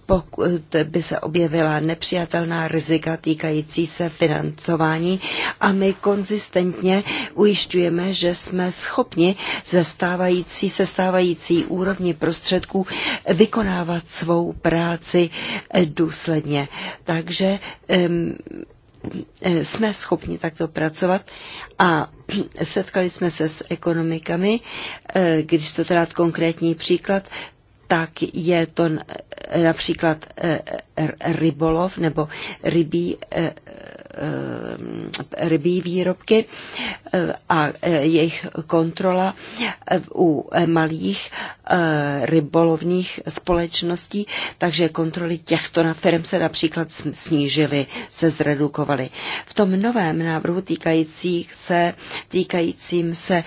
pokud by se objevila nepřijatelná rizika týkající se financování a my konzistentně ujišťujeme, že jsme schopni ze stávající, se stávající úrovni prostředků vykonávat svou práci eh, důsledně. Takže eh, jsme schopni takto pracovat a setkali jsme se s ekonomikami, eh, když to teda konkrétní příklad, tak je to například rybolov nebo rybí Eh, rybí výrobky eh, a eh, jejich kontrola u malých rybolovních společností, takže kontroly těchto na firm se například snížily, se zredukovaly. V tom novém návrhu týkajících se, týkajícím se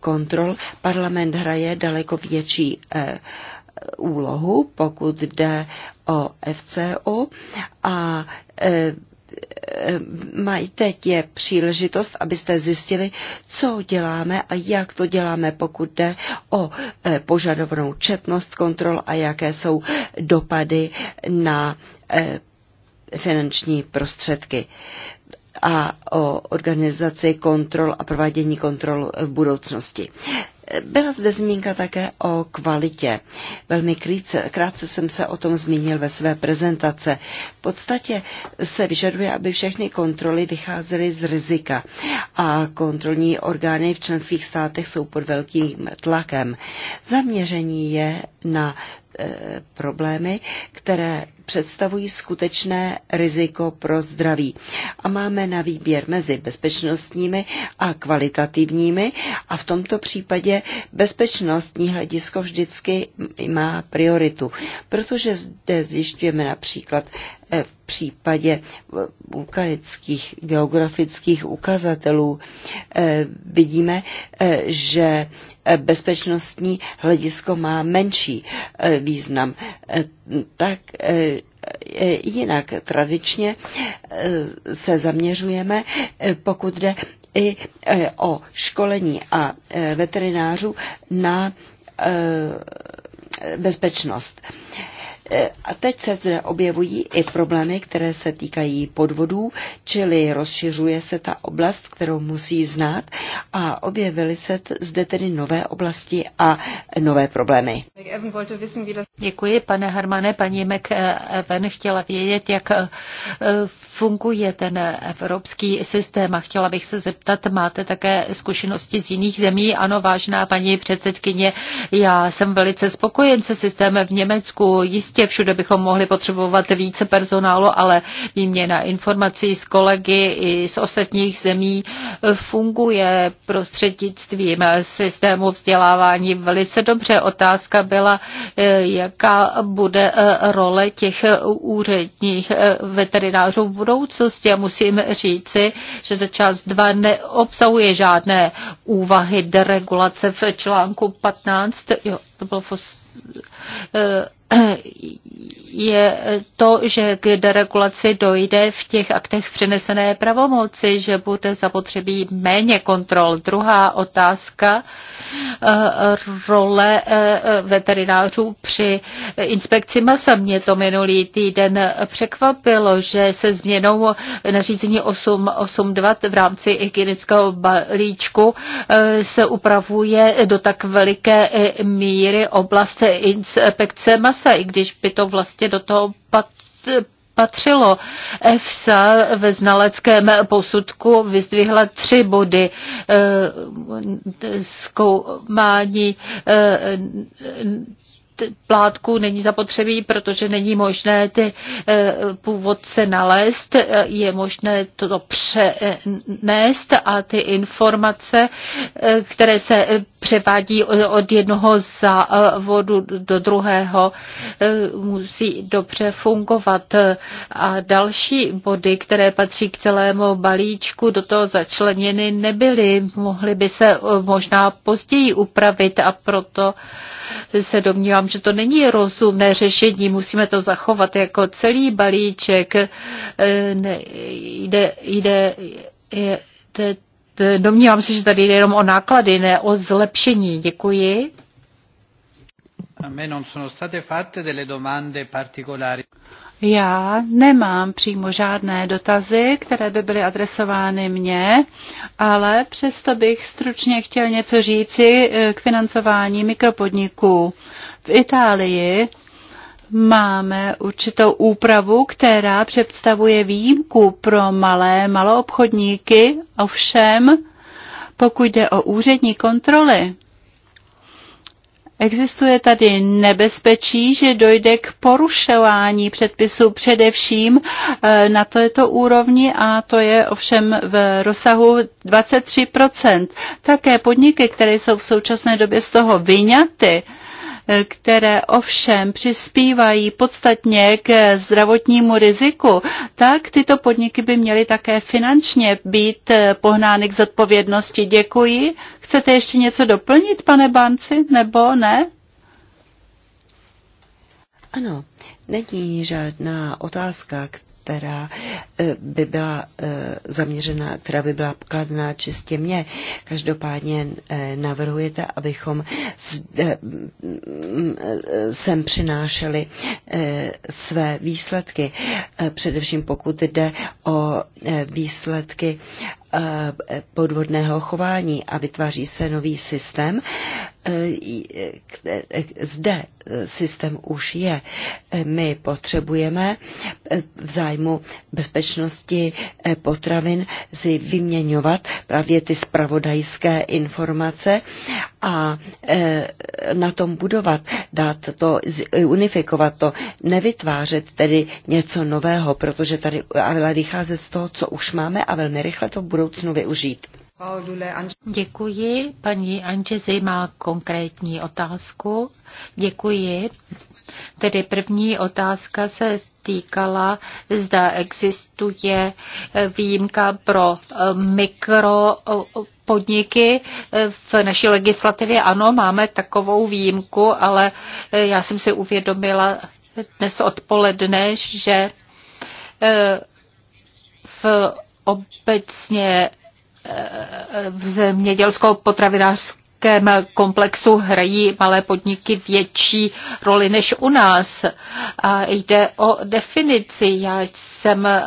kontrol parlament hraje daleko větší úlohu, pokud jde o FCO a Eh, mají teď je příležitost, abyste zjistili, co děláme a jak to děláme, pokud jde o eh, požadovanou četnost kontrol a jaké jsou dopady na eh, finanční prostředky a o organizaci kontrol a provádění kontrol v budoucnosti. Byla zde zmínka také o kvalitě. Velmi krátce, krátce jsem se o tom zmínil ve své prezentace. V podstatě se vyžaduje, aby všechny kontroly vycházely z rizika a kontrolní orgány v členských státech jsou pod velkým tlakem. Zaměření je na Eh, problémy, které představují skutečné riziko pro zdraví. A máme na výběr mezi bezpečnostními a kvalitativními a v tomto případě bezpečnostní hledisko vždycky má prioritu, protože zde zjišťujeme například eh, v případě eh, vulkanických geografických ukazatelů vidíme, že bezpečnostní hledisko má menší eh, význam. Eh, tak eh, jinak tradičně se zaměřujeme, pokud jde i o školení a veterinářů na bezpečnost. E, a teď se zde objevují i problémy, které se týkají podvodů, čili rozšiřuje se ta oblast, kterou musí znát a objevily se zde tedy nové oblasti a nové problémy.
Děkuji, pane Harmane. Paní McEwen chtěla vědět, jak e, funguje ten evropský systém a chtěla bych se zeptat, máte také zkušenosti z jiných zemí? Ano, vážná paní předsedkyně, já jsem velice spokojen se systémem v Německu. Jistě Jistě všude bychom mohli potřebovat více personálu, ale výměna informací s kolegy i z ostatních zemí funguje prostřednictvím systému vzdělávání velice dobře. Otázka byla, eh, jaká bude eh, role těch úředních eh, veterinářů v budoucnosti. A musím říci, že ta část 2 neobsahuje žádné úvahy deregulace v článku 15. Jo, to bylo fos, je to, že k deregulaci dojde v těch aktech přenesené pravomoci, že bude zapotřebí méně kontrol. Druhá otázka, eh, role eh, veterinářů při inspekci masa. Mě to minulý týden překvapilo, že se změnou nařízení 882 v rámci hygienického balíčku eh, se upravuje do tak veliké míry oblast inspekce masa EASA, i když by to vlastně do toho pat, patřilo. EFSA ve znaleckém posudku vyzdvihla tři body eh, zkoumání eh, plátku není zapotřebí, protože není možné ty eh, původce nalézt, eh, je možné to přenést a ty informace, eh, které se převádí od jednoho závodu do druhého, musí dobře fungovat. A další body, které patří k celému balíčku, do toho začleněny nebyly. Mohly by se možná později upravit a proto se domnívám, že to není rozumné řešení, musíme to zachovat jako celý balíček. E, ne, jde, jde, jde, jde, domnívám se, že tady jde jenom o náklady, ne o zlepšení. Děkuji.
Já nemám přímo žádné dotazy, které by byly adresovány mně, ale přesto bych stručně chtěl něco říci e, k financování mikropodniků. V Itálii máme určitou úpravu, která představuje výjimku pro malé maloobchodníky, ovšem pokud jde o úřední kontroly, Existuje tady nebezpečí, že dojde k porušování předpisů především eh, na této úrovni a to je ovšem v rozsahu 23%. Také podniky, které jsou v současné době z toho vyňaty, které ovšem přispívají podstatně k zdravotnímu riziku, tak tyto podniky by měly také finančně být pohnány k zodpovědnosti. Děkuji. Chcete ještě něco doplnit, pane Banci, nebo ne?
Ano, není žádná otázka, která eh, by byla eh, zaměřena, která by byla kladná čistě mě. Každopádně eh, navrhujete, abychom mm, sem přinášeli své výsledky, především pokud jde o výsledky Eh, podvodného chování a vytváří se nový systém. Eh, eh, zde systém už je. My potřebujeme v zájmu bezpečnosti potravin si vyměňovat právě ty spravodajské informace a na tom budovat, dát to, unifikovat to, nevytvářet tedy něco nového, protože tady ale vycházet z toho, co už máme a velmi rychle to bude budoucnu využít.
Děkuji. Paní Anžezi má konkrétní otázku. Děkuji. Tedy první otázka se týkala, zda existuje výjimka pro eh, mikropodniky. Eh, v naší legislativě ano, máme takovou výjimku, ale eh, já jsem si uvědomila dnes odpoledne, že v obecně eh, v zemědělskou potravinářském komplexu hrají malé podniky větší roli než u nás. A jde o definici. Já jsem eh,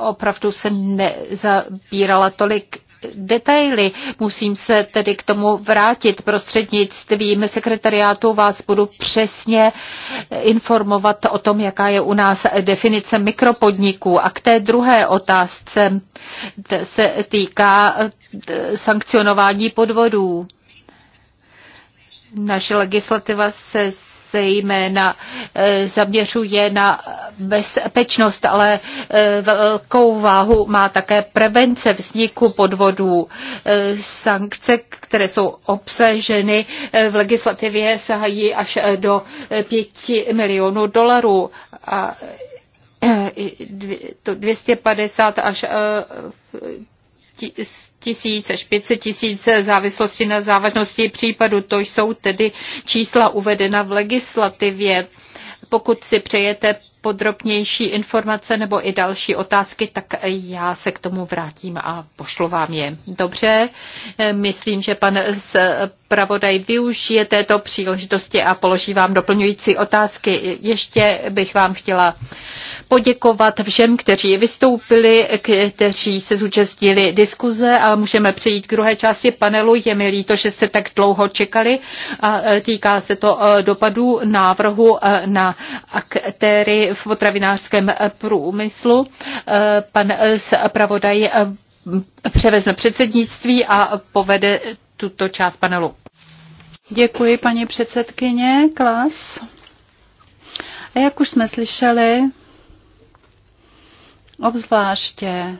opravdu se nezabírala tolik detaily. Musím se tedy k tomu vrátit prostřednictvím sekretariátu. Vás budu přesně informovat o tom, jaká je u nás definice mikropodniků. A k té druhé otázce se týká e, sankcionování podvodů. Naše legislativa se zejména eh, zaměřuje na bezpečnost, ale eh, velkou váhu má také prevence vzniku podvodů. Eh, sankce, které jsou obsaženy v legislativě, sahají až do 5 milionů dolarů. A 250 až tisíc až 500 tisíc závislosti na závažnosti případu. To jsou tedy čísla uvedena v legislativě. Pokud si přejete podrobnější informace nebo i další otázky, tak já se k tomu vrátím a pošlu vám je. Dobře, myslím, že pan zpravodaj využije této příležitosti a položí vám doplňující otázky. Ještě bych vám chtěla poděkovat všem, kteří vystoupili, kteří se zúčastnili diskuze a můžeme přejít k druhé části panelu. Je mi líto, že se tak dlouho čekali. A týká se to dopadů návrhu na aktéry v potravinářském průmyslu. Pan zpravodaj převezme předsednictví
a povede tuto část panelu. Děkuji, paní předsedkyně Klas. A jak už jsme slyšeli, obzvláště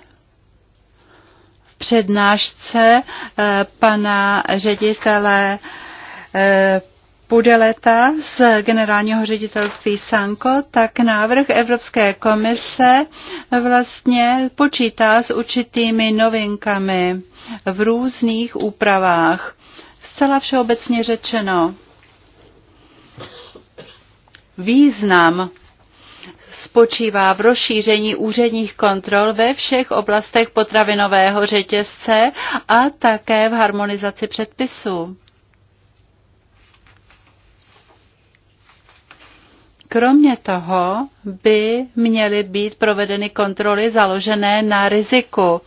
v přednášce eh, pana ředitele eh, Pudeleta z generálního ředitelství Sanko, tak návrh Evropské komise vlastně počítá s určitými novinkami v různých úpravách. Zcela všeobecně řečeno, význam spočívá v rozšíření úředních kontrol ve všech oblastech potravinového řetězce a také v harmonizaci předpisů. Kromě toho by měly být provedeny kontroly založené na riziku.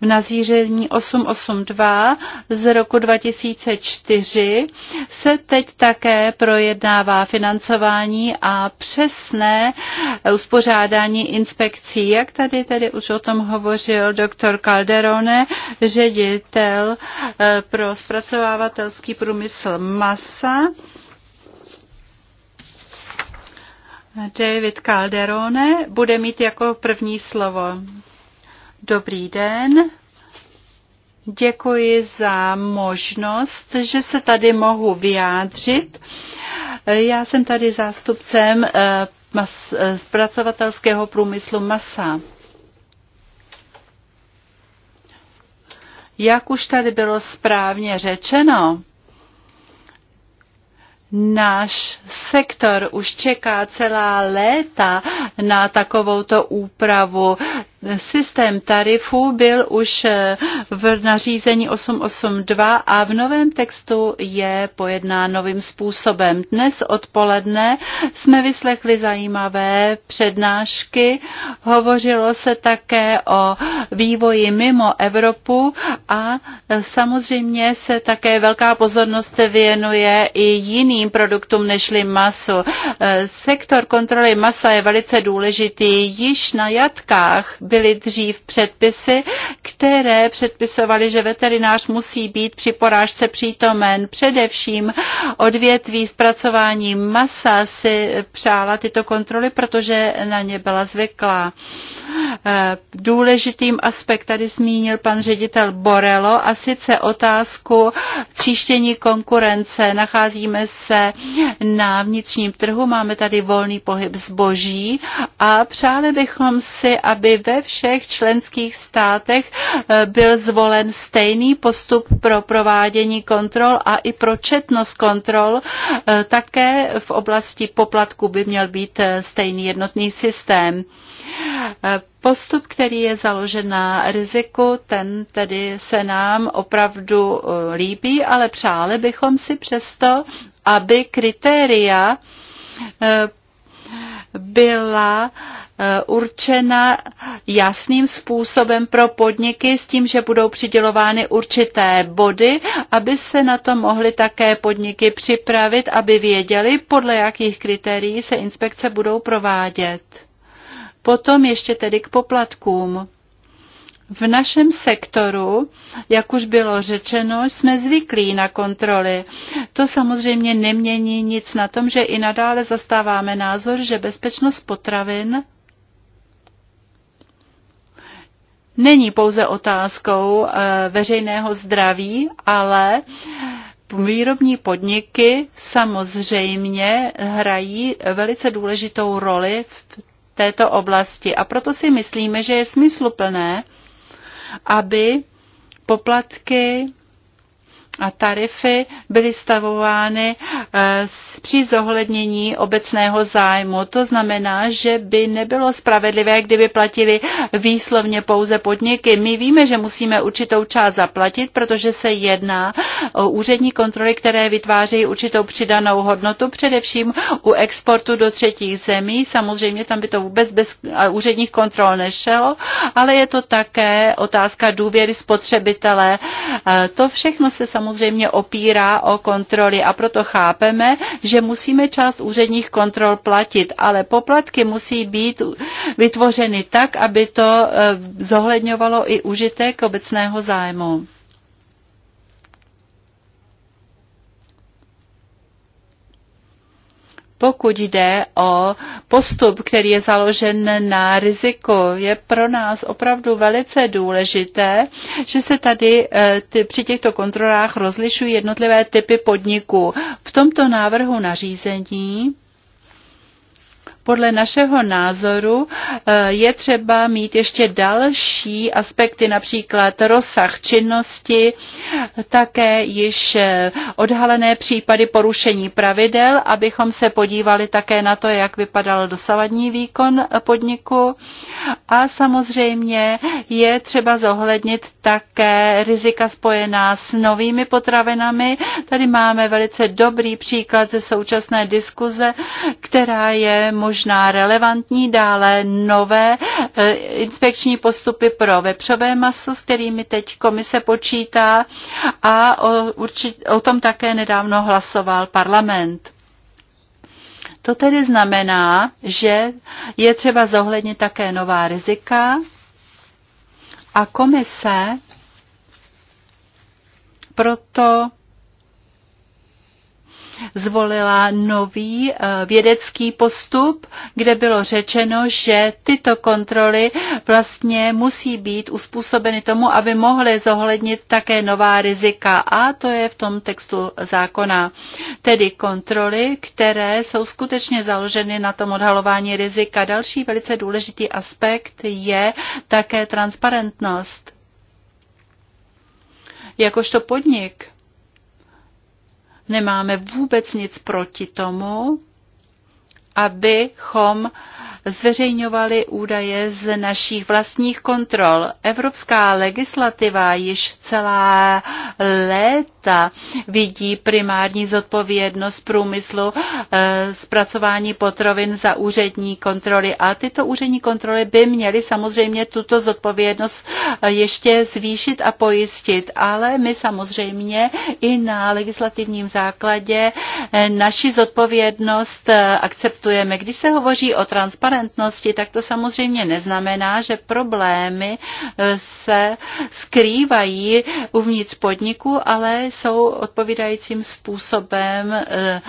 V nazíření 882 z roku 2004 se teď také projednává financování a přesné uspořádání inspekcí. Jak tady tedy už o tom hovořil doktor Calderone, ředitel eh, pro zpracovávatelský průmysl masa, David Calderone bude mít jako první slovo. Dobrý den. Děkuji za možnost, že se tady mohu vyjádřit. Já jsem tady zástupcem eh, eh, zpracovatelského průmyslu masa. Jak už tady bylo správně řečeno, Náš sektor už čeká celá léta na takovouto úpravu. Systém tarifů byl už eh, v nařízení 882 a v novém textu je pojedná novým způsobem. Dnes odpoledne jsme vyslechli zajímavé přednášky. Hovořilo se také o vývoji mimo Evropu a eh, samozřejmě se také velká pozornost věnuje i jiným produktům nežli maso. Eh, sektor kontroly masa je velice důležitý. Již na jatkách byly dřív předpisy, které předpisovaly, že veterinář musí být při porážce přítomen. Především odvětví zpracování masa si přála tyto kontroly, protože na ně byla zvyklá. Eh, důležitým aspekt tady zmínil pan ředitel Borelo a sice otázku tříštění konkurence. Nacházíme se na vnitřním trhu, máme tady volný pohyb zboží a přáli bychom si, aby ve všech členských státech eh, byl zvolen stejný postup pro provádění kontrol a i pro četnost kontrol. Eh, také v oblasti poplatku by měl být eh, stejný jednotný systém. Postup, který je založen na riziku, ten tedy se nám opravdu líbí, ale přáli bychom si přesto, aby kritéria byla Eh, určena jasným způsobem pro podniky s tím, že budou přidělovány určité body, aby se na to mohly také podniky připravit, aby věděli, podle jakých kritérií se inspekce budou provádět. Potom ještě tedy k poplatkům. V našem sektoru, jak už bylo řečeno, jsme zvyklí na kontroly. To samozřejmě nemění nic na tom, že i nadále zastáváme názor, že bezpečnost potravin není pouze otázkou eh, veřejného zdraví, ale výrobní podniky samozřejmě hrají velice důležitou roli v této oblasti. A proto si myslíme, že je smysluplné, aby poplatky a tarify byly stavovány eh, při zohlednění obecného zájmu. To znamená, že by nebylo spravedlivé, kdyby platili výslovně pouze podniky. My víme, že musíme určitou část zaplatit, protože se jedná o úřední kontroly, které vytvářejí určitou přidanou hodnotu, především u exportu do třetích zemí. Samozřejmě tam by to vůbec bez úředních kontrol nešlo, ale je to také otázka důvěry spotřebitele. Eh, to všechno se samozřejmě samozřejmě opírá o kontroly a proto chápeme, že musíme část úředních kontrol platit, ale poplatky musí být vytvořeny tak, aby to eh, zohledňovalo i užitek obecného zájmu. pokud jde o postup, který je založen na riziku, je pro nás opravdu velice důležité, že se tady eh, ty, při těchto kontrolách rozlišují jednotlivé typy podniků. V tomto návrhu nařízení podle našeho názoru eh, je třeba mít ještě další aspekty, například rozsah činnosti, také již eh, odhalené případy porušení pravidel, abychom se podívali také na to, jak vypadal dosavadní výkon eh, podniku. A samozřejmě je třeba zohlednit také rizika spojená s novými potravinami. Tady máme velice dobrý příklad ze současné diskuze, která je možná možná relevantní, dále nové eh, inspekční postupy pro vepřové maso, s kterými teď komise počítá a o, určit, o tom také nedávno hlasoval parlament. To tedy znamená, že je třeba zohlednit také nová rizika a komise proto zvolila nový eh, vědecký postup, kde bylo řečeno, že tyto kontroly vlastně musí být uspůsobeny tomu, aby mohly zohlednit také nová rizika. A to je v tom textu zákona. Tedy kontroly, které jsou skutečně založeny na tom odhalování rizika. Další velice důležitý aspekt je také transparentnost. Jakožto podnik Nemáme vůbec nic proti tomu, abychom zveřejňovali údaje z našich vlastních kontrol. Evropská legislativa již celá léta vidí primární zodpovědnost průmyslu eh, zpracování potrovin za úřední kontroly a tyto úřední kontroly by měly samozřejmě tuto zodpovědnost eh, ještě zvýšit a pojistit, ale my samozřejmě i na legislativním základě eh, naši zodpovědnost akceptujeme. Když se hovoří o transparentnosti, transparentnosti, tak to samozřejmě neznamená, že problémy eh, se skrývají uvnitř podniku, ale jsou odpovídajícím způsobem eh,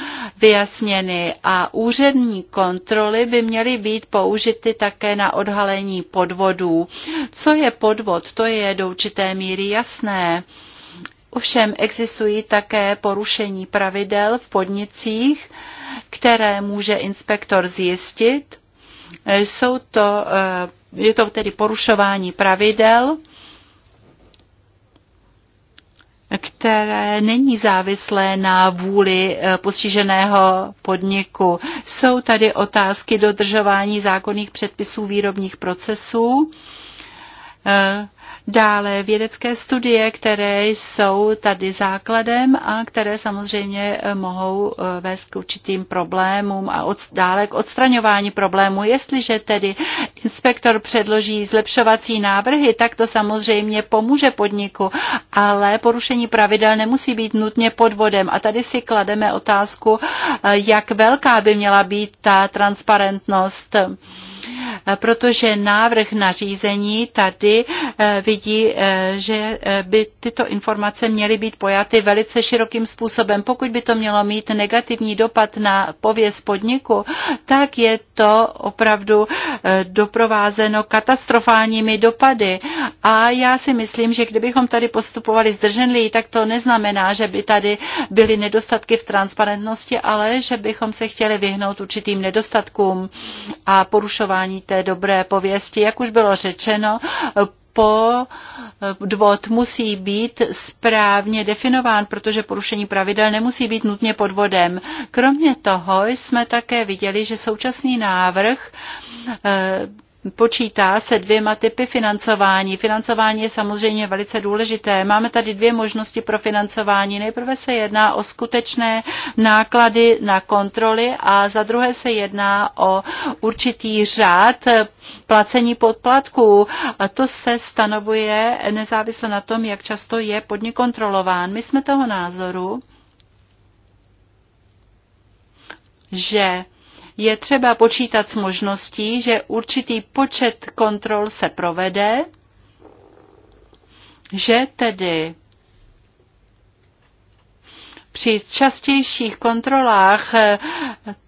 vyjasněny. A úřední kontroly by měly být použity také na odhalení podvodů. Co je podvod? To je do určité míry jasné. Ovšem existují také porušení pravidel v podnicích, které může inspektor zjistit jsou to, eh, je to tedy porušování pravidel, které není závislé na vůli eh, postiženého podniku. Jsou tady otázky dodržování zákonných předpisů výrobních procesů, eh, Dále vědecké studie, které jsou tady základem a které samozřejmě eh, mohou eh, vést k určitým problémům a od, dále k odstraňování problémů. Jestliže tedy inspektor předloží zlepšovací návrhy, tak to samozřejmě pomůže podniku, ale porušení pravidel nemusí být nutně podvodem. A tady si klademe otázku, eh, jak velká by měla být ta transparentnost protože návrh na řízení tady eh, vidí, eh, že eh, by tyto informace měly být pojaty velice širokým způsobem. Pokud by to mělo mít negativní dopad na pověst podniku, tak je to opravdu doprovázeno katastrofálními dopady. A já si myslím, že kdybychom tady postupovali zdrženlí, tak to neznamená, že by tady byly nedostatky v transparentnosti, ale že bychom se chtěli vyhnout určitým nedostatkům a porušování té dobré pověsti. Jak už bylo řečeno, po podvod musí být správně definován, protože porušení pravidel nemusí být nutně podvodem. Kromě toho jsme také viděli, že současný návrh eh, počítá se dvěma typy financování. Financování je samozřejmě velice důležité. Máme tady dvě možnosti pro financování. Nejprve se jedná o skutečné náklady na kontroly a za druhé se jedná o určitý řád placení podplatků. A to se stanovuje nezávisle na tom, jak často je podnik kontrolován. My jsme toho názoru, že je třeba počítat s možností, že určitý počet kontrol se provede, že tedy při častějších kontrolách eh,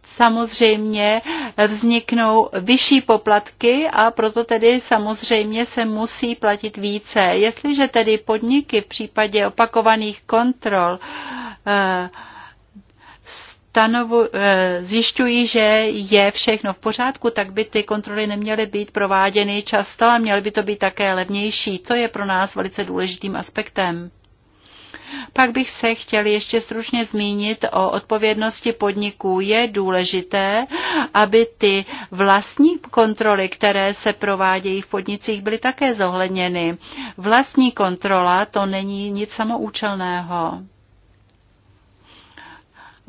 samozřejmě vzniknou vyšší poplatky a proto tedy samozřejmě se musí platit více. Jestliže tedy podniky v případě opakovaných kontrol eh, stanovu, eh, zjišťují, že je všechno v pořádku, tak by ty kontroly neměly být prováděny často a měly by to být také levnější. To je pro nás velice důležitým aspektem. Pak bych se chtěl ještě stručně zmínit o odpovědnosti podniků. Je důležité, aby ty vlastní kontroly, které se provádějí v podnicích, byly také zohledněny. Vlastní kontrola to není nic samoučelného.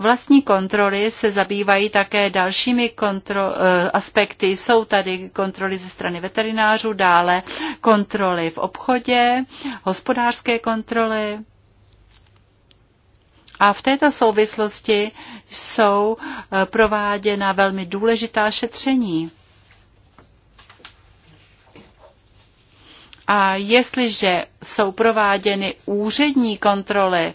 Vlastní kontroly se zabývají také dalšími kontro, eh, aspekty. Jsou tady kontroly ze strany veterinářů, dále kontroly v obchodě, hospodářské kontroly. A v této souvislosti jsou eh, prováděna velmi důležitá šetření. A jestliže jsou prováděny úřední kontroly,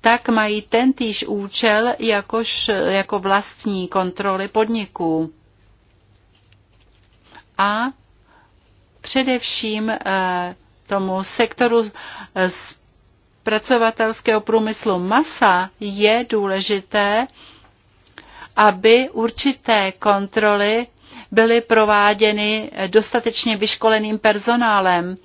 tak mají tentýž účel jakož, jako vlastní kontroly podniků. A především eh, tomu sektoru eh, zpracovatelského průmyslu masa je důležité, aby určité kontroly byly prováděny dostatečně vyškoleným personálem,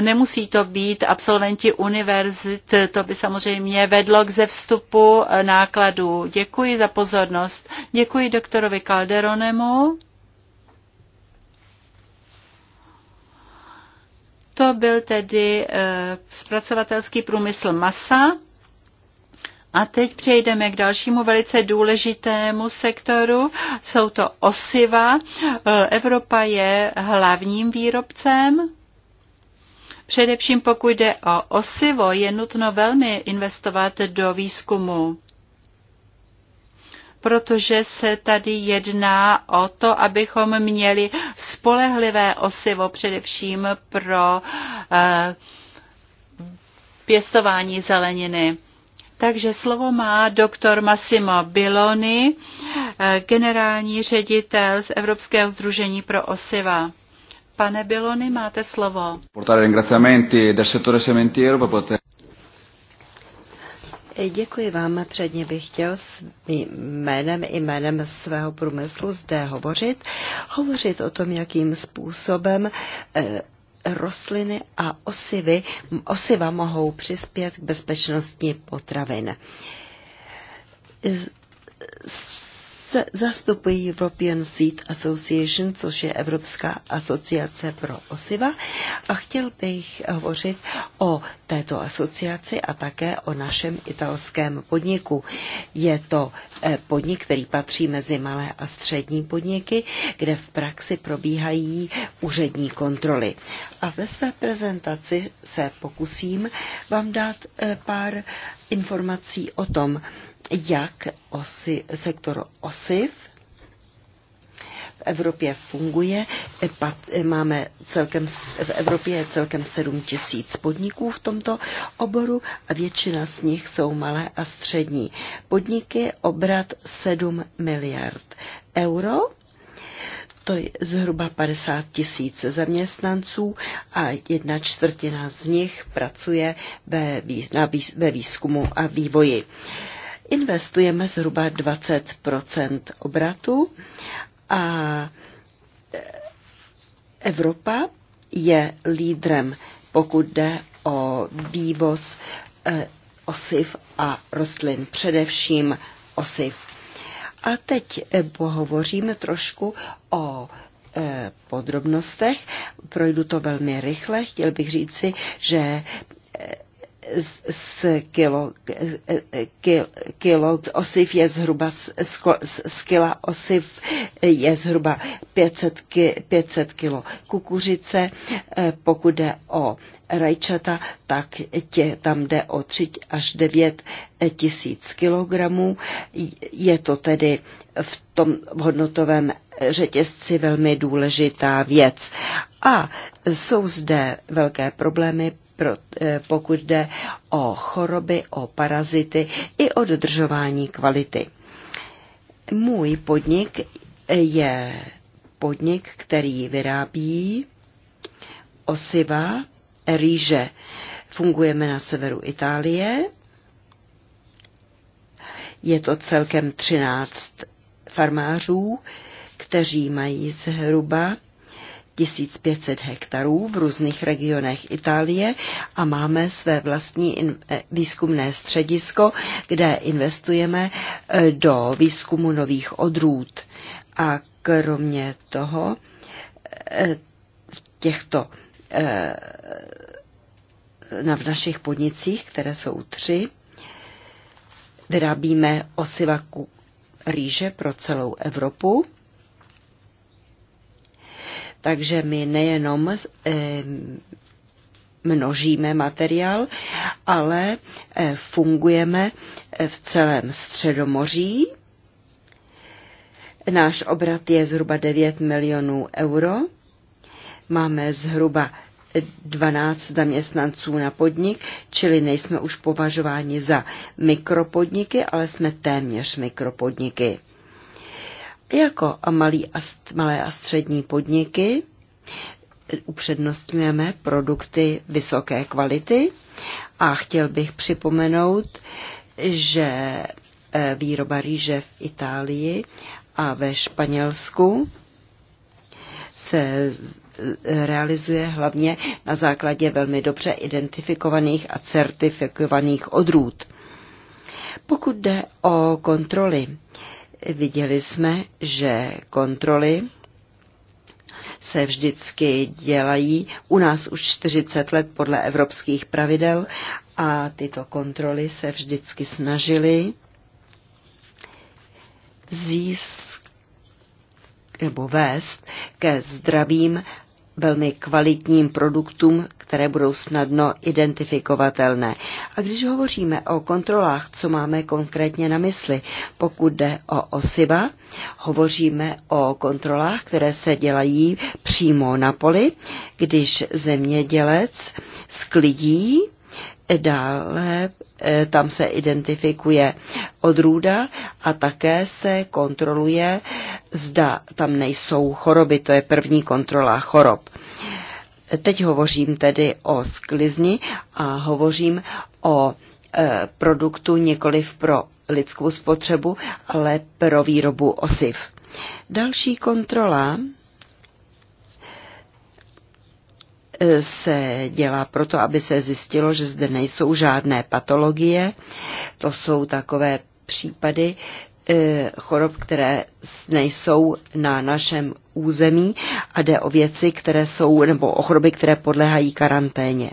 Nemusí to být absolventi univerzit, to by samozřejmě vedlo k zevstupu nákladů. Děkuji za pozornost. Děkuji doktorovi Calderonemu. To byl tedy eh, zpracovatelský průmysl masa. A teď přejdeme k dalšímu velice důležitému sektoru. Jsou to osiva. Eh, Evropa je hlavním výrobcem Především pokud jde o osivo, je nutno velmi investovat do výzkumu protože se tady jedná o to, abychom měli spolehlivé osivo především pro eh, pěstování zeleniny. Takže slovo má doktor Massimo Biloni, eh, generální ředitel z Evropského združení pro osiva. Pane Bilony, máte slovo.
Děkuji vám. Předně bych chtěl s jménem i jménem svého průmyslu zde hovořit. Hovořit o tom, jakým způsobem eh, rostliny a osivy, osiva mohou přispět k bezpečnosti potravin zastupují European Seed Association, což je Evropská asociace pro osiva a chtěl bych hovořit o této asociaci a také o našem italském podniku. Je to eh, podnik, který patří mezi malé a střední podniky, kde v praxi probíhají úřední kontroly. A ve své prezentaci se pokusím vám dát eh, pár informací o tom, jak osi, sektor osiv v Evropě funguje. E, e, máme celkem, v Evropě je celkem 7 tisíc podniků v tomto oboru a většina z nich jsou malé a střední. Podniky obrat 7 miliard euro to je zhruba 50 tisíc zaměstnanců a jedna čtvrtina z nich pracuje ve, výzkumu a vývoji investujeme zhruba 20 obratu a e, Evropa je lídrem, pokud jde o vývoz e, osiv a rostlin, především osiv. A teď e, pohovoříme trošku o podrobnostech. Projdu to velmi rychle. Chtěl bych říci, že z kilo, kilo, kilo osiv je zhruba, z kila osiv je zhruba 500, 500 kilo kukuřice. Eh, pokud jde o rajčata, tak tě tam jde o 3 až 9 eh, tisíc kilogramů. Je to tedy v tom hodnotovém řetězci velmi důležitá věc. A jsou zde velké problémy, Eh, pokud jde o choroby, o parazity i o dodržování kvality. Můj podnik eh, je podnik, který vyrábí osiva, rýže. Fungujeme na severu Itálie. Je to celkem 13 farmářů, kteří mají zhruba 1500 hektarů v různých regionech Itálie a máme své vlastní eh, výzkumné středisko, kde investujeme eh, do výzkumu nových odrůd. A kromě toho eh, v těchto v našich podnicích, které jsou tři, vyrábíme osiva rýže pro celou Evropu takže my nejenom eh, množíme materiál, ale eh, fungujeme eh, v celém středomoří. Náš obrat je zhruba 9 milionů euro. Máme zhruba 12 zaměstnanců na podnik, čili nejsme už považováni za mikropodniky, ale jsme téměř mikropodniky. Jako a malý a malé a střední podniky upřednostňujeme produkty vysoké kvality a chtěl bych připomenout, že e, výroba rýže v Itálii a ve Španělsku se e, realizuje hlavně na základě velmi dobře identifikovaných a certifikovaných odrůd. Pokud jde o kontroly, Viděli jsme, že kontroly se vždycky dělají u nás už 40 let podle evropských pravidel a tyto kontroly se vždycky snažily získat nebo vést ke zdravým velmi kvalitním produktům, které budou snadno identifikovatelné. A když hovoříme o kontrolách, co máme konkrétně na mysli? Pokud jde o osiva, hovoříme o kontrolách, které se dělají přímo na poli, když zemědělec sklidí Dále eh, tam se identifikuje odrůda a také se kontroluje, zda tam nejsou choroby, to je první kontrola chorob. Teď hovořím tedy o sklizni a hovořím o eh, produktu nikoliv pro lidskou spotřebu, ale pro výrobu osiv. Další kontrola se dělá proto, aby se zjistilo, že zde nejsou žádné patologie. To jsou takové případy eh, chorob, které nejsou na našem území a jde o věci, které jsou, nebo o choroby, které podléhají karanténě.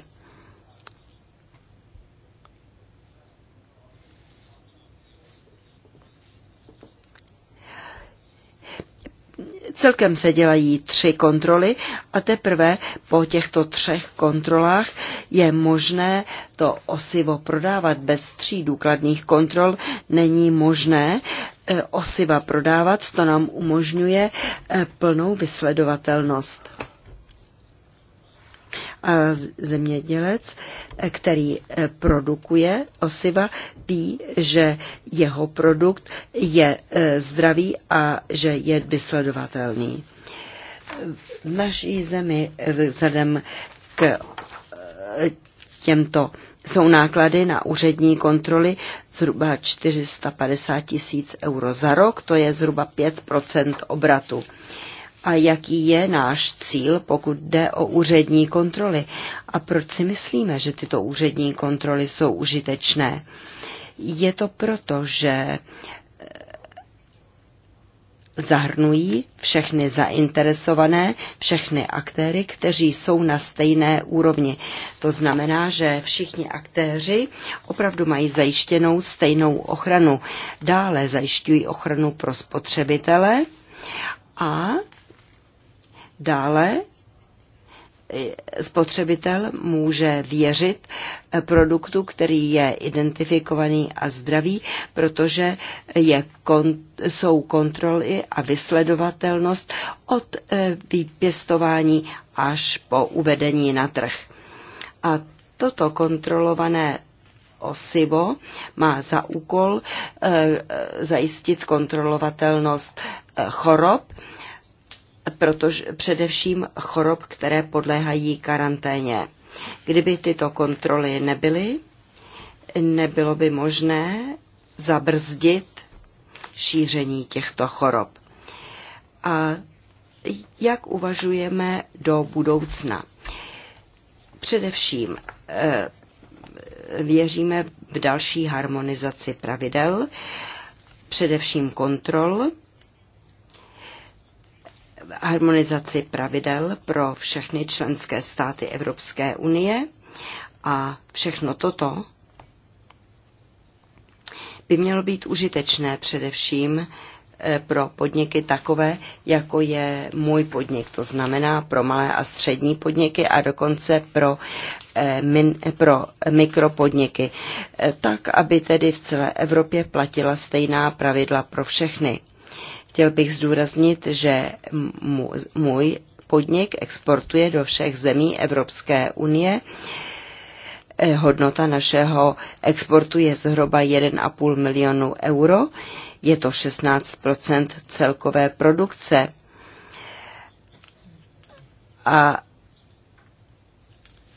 Celkem se dělají tři kontroly a teprve po těchto třech kontrolách je možné to osivo prodávat. Bez tří důkladných kontrol není možné e, osiva prodávat, to nám umožňuje e, plnou vysledovatelnost zemědělec, eh, který eh, produkuje osiva, ví, že jeho produkt je eh, zdravý a že je vysledovatelný. V naší zemi vzhledem k těmto jsou náklady na úřední kontroly zhruba 450 tisíc euro za rok, to je zhruba 5 obratu a jaký je náš cíl, pokud jde o úřední kontroly a proč si myslíme, že tyto úřední kontroly jsou užitečné. Je to proto, že eh, zahrnují všechny zainteresované, všechny aktéry, kteří jsou na stejné úrovni. To znamená, že všichni aktéři opravdu mají zajištěnou stejnou ochranu. Dále zajišťují ochranu pro spotřebitele a Dále eh, spotřebitel může věřit eh, produktu, který je identifikovaný a zdravý, protože je, kon, jsou kontroly a vysledovatelnost od eh, vypěstování až po uvedení na trh. A toto kontrolované osivo má za úkol zajistit kontrolovatelnost chorob, protože především chorob, které podléhají karanténě. Kdyby tyto kontroly nebyly, nebylo by možné zabrzdit šíření těchto chorob. A jak uvažujeme do budoucna? Především eh, věříme v další harmonizaci pravidel, především kontrol, harmonizaci pravidel pro všechny členské státy Evropské unie a všechno toto by mělo být užitečné především eh, pro podniky takové, jako je můj podnik, to znamená pro malé a střední podniky a dokonce pro, eh, min, pro mikropodniky, eh, tak aby tedy v celé Evropě platila stejná pravidla pro všechny. Chtěl bych zdůraznit, že můj podnik exportuje do všech zemí Evropské unie. Eh, hodnota našeho exportu je zhruba 1,5 milionu euro. Je to 16 celkové produkce. A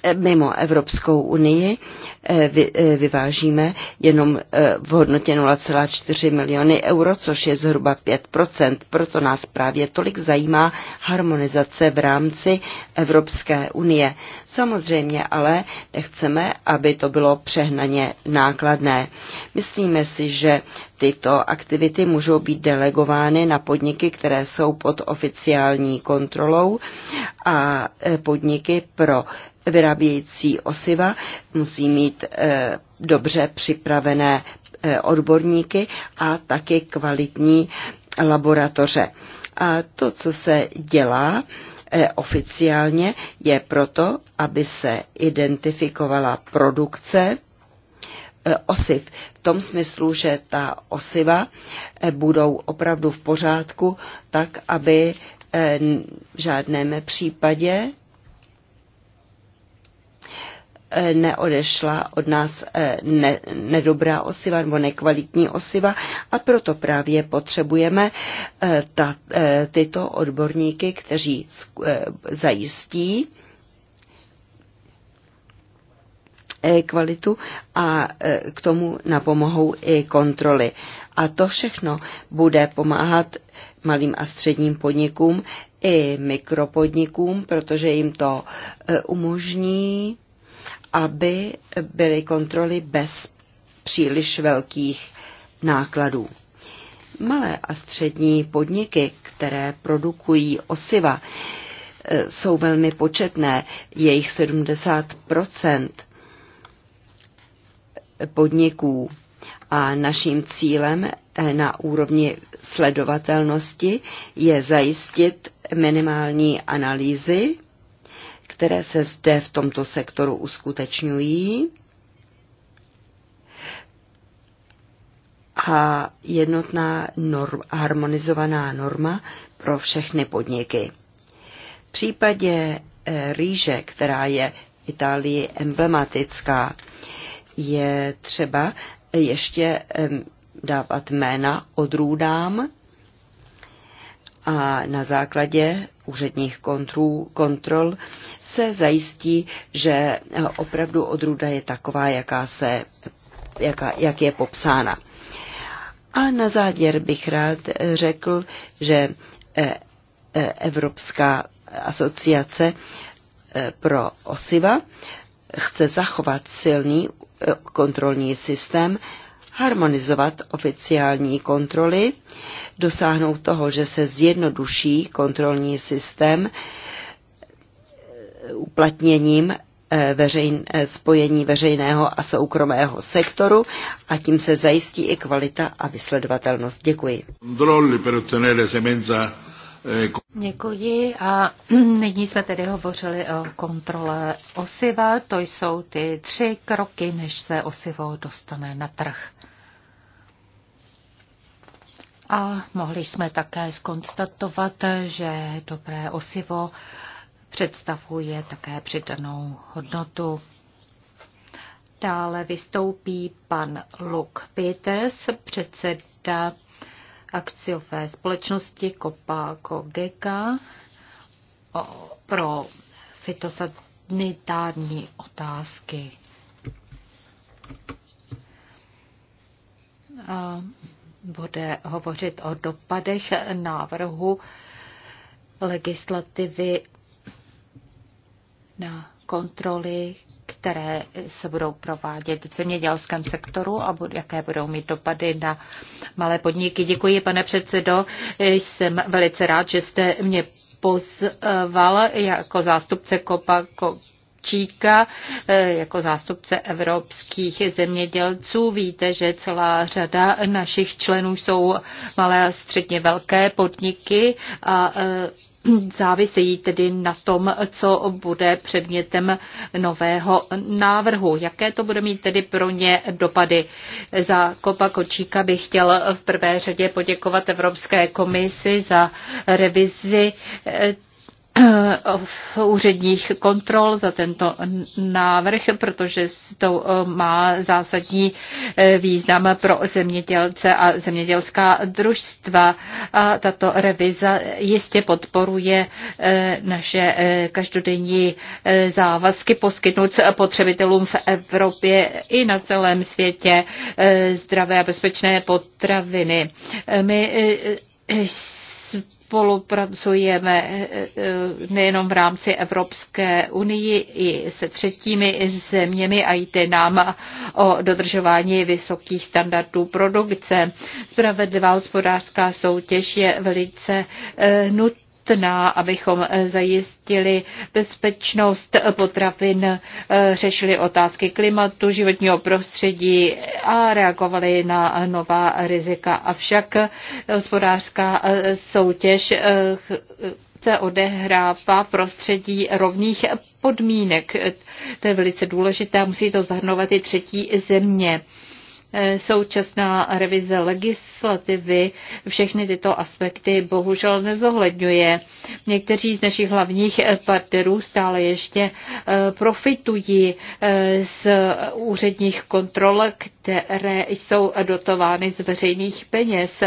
Eh, mimo Evropskou unii eh, eh, vyvážíme jenom v hodnotě 0,4 miliony euro, což je zhruba 5 Proto nás právě tolik zajímá harmonizace v rámci Evropské unie. Samozřejmě ale nechceme, aby to bylo přehnaně nákladné. Myslíme si, že tyto aktivity můžou být delegovány na podniky, které jsou pod oficiální kontrolou a podniky pro vyrábějící osiva musí mít e, dobře připravené e, odborníky a taky kvalitní laboratoře. A to, co se dělá e, oficiálně, je proto, aby se identifikovala produkce osiv. V tom smyslu, že ta osiva budou opravdu v pořádku, tak aby v žádném případě neodešla od nás eh, ne, nedobrá osiva nebo nekvalitní osiva a proto právě potřebujeme eh, ta, eh, tyto odborníky, kteří zajistí kvalitu a k tomu napomohou i kontroly. A to všechno bude pomáhat malým a středním podnikům i mikropodnikům, protože jim to umožní aby byly kontroly bez příliš velkých nákladů. Malé a střední podniky, které produkují osiva, e, jsou velmi početné, jejich 70 podniků. A naším cílem e, na úrovni sledovatelnosti je zajistit minimální analýzy které se zde v tomto sektoru uskutečňují. A jednotná norm, harmonizovaná norma pro všechny podniky. V případě eh, rýže, která je v Itálii emblematická, je třeba ještě dávat jména odrůdám a na základě úředních kontrol, kontrol se zajistí, že opravdu odrůda je taková, jaká se, jaká, jak je popsána. A na závěr bych rád řekl, že eh, eh, Evropská asociace eh, pro osiva chce zachovat silný kontrolní systém, harmonizovat oficiální kontroly, dosáhnout toho, že se zjednoduší kontrolní systém eh, uplatněním eh, veřejn, eh, spojení veřejného a soukromého sektoru a tím se zajistí i kvalita a vysledovatelnost. Děkuji.
Děkuji a nyní jsme tedy hovořili o kontrole osiva. To jsou ty tři kroky, než se osivo dostane na trh. A mohli jsme také skonstatovat, že dobré osivo představuje také přidanou hodnotu. Dále vystoupí pan Luke Peters, předseda akciové společnosti Copaco Gega pro fitosanitární otázky. A bude hovořit o dopadech návrhu legislativy na kontroly, které se budou provádět v zemědělském sektoru a jaké budou mít dopady na malé podniky. Děkuji, pane předsedo. Jsem velice rád, že jste mě pozval jako zástupce Kopa, Kopa Číka eh, jako zástupce evropských zemědělců. Víte, že celá řada našich členů jsou malé a středně velké podniky a eh, závisejí tedy na tom, co bude předmětem nového návrhu. Jaké to bude mít tedy pro ně dopady? Za Kopa Kočíka bych chtěl v prvé řadě poděkovat Evropské komisi za revizi eh, Eh, úředních kontrol za tento návrh, protože to eh, má zásadní eh, význam pro zemědělce a zemědělská družstva. A tato reviza jistě podporuje naše každodenní závazky poskytnout potřebitelům v Evropě i na celém světě zdravé a bezpečné potraviny. My spolupracujeme eh, eh, nejenom v rámci Evropské unii i se třetími zeměmi a jde nám o dodržování vysokých standardů produkce. Spravedlivá hospodářská soutěž je velice eh, nutná nutná, abychom eh, zajistili bezpečnost potravin, eh, řešili otázky klimatu, životního prostředí a reagovali na nová rizika. Avšak eh, hospodářská soutěž se odehrává v prostředí rovných podmínek. To je velice důležité a musí to zahrnovat i třetí země. Eh, současná revize legislativy všechny tyto aspekty bohužel nezohledňuje. Někteří z našich hlavních eh, partnerů stále ještě eh, profitují z úředních kontrol, které jsou dotovány z veřejných peněz.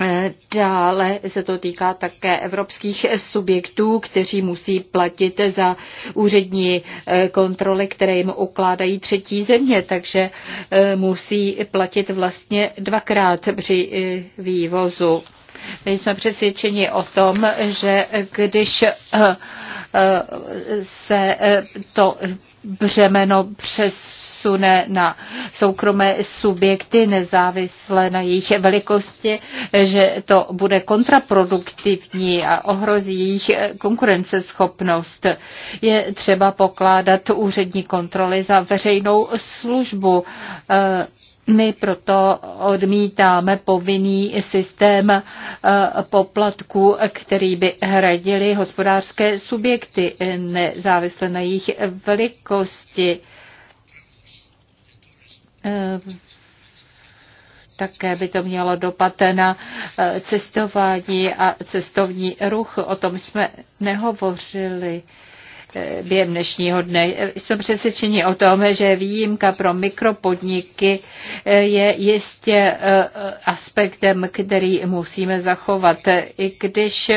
Eh, dále se to týká také evropských subjektů, kteří musí platit za úřední eh, kontroly, které jim ukládají třetí země, takže eh, musí platit vlastně dvakrát při vývozu. My jsme přesvědčeni o tom, že když se to břemeno přesune na soukromé subjekty nezávisle na jejich velikosti, že to bude kontraproduktivní a ohrozí jejich konkurenceschopnost. Je třeba pokládat úřední kontroly za veřejnou službu eh, my proto odmítáme povinný systém eh, poplatků, který by hradili hospodářské subjekty eh, nezávisle na jejich velikosti. Eh, také by to mělo dopad na cestování a cestovní ruch. O tom jsme nehovořili. Eh, během dnešního dne. Jsme přesvědčeni o tom, že výjimka pro mikropodniky eh, je jistě eh, aspektem, který musíme zachovat. I když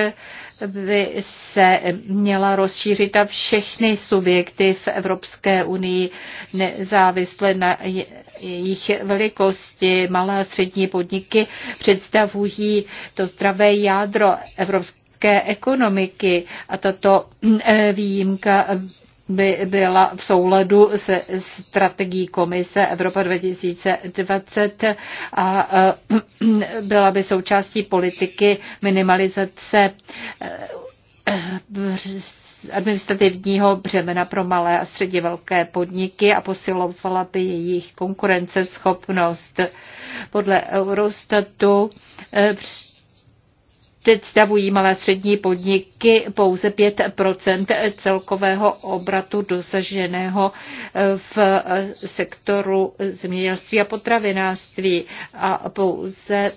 by se měla rozšířit a všechny subjekty v Evropské unii, nezávisle na jejich velikosti. Malé a střední podniky představují to zdravé jádro Evropské křehké ekonomiky a tato eh, výjimka by byla v souladu se strategií komise Evropa 2020 a eh, byla by součástí politiky minimalizace eh, administrativního břemena pro malé a středně velké podniky a posilovala by jejich konkurenceschopnost. Podle Eurostatu představují malé střední podniky pouze 5 celkového obratu dosaženého eh, v eh, sektoru zemědělství a potravinářství a pouze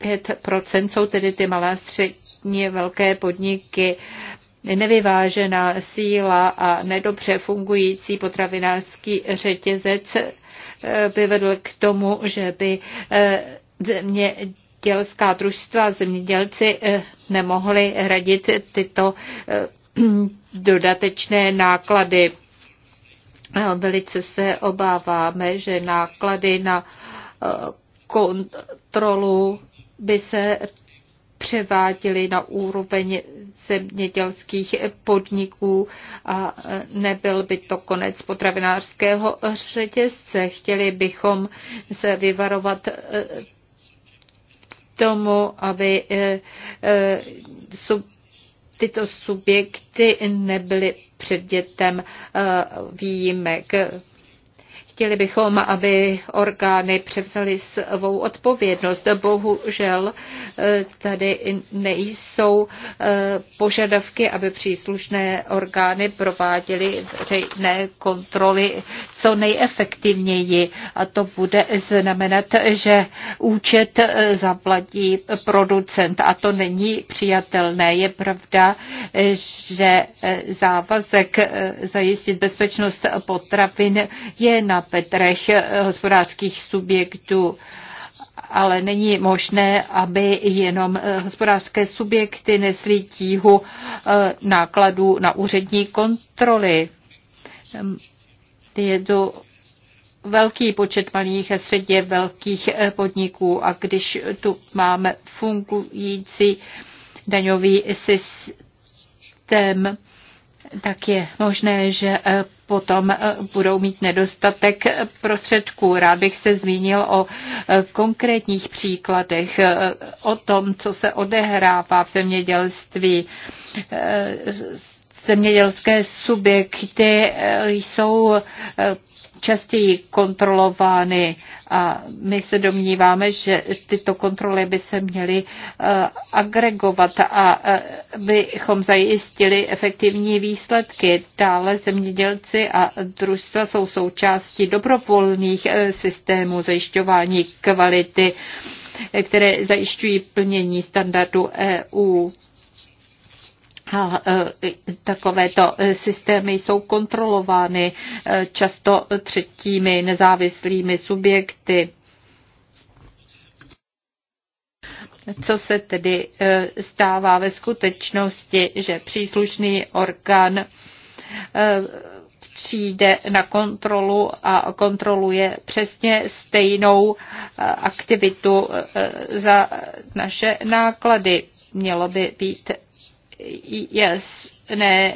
5% eh, jsou tedy ty malé střední velké podniky, nevyvážená síla a nedobře fungující potravinářský řetězec Eh, by vedl k tomu, že by země eh, zemědělská družstva, zemědělci eh, nemohli hradit tyto dodatečné náklady. Velice se obáváme, že náklady na kontrolu by se převáděly na úroveň zemědělských podniků a nebyl by to konec potravinářského řetězce. Chtěli bychom se vyvarovat eh, tomu, aby eh, eh, tyto subjekty nebyly předmětem výjimek. Chtěli bychom, aby orgány převzaly svou odpovědnost. Bohužel eh, tady nejsou eh, požadavky, aby příslušné orgány prováděly veřejné kontroly co nejefektivněji. A to bude znamenat, že účet eh, zaplatí producent a to není přijatelné. Je pravda, že závazek zajistit bezpečnost potravin je na parametrech eh, hospodářských subjektů ale není možné, aby jenom eh, hospodářské subjekty nesly tíhu eh, nákladů na úřední kontroly. Je to velký počet malých a středně velkých podniků a když tu máme fungující daňový systém, tak je možné, že eh, potom eh, budou mít nedostatek eh, prostředků. Rád bych se zmínil o konkrétních příkladech, o tom, co se odehrává v zemědělství zemědělské subjekty jsou častěji kontrolovány a my se domníváme, že tyto kontroly by se měly eh, agregovat a eh, bychom zajistili efektivní výsledky. Dále zemědělci a družstva jsou součástí dobrovolných eh, systémů zajišťování kvality, které zajišťují plnění standardu EU. A e, takovéto e, systémy jsou kontrolovány e, často třetími nezávislými subjekty. Co se tedy stává ve skutečnosti, že příslušný orgán přijde na kontrolu a kontroluje přesně stejnou aktivitu za naše náklady. Mělo by být jasné,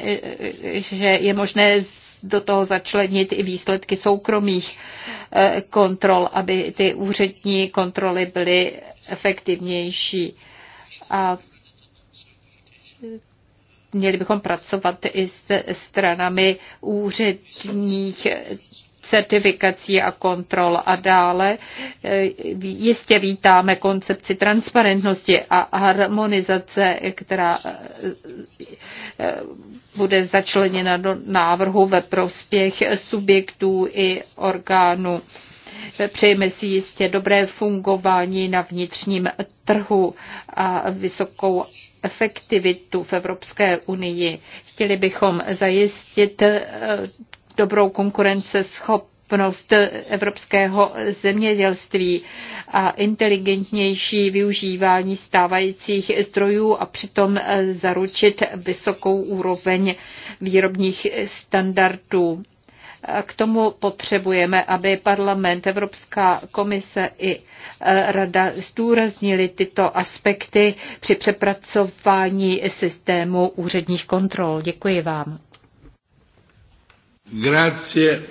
že je možné do toho začlenit i výsledky soukromých eh, kontrol, aby ty úřední kontroly byly efektivnější. A měli bychom pracovat i s stranami úředních certifikací a kontrol a dále. Eh, jistě vítáme koncepci transparentnosti a harmonizace, která eh, eh, bude začleněna do návrhu ve prospěch subjektů i orgánů. Přejeme si jistě dobré fungování na vnitřním trhu a vysokou efektivitu v Evropské unii. Chtěli bychom zajistit dobrou konkurenceschopnost evropského zemědělství a inteligentnější využívání stávajících zdrojů a přitom zaručit vysokou úroveň výrobních standardů. K tomu potřebujeme, aby parlament, Evropská komise i rada zdůraznili tyto aspekty při přepracování systému úředních kontrol. Děkuji vám.
Grazie.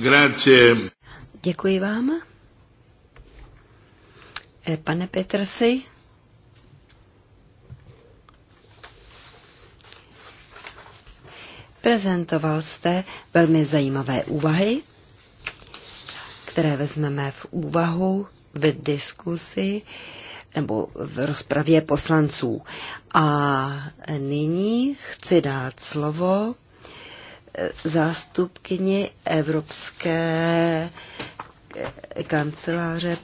Grazie. Děkuji vám. Eh, pane Petrsi. Prezentoval jste velmi zajímavé úvahy, které vezmeme v úvahu v diskusi nebo v rozpravě poslanců. A nyní chci dát slovo zástupkyni Evropské eh, kanceláře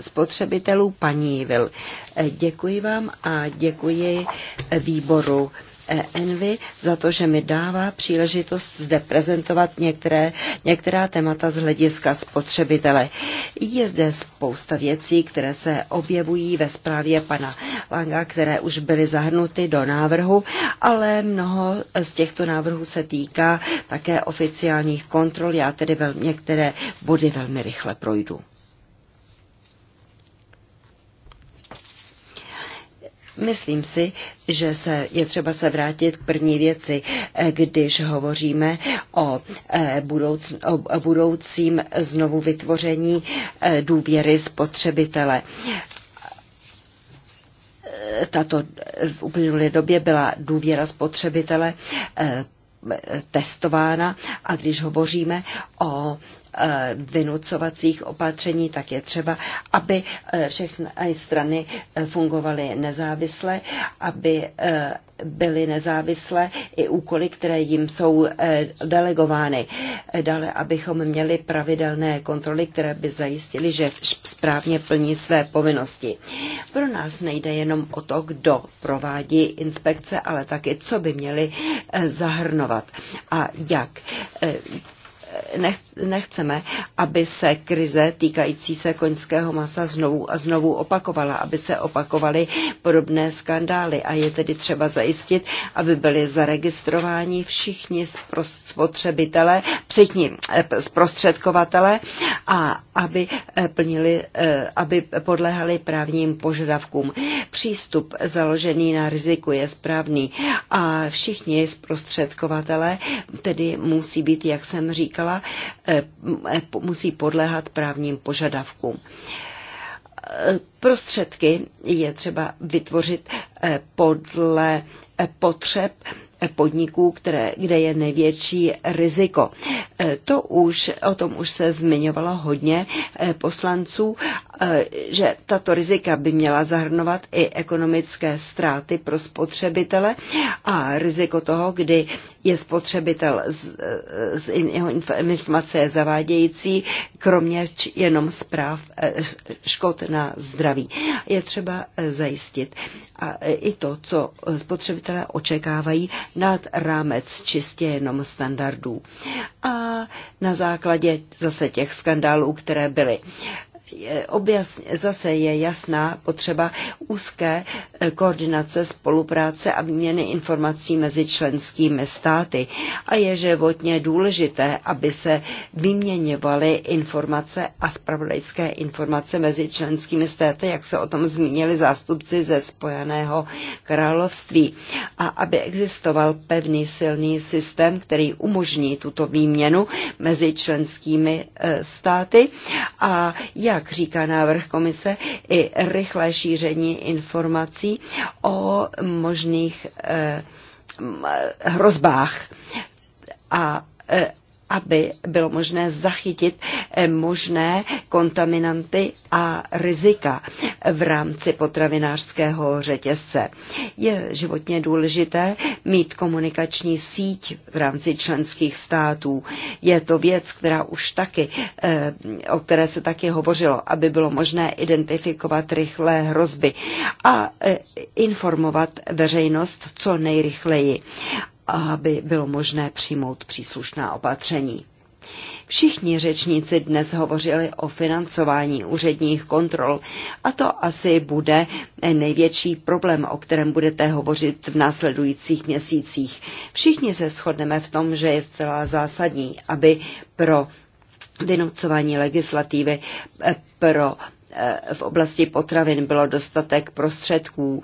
spotřebitelů paní Vil. Eh, děkuji vám a děkuji eh, výboru. Envy za to, že mi dává příležitost zde prezentovat některé, některá témata z hlediska spotřebitele. Je zde spousta věcí, které se objevují ve zprávě pana Langa, které už byly zahrnuty do návrhu, ale mnoho z těchto návrhů se týká také oficiálních kontrol. Já tedy velmi některé body velmi rychle projdu. Myslím si, že se, je třeba se vrátit k první věci, eh, když hovoříme o, eh, budouc, o budoucím znovu vytvoření eh, důvěry spotřebitele tato v uplynulé době byla důvěra spotřebitele Eh, testována a když hovoříme o eh, vynucovacích opatření, tak je třeba, aby eh, všechny strany fungovaly nezávisle, aby byly nezávislé i úkoly, které jim jsou eh, delegovány. Eh, dále, abychom měli pravidelné kontroly, které by zajistily, že správně plní své povinnosti. Pro nás nejde jenom o to, kdo provádí inspekce, ale taky, co by měli eh, zahrnovat a jak nechceme, aby se krize týkající se koňského masa znovu a znovu opakovala, aby se opakovaly podobné skandály a je tedy třeba zajistit, aby byly zaregistrováni všichni spotřebitelé, všichni eh, zprostředkovatele a aby, eh, plnili, eh, aby podléhali právním požadavkům. Přístup založený na riziku je správný a všichni zprostředkovatele tedy musí být, jak jsem říkal, říkala, eh, eh, musí podléhat právním požadavkům eh, prostředky je třeba vytvořit podle potřeb podniků, které, kde je největší riziko. To už, o tom už se zmiňovalo hodně poslanců, že tato rizika by měla zahrnovat i ekonomické ztráty pro spotřebitele a riziko toho, kdy je spotřebitel, z, z jeho informace je zavádějící, kromě jenom zpráv eh, škod na zdraví. Je třeba eh, zajistit a eh, i to, co spotřebitelé očekávají nad rámec čistě jenom standardů. A na základě zase těch skandálů, které byly objasně, zase je jasná potřeba úzké eh, koordinace, spolupráce a výměny informací mezi členskými státy a je životně důležité, aby se vyměňovaly informace a spravodajské informace mezi členskými státy, jak se o tom zmínili zástupci ze Spojeného království a aby existoval pevný silný systém, který umožní tuto výměnu mezi členskými eh, státy a jak jak říká návrh komise, i rychlé šíření informací o možných eh, hrozbách a eh, aby bylo možné zachytit eh, možné kontaminanty a rizika v rámci potravinářského řetězce. Je životně důležité mít komunikační síť v rámci členských států. Je to věc, která už taky, eh, o které se taky hovořilo, aby bylo možné identifikovat rychlé hrozby a eh, informovat veřejnost co nejrychleji aby bylo možné přijmout příslušná opatření. Všichni řečníci dnes hovořili o financování úředních kontrol a to asi bude největší problém, o kterém budete hovořit v následujících měsících. Všichni se shodneme v tom, že je zcela zásadní, aby pro vynucování legislativy eh, pro eh, v oblasti potravin bylo dostatek prostředků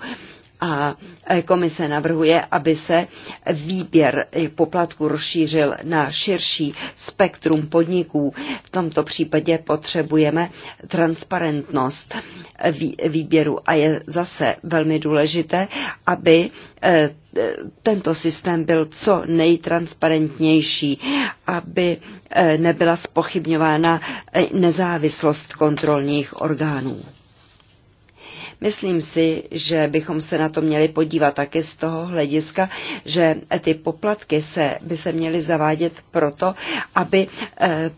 a e, komise navrhuje, aby se výběr poplatku rozšířil na širší spektrum podniků. V tomto případě potřebujeme transparentnost výběru a je zase velmi důležité, aby e, tento systém byl co nejtransparentnější, aby e, nebyla spochybňována nezávislost kontrolních orgánů. Myslím si, že bychom se na to měli podívat také z toho hlediska, že ty poplatky se, by se měly zavádět proto, aby eh,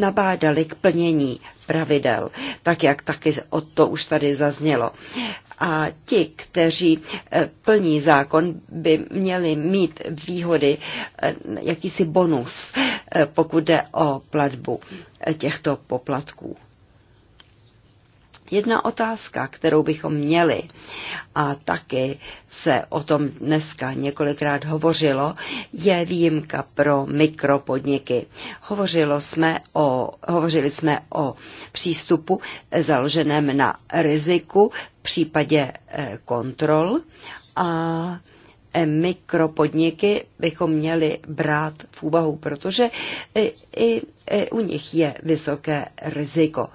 nabádali k plnění pravidel, tak jak taky o to už tady zaznělo. A ti, kteří eh, plní zákon, by měli mít výhody, eh, jakýsi bonus, pokud jde o platbu těchto poplatků. Jedna otázka, kterou bychom měli, a taky se o tom dneska několikrát hovořilo, je výjimka pro mikropodniky. Hovořilo jsme o, hovořili jsme o přístupu založeném na riziku v případě eh, kontrol a eh, mikropodniky bychom měli brát v úvahu, protože eh, i, i, i u nich je vysoké riziko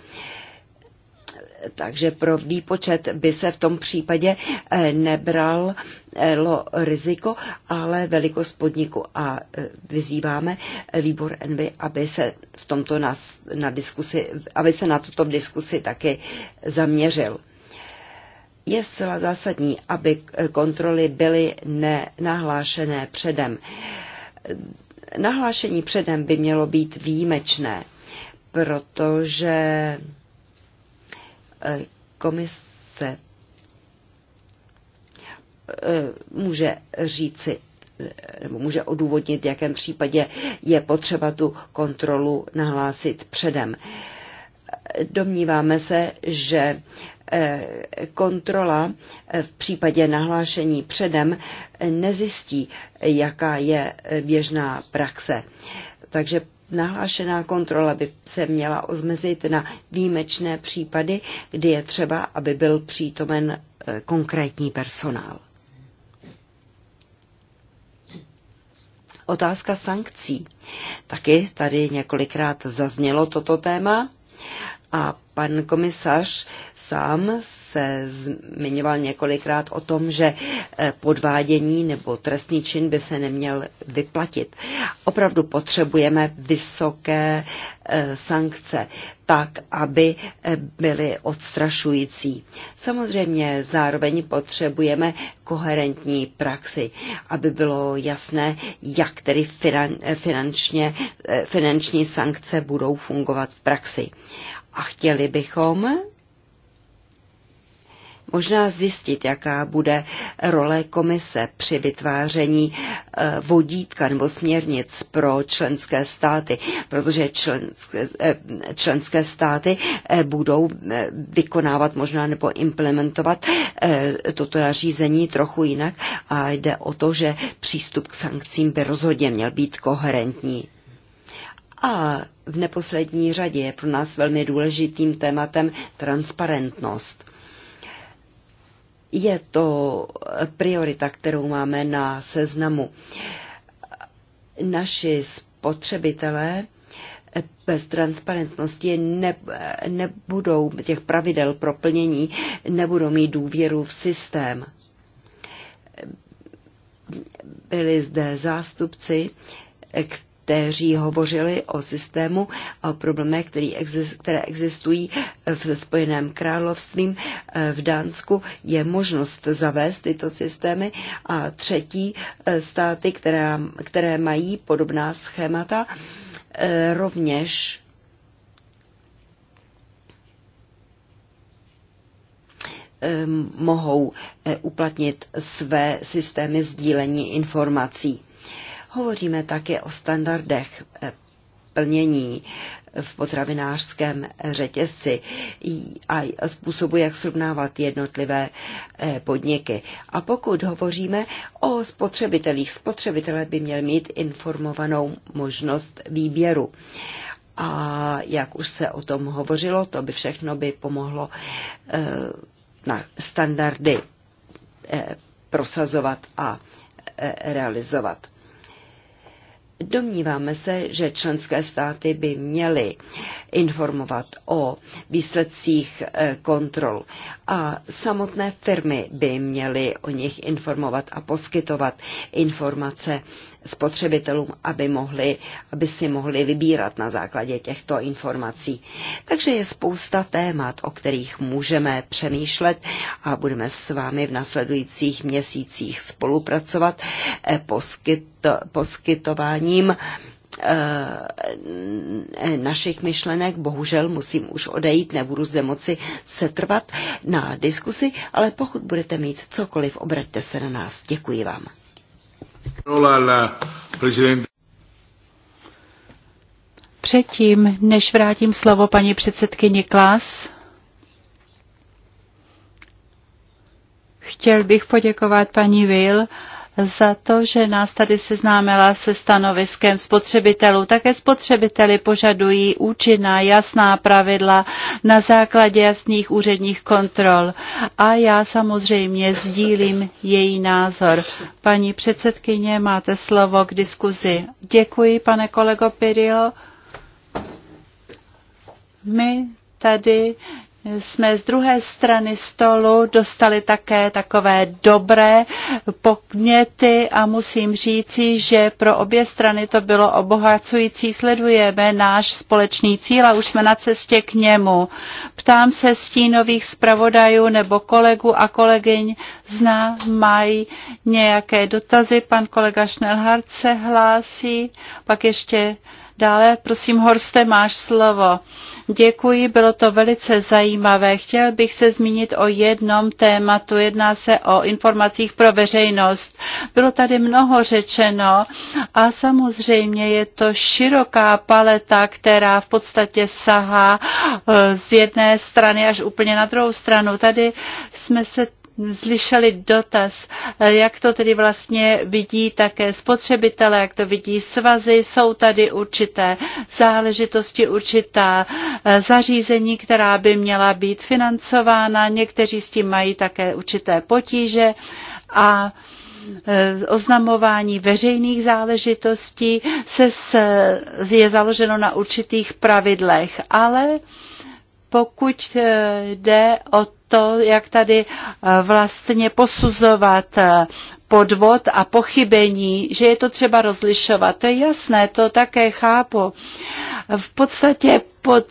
takže pro výpočet by se v tom případě eh, nebral eh, lo riziko, ale velikost podniku. A eh, vyzýváme výbor Envy, aby se v tomto na, na diskusi, aby se na tuto diskusi taky zaměřil. Je zcela zásadní, aby kontroly byly nenahlášené předem. Nahlášení předem by mělo být výjimečné, protože komise e, může říci nebo může odůvodnit, v jakém případě je potřeba tu kontrolu nahlásit předem. Domníváme se, že e, kontrola e, v případě nahlášení předem nezjistí, jaká je běžná praxe. Takže Nahlášená kontrola by se měla ozmezit na výjimečné případy, kdy je třeba, aby byl přítomen eh, konkrétní personál. Otázka sankcí. Taky tady několikrát zaznělo toto téma. A pan komisař sám se zmiňoval několikrát o tom, že eh, podvádění nebo trestný čin by se neměl vyplatit. Opravdu potřebujeme vysoké eh, sankce, tak, aby eh, byly odstrašující. Samozřejmě zároveň potřebujeme koherentní praxi, aby bylo jasné, jak tedy finančně, finanční sankce budou fungovat v praxi. A chtěli bychom možná zjistit, jaká bude role komise při vytváření eh, vodítka nebo směrnic pro členské státy, protože členské, eh, členské státy eh, budou vykonávat možná nebo implementovat toto nařízení trochu jinak a jde o to, že přístup k sankcím by rozhodně měl být koherentní. A v neposlední řadě je pro nás velmi důležitým tématem transparentnost. Je to priorita, kterou máme na seznamu. Naši spotřebitelé bez transparentnosti ne, nebudou těch pravidel pro plnění, nebudou mít důvěru v systém. Byli zde zástupci, kteří kteří hovořili o systému, o problémech, které existují v Spojeném království, eh, v Dánsku. Je možnost zavést tyto systémy a třetí eh, státy, které, které mají podobná schémata, eh, rovněž mohou uplatnit své systémy sdílení informací. Hovoříme také o standardech eh, plnění v potravinářském řetězci a způsobu, jak srovnávat jednotlivé eh, podniky. A pokud hovoříme o spotřebitelích, spotřebitelé by měl mít informovanou možnost výběru. A jak už se o tom hovořilo, to by všechno by pomohlo eh, na standardy prosazovat a realizovat. Domníváme se, že členské státy by měly informovat o výsledcích eh, kontrol a samotné firmy by měly o nich informovat a poskytovat informace spotřebitelům, aby, mohli, aby si mohli vybírat na základě těchto informací. Takže je spousta témat, o kterých můžeme přemýšlet a budeme s vámi v nasledujících měsících spolupracovat eh, poskyt, poskytováním Eh, našich myšlenek. Bohužel musím už odejít, nebudu zde moci setrvat na diskusi, ale pokud budete mít cokoliv, obraťte se na nás. Děkuji vám.
Předtím, než vrátím slovo paní předsedkyni Klas, chtěl bych poděkovat paní Will za to, že nás tady seznámila se stanoviskem spotřebitelů. Také spotřebiteli požadují účinná, jasná pravidla na základě jasných úředních kontrol. A já samozřejmě sdílím její názor. Paní předsedkyně, máte slovo k diskuzi. Děkuji, pane kolego Pirilo. My tady jsme z druhé strany stolu dostali také takové dobré podněty a musím říci, že pro obě strany to bylo obohacující. Sledujeme náš společný cíl a už jsme na cestě k němu. Ptám se stínových zpravodajů nebo kolegů a kolegyň, zná, mají nějaké dotazy. Pan kolega Schnellhardt se hlásí, pak ještě dále. Prosím, Horste, máš slovo. Děkuji, bylo to velice zajímavé. Chtěl bych se zmínit o jednom tématu. Jedná se o informacích pro veřejnost. Bylo tady mnoho řečeno a samozřejmě je to široká paleta, která v podstatě sahá eh, z jedné strany až úplně na druhou stranu. Tady jsme se slyšeli dotaz, eh, jak to tedy vlastně vidí také spotřebitelé, jak to vidí svazy. Jsou tady určité záležitosti, určitá eh, zařízení, která by měla být financována. Někteří s tím mají také určité potíže a eh, oznamování veřejných záležitostí se je založeno na určitých pravidlech, ale pokud jde o to, jak tady eh, vlastně posuzovat eh, podvod a pochybení, že je to třeba rozlišovat. To je jasné, to také chápu. V podstatě pod,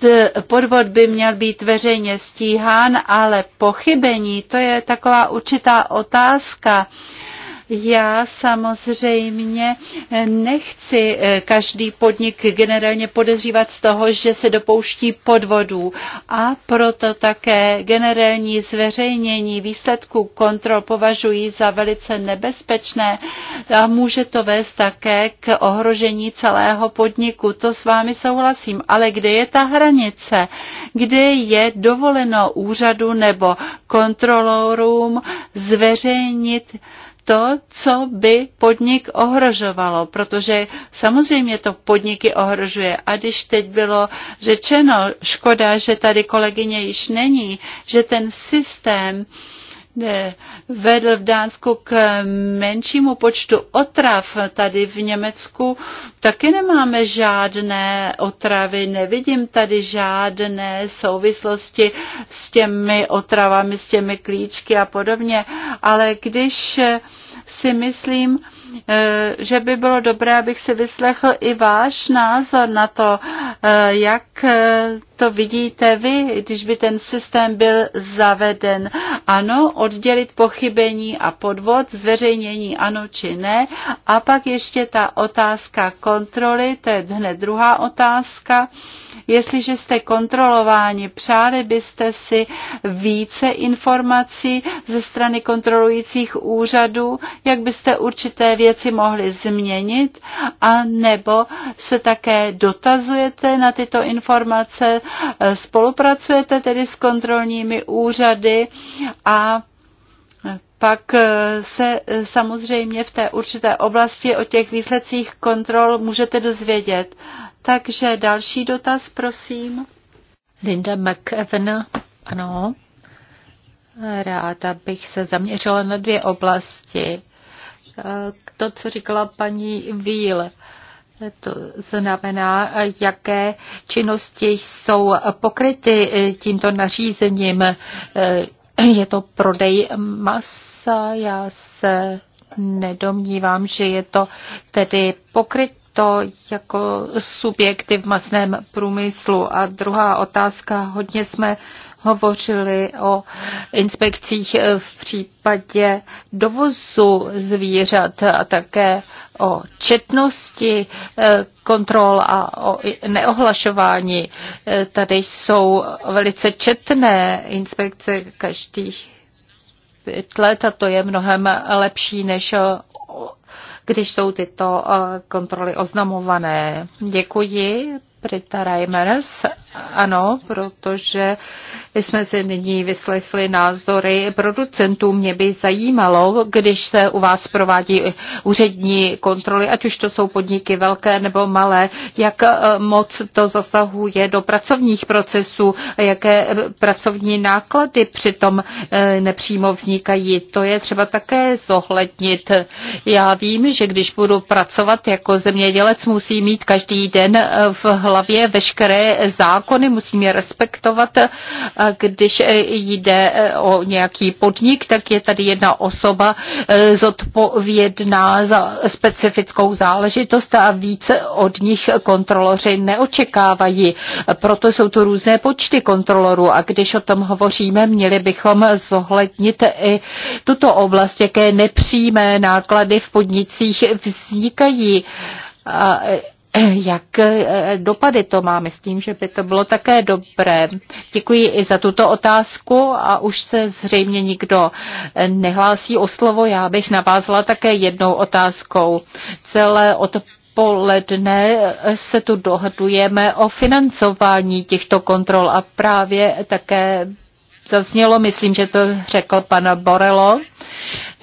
podvod by měl být veřejně stíhán, ale pochybení, to je taková určitá otázka. Uh, já samozřejmě nechci eh, každý podnik generálně podezřívat z toho, že se dopouští podvodů a proto také generální zveřejnění výsledků kontrol považuji za velice nebezpečné a může to vést také k ohrožení celého podniku. To s vámi souhlasím, ale kde je ta hranice? Kde je dovoleno úřadu nebo kontrolorům zveřejnit to, co by podnik ohrožovalo, protože samozřejmě to podniky ohrožuje. A když teď bylo řečeno, škoda, že tady kolegyně již není, že ten systém eh, vedl v Dánsku k menšímu počtu otrav. Tady v Německu taky nemáme žádné otravy, nevidím tady žádné souvislosti s těmi otravami, s těmi klíčky a podobně, ale když eh, si myslím, eh, že by bylo dobré, abych si vyslechl i váš názor na to, eh, jak eh, to vidíte vy, když by ten systém byl zaveden? Ano, oddělit pochybení a podvod, zveřejnění ano či ne. A pak ještě ta otázka kontroly, to je hned druhá otázka. Jestliže jste kontrolováni, přáli byste si více informací ze strany kontrolujících úřadů, jak byste určité věci mohli změnit, a nebo se také dotazujete na tyto informace, Eh, spolupracujete tedy s kontrolními úřady a pak eh, se eh, samozřejmě v té určité oblasti o těch výsledcích kontrol můžete dozvědět. Takže další dotaz, prosím.
Linda McEvena, ano.
Ráda bych se zaměřila na
dvě oblasti. To, co říkala paní Víl, to znamená, jaké činnosti jsou pokryty tímto nařízením. Je to prodej masa, já se nedomnívám, že je to tedy pokryt to jako subjekty v masném průmyslu. A druhá otázka, hodně jsme hovořili o inspekcích v případě dovozu zvířat a také o četnosti eh, kontrol a o neohlašování. Eh, tady jsou velice četné inspekce každých pět let a to je mnohem lepší než eh, když jsou tyto kontroly oznamované. Děkuji, Brita Reimers. Ano, protože jsme si nyní vyslechli názory producentů. Mě by zajímalo, když se u vás provádí úřední kontroly, ať už to jsou podniky velké nebo malé, jak eh, moc to zasahuje do pracovních procesů, jaké eh, pracovní náklady přitom eh, nepřímo vznikají. To je třeba také zohlednit. Já vím, že když budu pracovat jako zemědělec, musí mít každý den v hlavě veškeré zákony, musím je respektovat. Když jde e, o nějaký podnik, tak je tady jedna osoba e, zodpovědná za specifickou záležitost a víc od nich kontroloři neočekávají. Proto jsou tu různé počty kontrolorů a když o tom hovoříme, měli bychom zohlednit i tuto oblast, jaké nepřímé náklady v podnicích vznikají. A Eh, jak eh, dopady to má. Myslím, že by to bylo také dobré. Děkuji i za tuto otázku a už se zřejmě nikdo eh, nehlásí o slovo. Já bych navázala také jednou otázkou. Celé od poledne se tu dohodujeme o financování těchto kontrol a právě také zaznělo, myslím, že to řekl pan Borelo,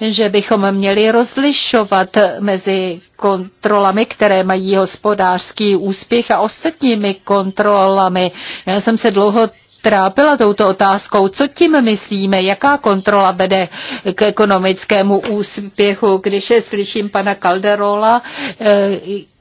že bychom měli rozlišovat mezi kontrolami, které mají hospodářský úspěch a ostatními kontrolami. Já jsem se dlouho trápila touto otázkou, co tím myslíme, jaká kontrola vede k ekonomickému úspěchu. Když slyším pana Calderola, eh,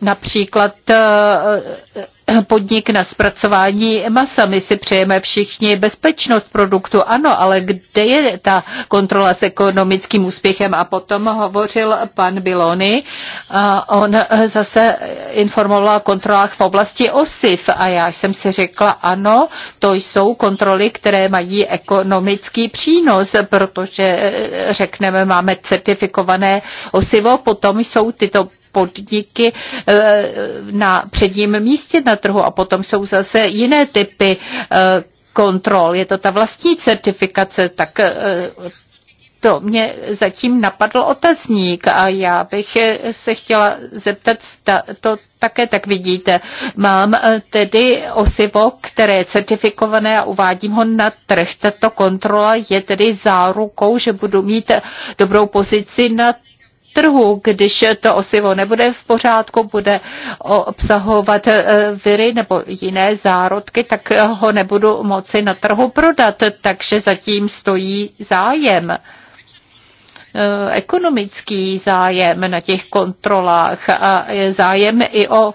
například eh, podnik na zpracování masa. My si přejeme všichni bezpečnost produktu, ano, ale kde je ta kontrola s ekonomickým úspěchem? A potom hovořil pan Bilony, a on zase informoval o kontrolách v oblasti osiv a já jsem si řekla, ano, to jsou kontroly, které mají ekonomický přínos, protože řekneme, máme certifikované osivo, potom jsou tyto podniky eh, na předním místě na trhu a potom jsou zase jiné typy eh, kontrol. Je to ta vlastní certifikace, tak eh, to mě zatím napadl otazník a já bych se chtěla zeptat, to také tak vidíte. Mám tedy osivo, které je certifikované a uvádím ho na trh. Tato kontrola je tedy zárukou, že budu mít dobrou pozici na trhu. Když to osivo nebude v pořádku, bude obsahovat eh, viry nebo jiné zárodky, tak ho nebudu moci na trhu prodat, takže zatím stojí zájem eh, ekonomický zájem na těch kontrolách a zájem i o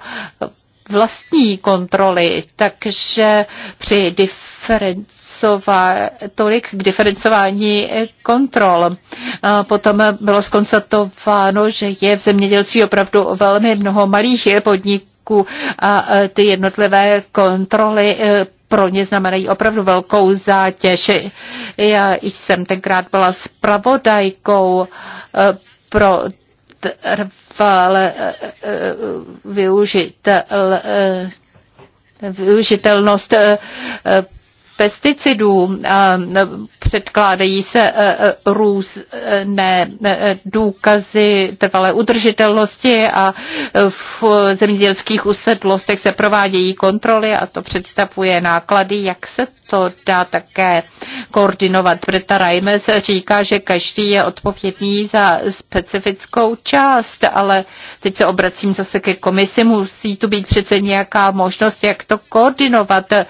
vlastní kontroly, takže při diferenci diferencová, tolik k diferencování kontrol. Potom bylo skonstatováno, že je v zemědělství opravdu velmi mnoho malých podniků a ty jednotlivé kontroly e, pro ně znamenají opravdu velkou zátěž. Já jsem tenkrát byla spravodajkou e, pro trvalé e, využitel, využitelnost pesticidů. No, předkládají se e, e, různé e, důkazy trvalé udržitelnosti a v zemědělských usedlostech se provádějí kontroly a to představuje náklady. Jak se to dá také koordinovat. Britta Reimes říká, že každý je odpovědný za specifickou část, ale teď se obracím zase ke komisi, musí tu být přece nějaká možnost, jak to koordinovat, eh,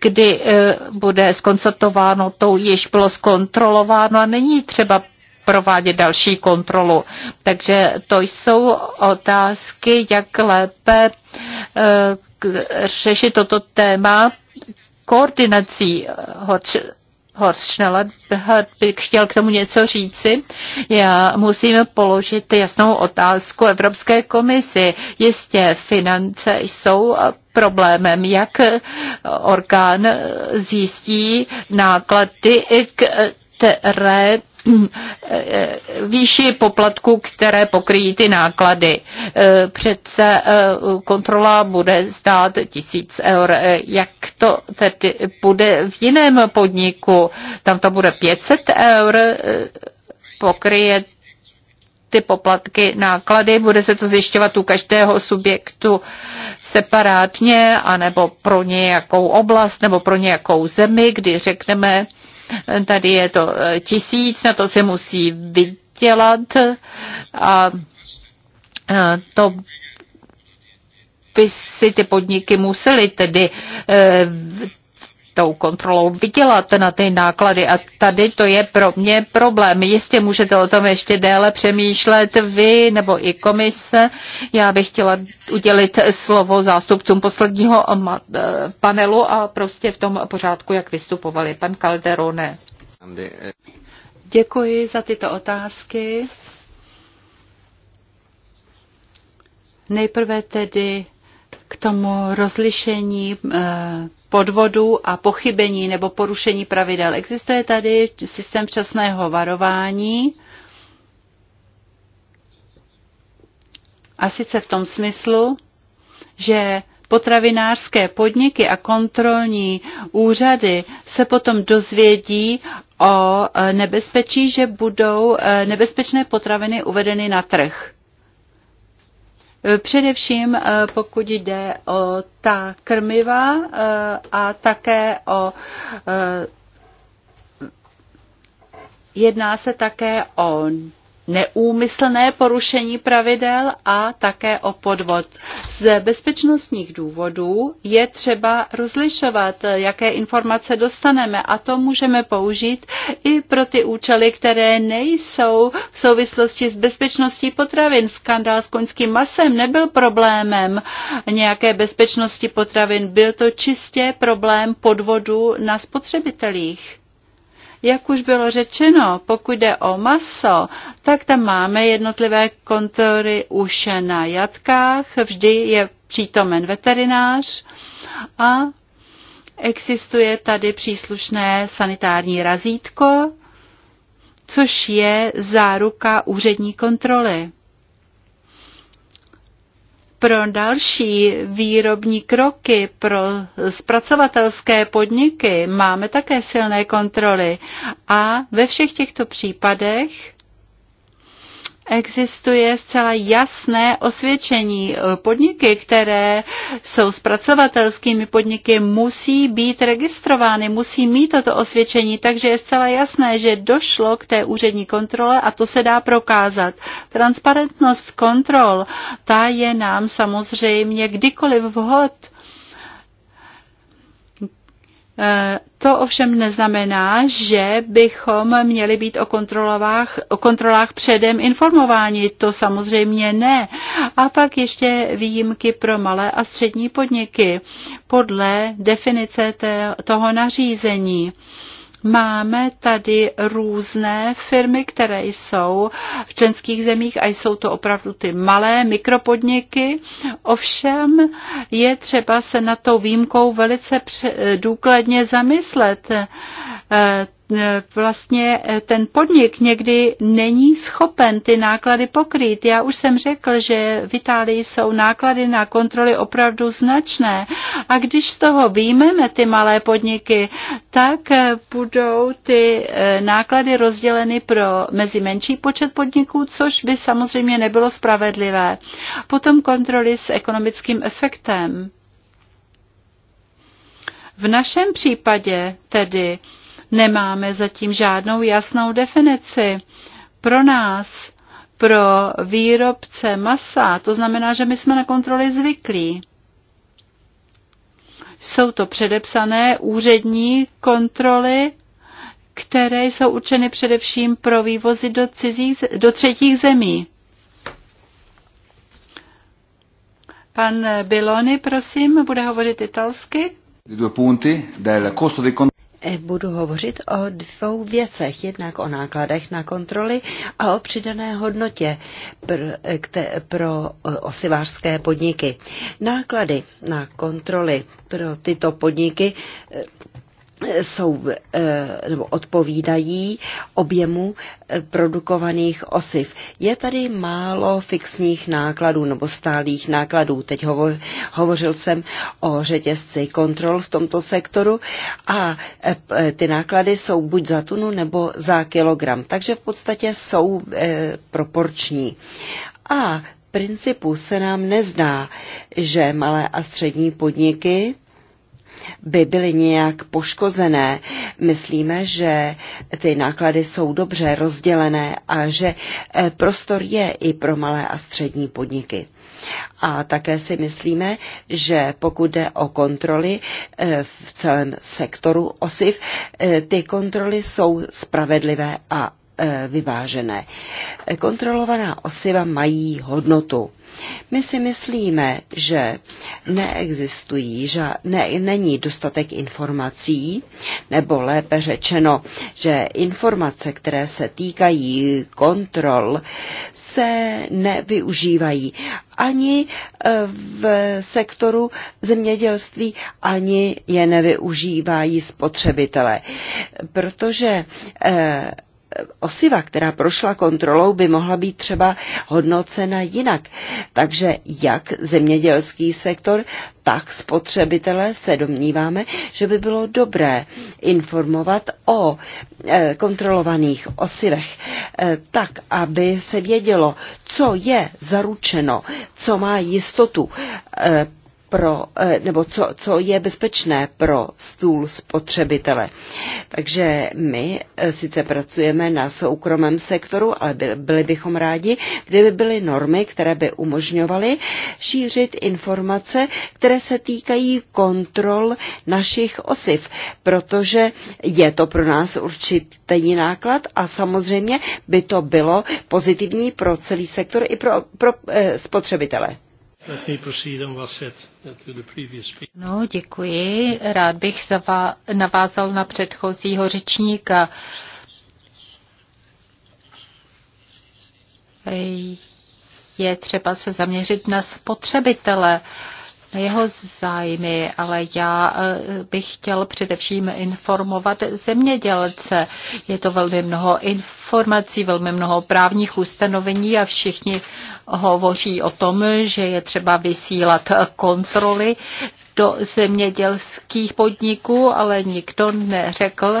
kdy eh, bude skoncertováno, to již bylo zkontrolováno a není třeba provádět další kontrolu. Takže to jsou otázky, jak lépe eh, řešit toto téma koordinací Horč, Horst Schnellenberg by chtěl k tomu něco říci. Já musím položit jasnou otázku Evropské komisi. Jistě finance jsou problémem, jak orgán zjistí náklady, které Eh, výši poplatku, které pokryjí ty náklady. Eh, přece eh, kontrola bude stát tisíc eur. Jak to tedy bude v jiném podniku? Tam to bude 500 eur, pokryje ty poplatky, náklady, bude se to zjišťovat u každého subjektu separátně, anebo pro nějakou oblast, nebo pro nějakou zemi, kdy řekneme, Tady je to e, tisíc, na to se musí vydělat a e, to by si ty podniky musely tedy e, tou kontrolou vydělat na ty náklady. A tady to je pro mě problém. Jistě můžete o tom ještě déle přemýšlet vy nebo i komise. Já bych chtěla udělit slovo zástupcům posledního panelu a prostě v tom pořádku, jak vystupovali. Pan Calderone. Děkuji za tyto
otázky. Nejprve tedy k tomu rozlišení eh, podvodu a pochybení nebo porušení pravidel. Existuje tady systém včasného varování, a sice v tom smyslu, že potravinářské podniky a kontrolní úřady se potom dozvědí o eh, nebezpečí, že budou eh, nebezpečné potraviny uvedeny na trh. Především eh, pokud jde o ta krmiva eh, a také o eh, jedná se také o neúmyslné porušení pravidel a také o podvod. Z bezpečnostních důvodů je třeba rozlišovat, jaké informace dostaneme a to můžeme použít i pro ty účely, které nejsou v souvislosti s bezpečností potravin. Skandál s koňským masem nebyl problémem nějaké bezpečnosti potravin, byl to čistě problém podvodu na spotřebitelích. Jak už bylo řečeno, pokud jde o maso, tak tam máme jednotlivé kontory už na jatkách, vždy je přítomen veterinář a existuje tady příslušné sanitární razítko, což je záruka úřední kontroly pro další výrobní kroky, pro zpracovatelské podniky máme také silné kontroly a ve všech těchto případech existuje zcela jasné osvědčení. Podniky, které jsou zpracovatelskými podniky, musí být registrovány, musí mít toto osvědčení, takže je zcela jasné, že došlo k té úřední kontrole a to se dá prokázat. Transparentnost kontrol, ta je nám samozřejmě kdykoliv vhod E, to ovšem neznamená, že bychom měli být o kontrolách, o kontrolách předem informováni. To samozřejmě ne. A pak ještě výjimky pro malé a střední podniky podle definice toho nařízení. Máme tady různé firmy, které jsou v členských zemích a jsou to opravdu ty malé mikropodniky. Ovšem je třeba se na tou výjimkou velice důkladně zamyslet eh, E, vlastně e, ten podnik někdy není schopen ty náklady pokrýt. Já už jsem řekl, že v Itálii jsou náklady na kontroly opravdu značné a když z toho výjmeme ty malé podniky, tak e, budou ty náklady rozděleny pro mezi menší počet podniků, což by samozřejmě nebylo spravedlivé. Potom kontroly s ekonomickým efektem. V našem případě tedy Nemáme zatím žádnou jasnou definici. Pro nás, pro výrobce masa, to znamená, že my jsme na kontroly zvyklí. Jsou to předepsané úřední kontroly, které jsou určeny především pro vývozy do, cizích, do třetích zemí. Pan Biloni, prosím, bude hovořit italsky.
Due punti del costo dei
budu hovořit o dvou věcech. Jednak o nákladech na kontroly a o přidané hodnotě pro e, osivářské podniky. Náklady na kontroly pro tyto podniky e, jsou, eh, nebo odpovídají objemu eh, produkovaných osiv. Je tady málo fixních nákladů nebo stálých nákladů. Teď hovo, hovořil jsem o řetězci kontrol v tomto sektoru a eh, ty náklady jsou buď za tunu nebo za kilogram. Takže v podstatě jsou proporční. A principu se nám nezdá, že malé a střední podniky by byly nějak poškozené. Myslíme, že ty náklady jsou dobře rozdělené a že eh, prostor je i pro malé a střední podniky. A také si myslíme, že pokud jde o kontroly eh, v celém sektoru OSIF, eh, ty kontroly jsou spravedlivé a Eh, vyvážené. Kontrolovaná osiva mají hodnotu. My si myslíme, že neexistují, že ne, není dostatek informací, nebo lépe řečeno, že informace, které se týkají kontrol, se nevyužívají ani eh, v sektoru zemědělství, ani je nevyužívají spotřebitele, protože eh, osiva, která prošla kontrolou, by mohla být třeba hodnocena jinak. Takže jak zemědělský sektor, tak spotřebitele se domníváme, že by bylo dobré informovat o eh, kontrolovaných osivech, eh, tak, aby se vědělo, co je zaručeno, co má jistotu eh, pro, eh, nebo co, co je bezpečné pro stůl spotřebitele. Takže my eh, sice pracujeme na soukromém sektoru, ale byli bychom rádi, kdyby byly normy, které by umožňovaly šířit informace, které se týkají kontrol našich osiv, protože je to pro nás určitý náklad a samozřejmě by to bylo pozitivní pro celý sektor i pro, pro eh, spotřebitele. No, děkuji. Rád bych navázal
na předchozího řečníka. Je třeba se zaměřit na spotřebitele. Uh, jeho zájmy, ale já eh, bych chtěl především informovat zemědělce. Je to velmi mnoho informací, velmi mnoho právních ustanovení a všichni hovoří o tom, že je třeba vysílat kontroly do zemědělských podniků, ale nikdo neřekl,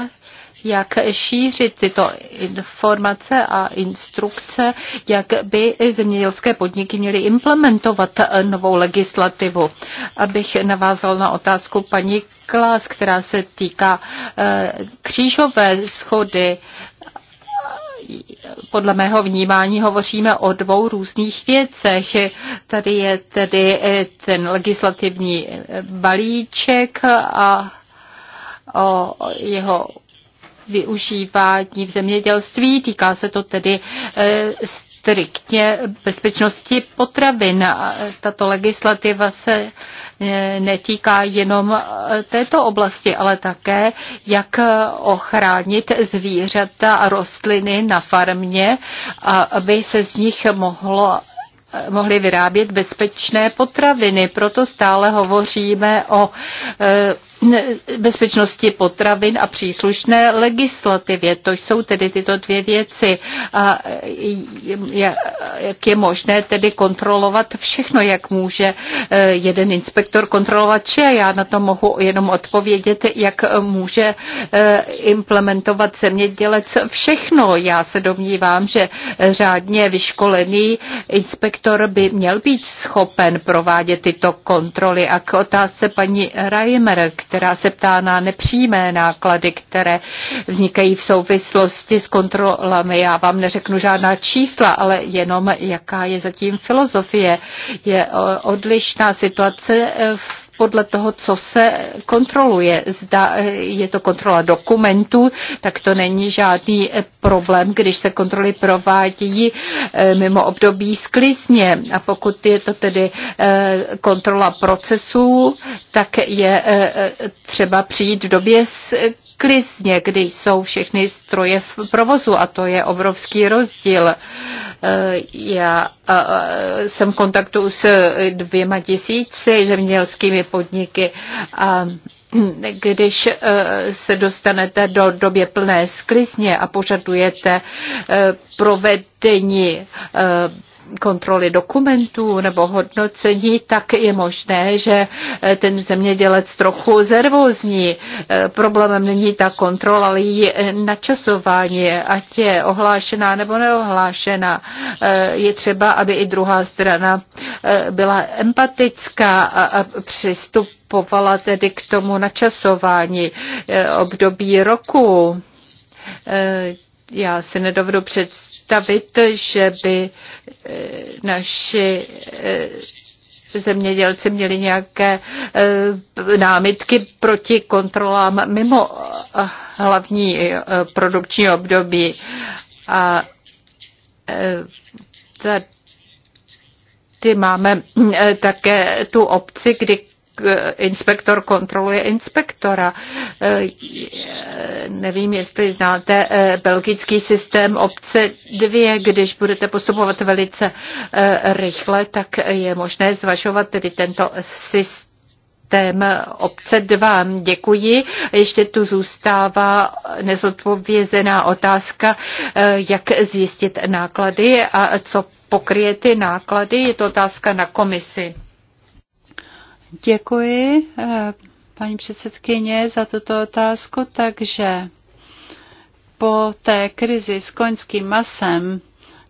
jak šířit tyto informace a instrukce, jak by zemědělské podniky měly implementovat novou legislativu. Abych navázal na otázku paní Klas, která se týká eh, křížové schody podle mého vnímání hovoříme o dvou různých věcech. Tady je tedy eh, ten legislativní balíček a o jeho využívání v zemědělství. Týká se to tedy eh, striktně bezpečnosti potravin. Tato legislativa se eh, netýká jenom eh, této oblasti, ale také, jak ochránit zvířata a rostliny na farmě, aby se z nich mohlo mohli vyrábět bezpečné potraviny. Proto stále hovoříme o bezpečnosti potravin a příslušné legislativě. To jsou tedy tyto dvě věci. A e, jak je možné tedy kontrolovat všechno, jak může e, jeden inspektor kontrolovat vše. Já na to mohu jenom odpovědět, jak může e, implementovat zemědělec všechno. Já se domnívám, že řádně vyškolený inspektor by měl být schopen provádět tyto kontroly. A k otázce paní Reimer, která se ptá na nepřímé náklady, které vznikají v souvislosti s kontrolami. Já vám neřeknu žádná čísla, ale jenom jaká je zatím filozofie. Je odlišná situace v podle toho, co se kontroluje. Zda eh, je to kontrola dokumentů, tak to není žádný eh, problém, když se kontroly provádějí eh, mimo období sklizně. A pokud je to tedy kontrola procesů, tak je třeba přijít v době s sklizně, kdy jsou všechny stroje v provozu a to je obrovský rozdíl. E, já e, e, jsem v kontaktu s dvěma tisíci zemědělskými podniky a když se dostanete do době plné sklizně a požadujete provedení kontroly dokumentů nebo hodnocení, tak je možné, že eh, ten zemědělec trochu zervózní. Eh, problémem není ta kontrola, ale její eh, načasování, ať je ohlášená nebo neohlášená. Je třeba, aby i druhá strana byla empatická a přistupovala tedy k tomu načasování období roku. Já si nedovedu představit, představit, že by eh, naši eh, zemědělci měli nějaké eh, námitky proti kontrolám mimo hlavní produkční období. A tady máme také tu obci, kdy Eh, inspektor kontroluje inspektora. Eh, nevím, jestli znáte eh, belgický systém obce dvě. když budete postupovat velice rychle, tak je možné zvažovat tedy tento systém tématem obce 2. Děkuji. Ještě tu zůstává nezodpovězená otázka, jak zjistit náklady a co pokryje ty náklady. Je to otázka na komisi.
Děkuji, eh, paní předsedkyně, za tuto otázku. Takže po té krizi s koňským masem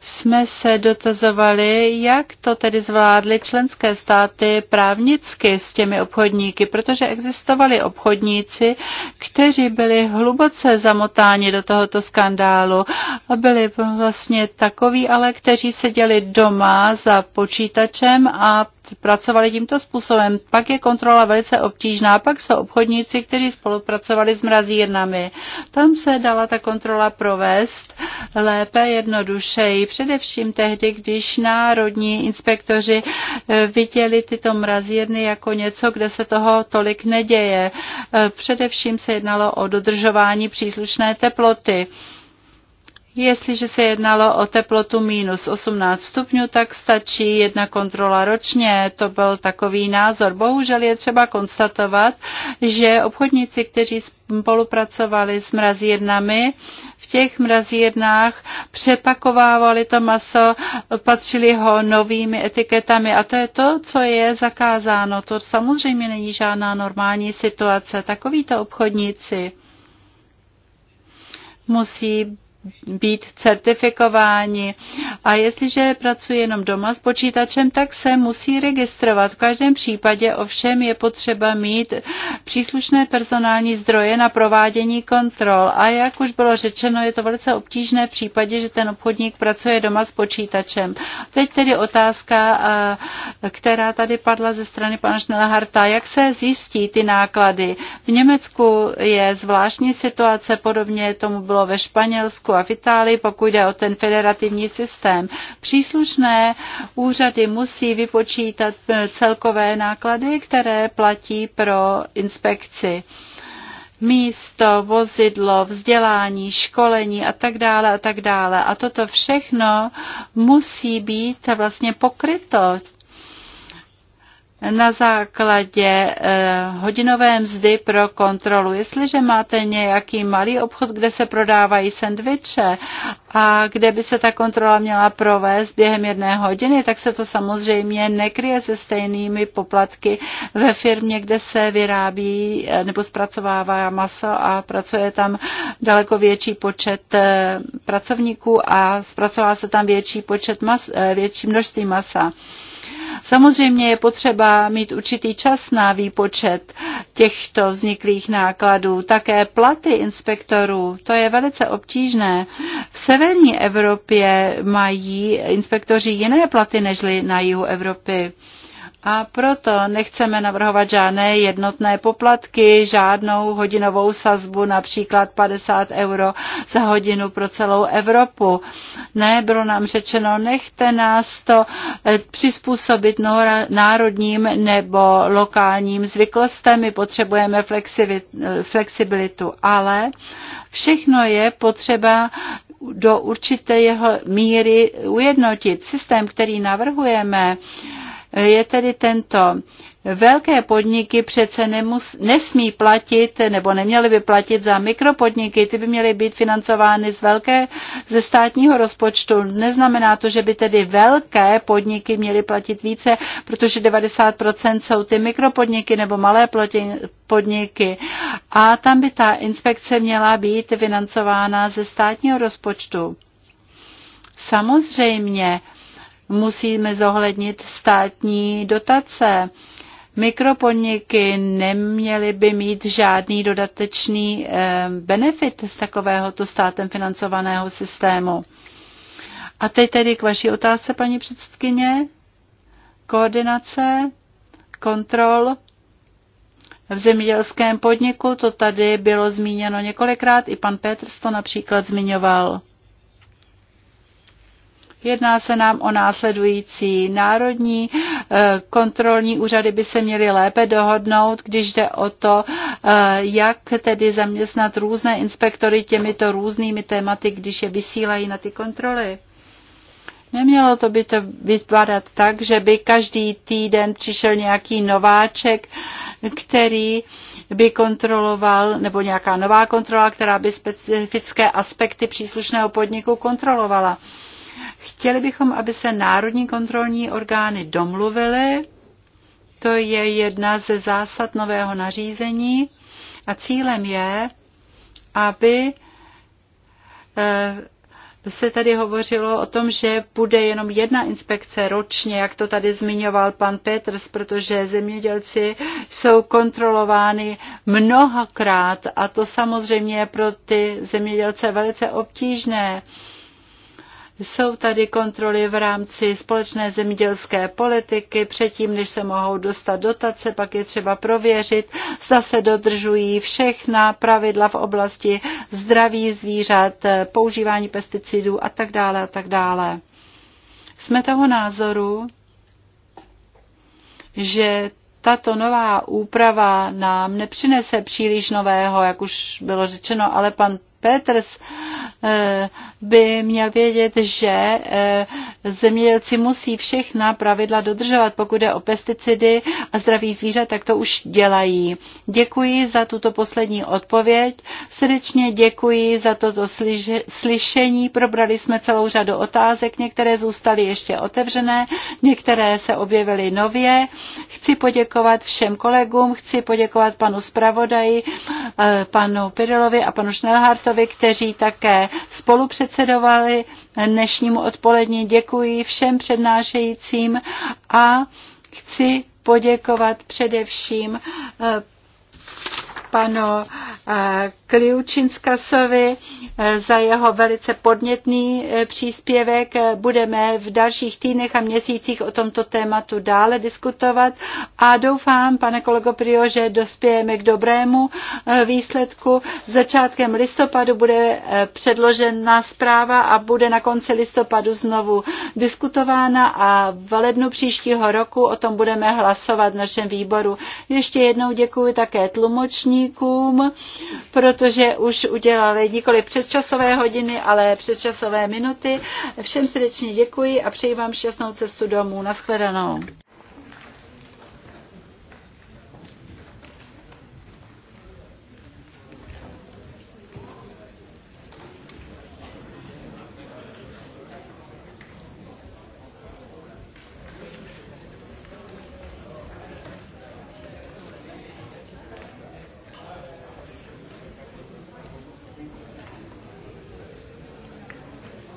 jsme se dotazovali, jak to tedy zvládly členské státy právnicky s těmi obchodníky, protože existovali obchodníci, kteří byli hluboce zamotáni do tohoto skandálu a byli vlastně takoví, ale kteří seděli doma za počítačem a pracovali tímto způsobem. Pak je kontrola velice obtížná, pak jsou obchodníci, kteří spolupracovali s mrazírnami. Tam se dala ta kontrola provést lépe, jednodušeji, především tehdy, když národní inspektoři eh, viděli tyto mrazírny jako něco, kde se toho tolik neděje. Eh, především se jednalo o dodržování příslušné teploty. Jestliže se jednalo o teplotu minus 18 stupňů, tak stačí jedna kontrola ročně. To byl takový názor. Bohužel je třeba konstatovat, že obchodníci, kteří spolupracovali s mrazírnami, v těch mrazírnách přepakovávali to maso, patřili ho novými etiketami a to je to, co je zakázáno. To samozřejmě není žádná normální situace. Takovýto obchodníci musí být certifikováni. A jestliže pracuje jenom doma s počítačem, tak se musí registrovat. V každém případě ovšem je potřeba mít příslušné personální zdroje na provádění kontrol. A jak už bylo řečeno, je to velice obtížné v případě, že ten obchodník pracuje doma s počítačem. Teď tedy otázka, eh, která tady padla ze strany pana Schnellharta. Jak se zjistí ty náklady? V Německu je zvláštní situace, podobně tomu bylo ve Španělsku a v Itálii, pokud jde o ten federativní systém. Příslušné úřady musí vypočítat eh, celkové náklady, které platí pro inspekci místo, vozidlo, vzdělání, školení a tak dále a tak dále. A toto všechno musí být vlastně pokryto na základě eh, hodinové mzdy pro kontrolu. Jestliže máte nějaký malý obchod, kde se prodávají sendviče a kde by se ta kontrola měla provést během jedné hodiny, tak se to samozřejmě nekryje se stejnými poplatky ve firmě, kde se vyrábí eh, nebo zpracovává maso a pracuje tam daleko větší počet eh, pracovníků a zpracová se tam větší počet mas, větší množství masa. Samozřejmě je potřeba mít určitý čas na výpočet těchto vzniklých nákladů. Také platy inspektorů, to je velice obtížné. V severní Evropě mají inspektoři jiné platy nežli na jihu Evropy. A proto nechceme navrhovat žádné jednotné poplatky, žádnou hodinovou sazbu, například 50 euro za hodinu pro celou Evropu. Ne, bylo nám řečeno, nechte nás to eh, přizpůsobit národním nebo lokálním zvyklostem. My potřebujeme eh, flexibilitu, ale všechno je potřeba do určité jeho míry ujednotit. Systém, který navrhujeme, je tedy tento. Velké podniky přece nemus, nesmí platit nebo neměly by platit za mikropodniky, ty by měly být financovány z velké, ze státního rozpočtu. Neznamená to, že by tedy velké podniky měly platit více, protože 90% jsou ty mikropodniky nebo malé podniky. A tam by ta inspekce měla být financována ze státního rozpočtu. Samozřejmě, Musíme zohlednit státní dotace. Mikropodniky neměly by mít žádný dodatečný eh, benefit z takovéhoto státem financovaného systému. A teď tedy k vaší otázce, paní předsedkyně. Koordinace, kontrol v zemědělském podniku, to tady bylo zmíněno několikrát, i pan Petrs to například zmiňoval. Jedná se nám o následující. Národní eh, kontrolní úřady by se měly lépe dohodnout, když jde o to, eh, jak tedy zaměstnat různé inspektory těmito různými tématy, když je vysílají na ty kontroly. Nemělo to by to vypadat tak, že by každý týden přišel nějaký nováček, který by kontroloval, nebo nějaká nová kontrola, která by specifické aspekty příslušného podniku kontrolovala. Chtěli bychom, aby se národní kontrolní orgány domluvily. To je jedna ze zásad nového nařízení. A cílem je, aby eh, se tady hovořilo o tom, že bude jenom jedna inspekce ročně, jak to tady zmiňoval pan Petrs, protože zemědělci jsou kontrolovány mnohokrát a to samozřejmě je pro ty zemědělce velice obtížné. Jsou tady kontroly v rámci společné zemědělské politiky. Předtím, než se mohou dostat dotace, pak je třeba prověřit, zda se dodržují všechna pravidla v oblasti zdraví zvířat, používání pesticidů a tak dále a tak dále. Jsme toho názoru, že tato nová úprava nám nepřinese příliš nového, jak už bylo řečeno, ale pan Peters eh, by měl vědět, že eh, zemědělci musí všechna pravidla dodržovat, pokud je o pesticidy a zdraví zvířat, tak to už dělají. Děkuji za tuto poslední odpověď. Srdečně děkuji za toto slyšení. Probrali jsme celou řadu otázek, některé zůstaly ještě otevřené, některé se objevily nově. Chci poděkovat všem kolegům, chci poděkovat panu zpravodaji, eh, panu Pirilovi a panu Schnellhartovi Šoltesovi, kteří také spolupředsedovali dnešnímu odpolední. Děkuji všem přednášejícím a chci poděkovat především eh, panu eh, Kliučinskasovi eh, za jeho velice podnětný eh, příspěvek. Budeme v dalších týdnech a měsících o tomto tématu dále diskutovat a doufám, pane kolego Prio, že dospějeme k dobrému výsledku. Začátkem listopadu bude předložena zpráva a bude na konci listopadu znovu diskutována a v lednu příštího roku o tom budeme hlasovat v našem výboru. Ještě jednou děkuji také tlumočník pracovníkům, protože už udělali nikoli přesčasové hodiny, ale přesčasové minuty. Všem srdečně děkuji a přeji vám šťastnou cestu domů. Naschledanou.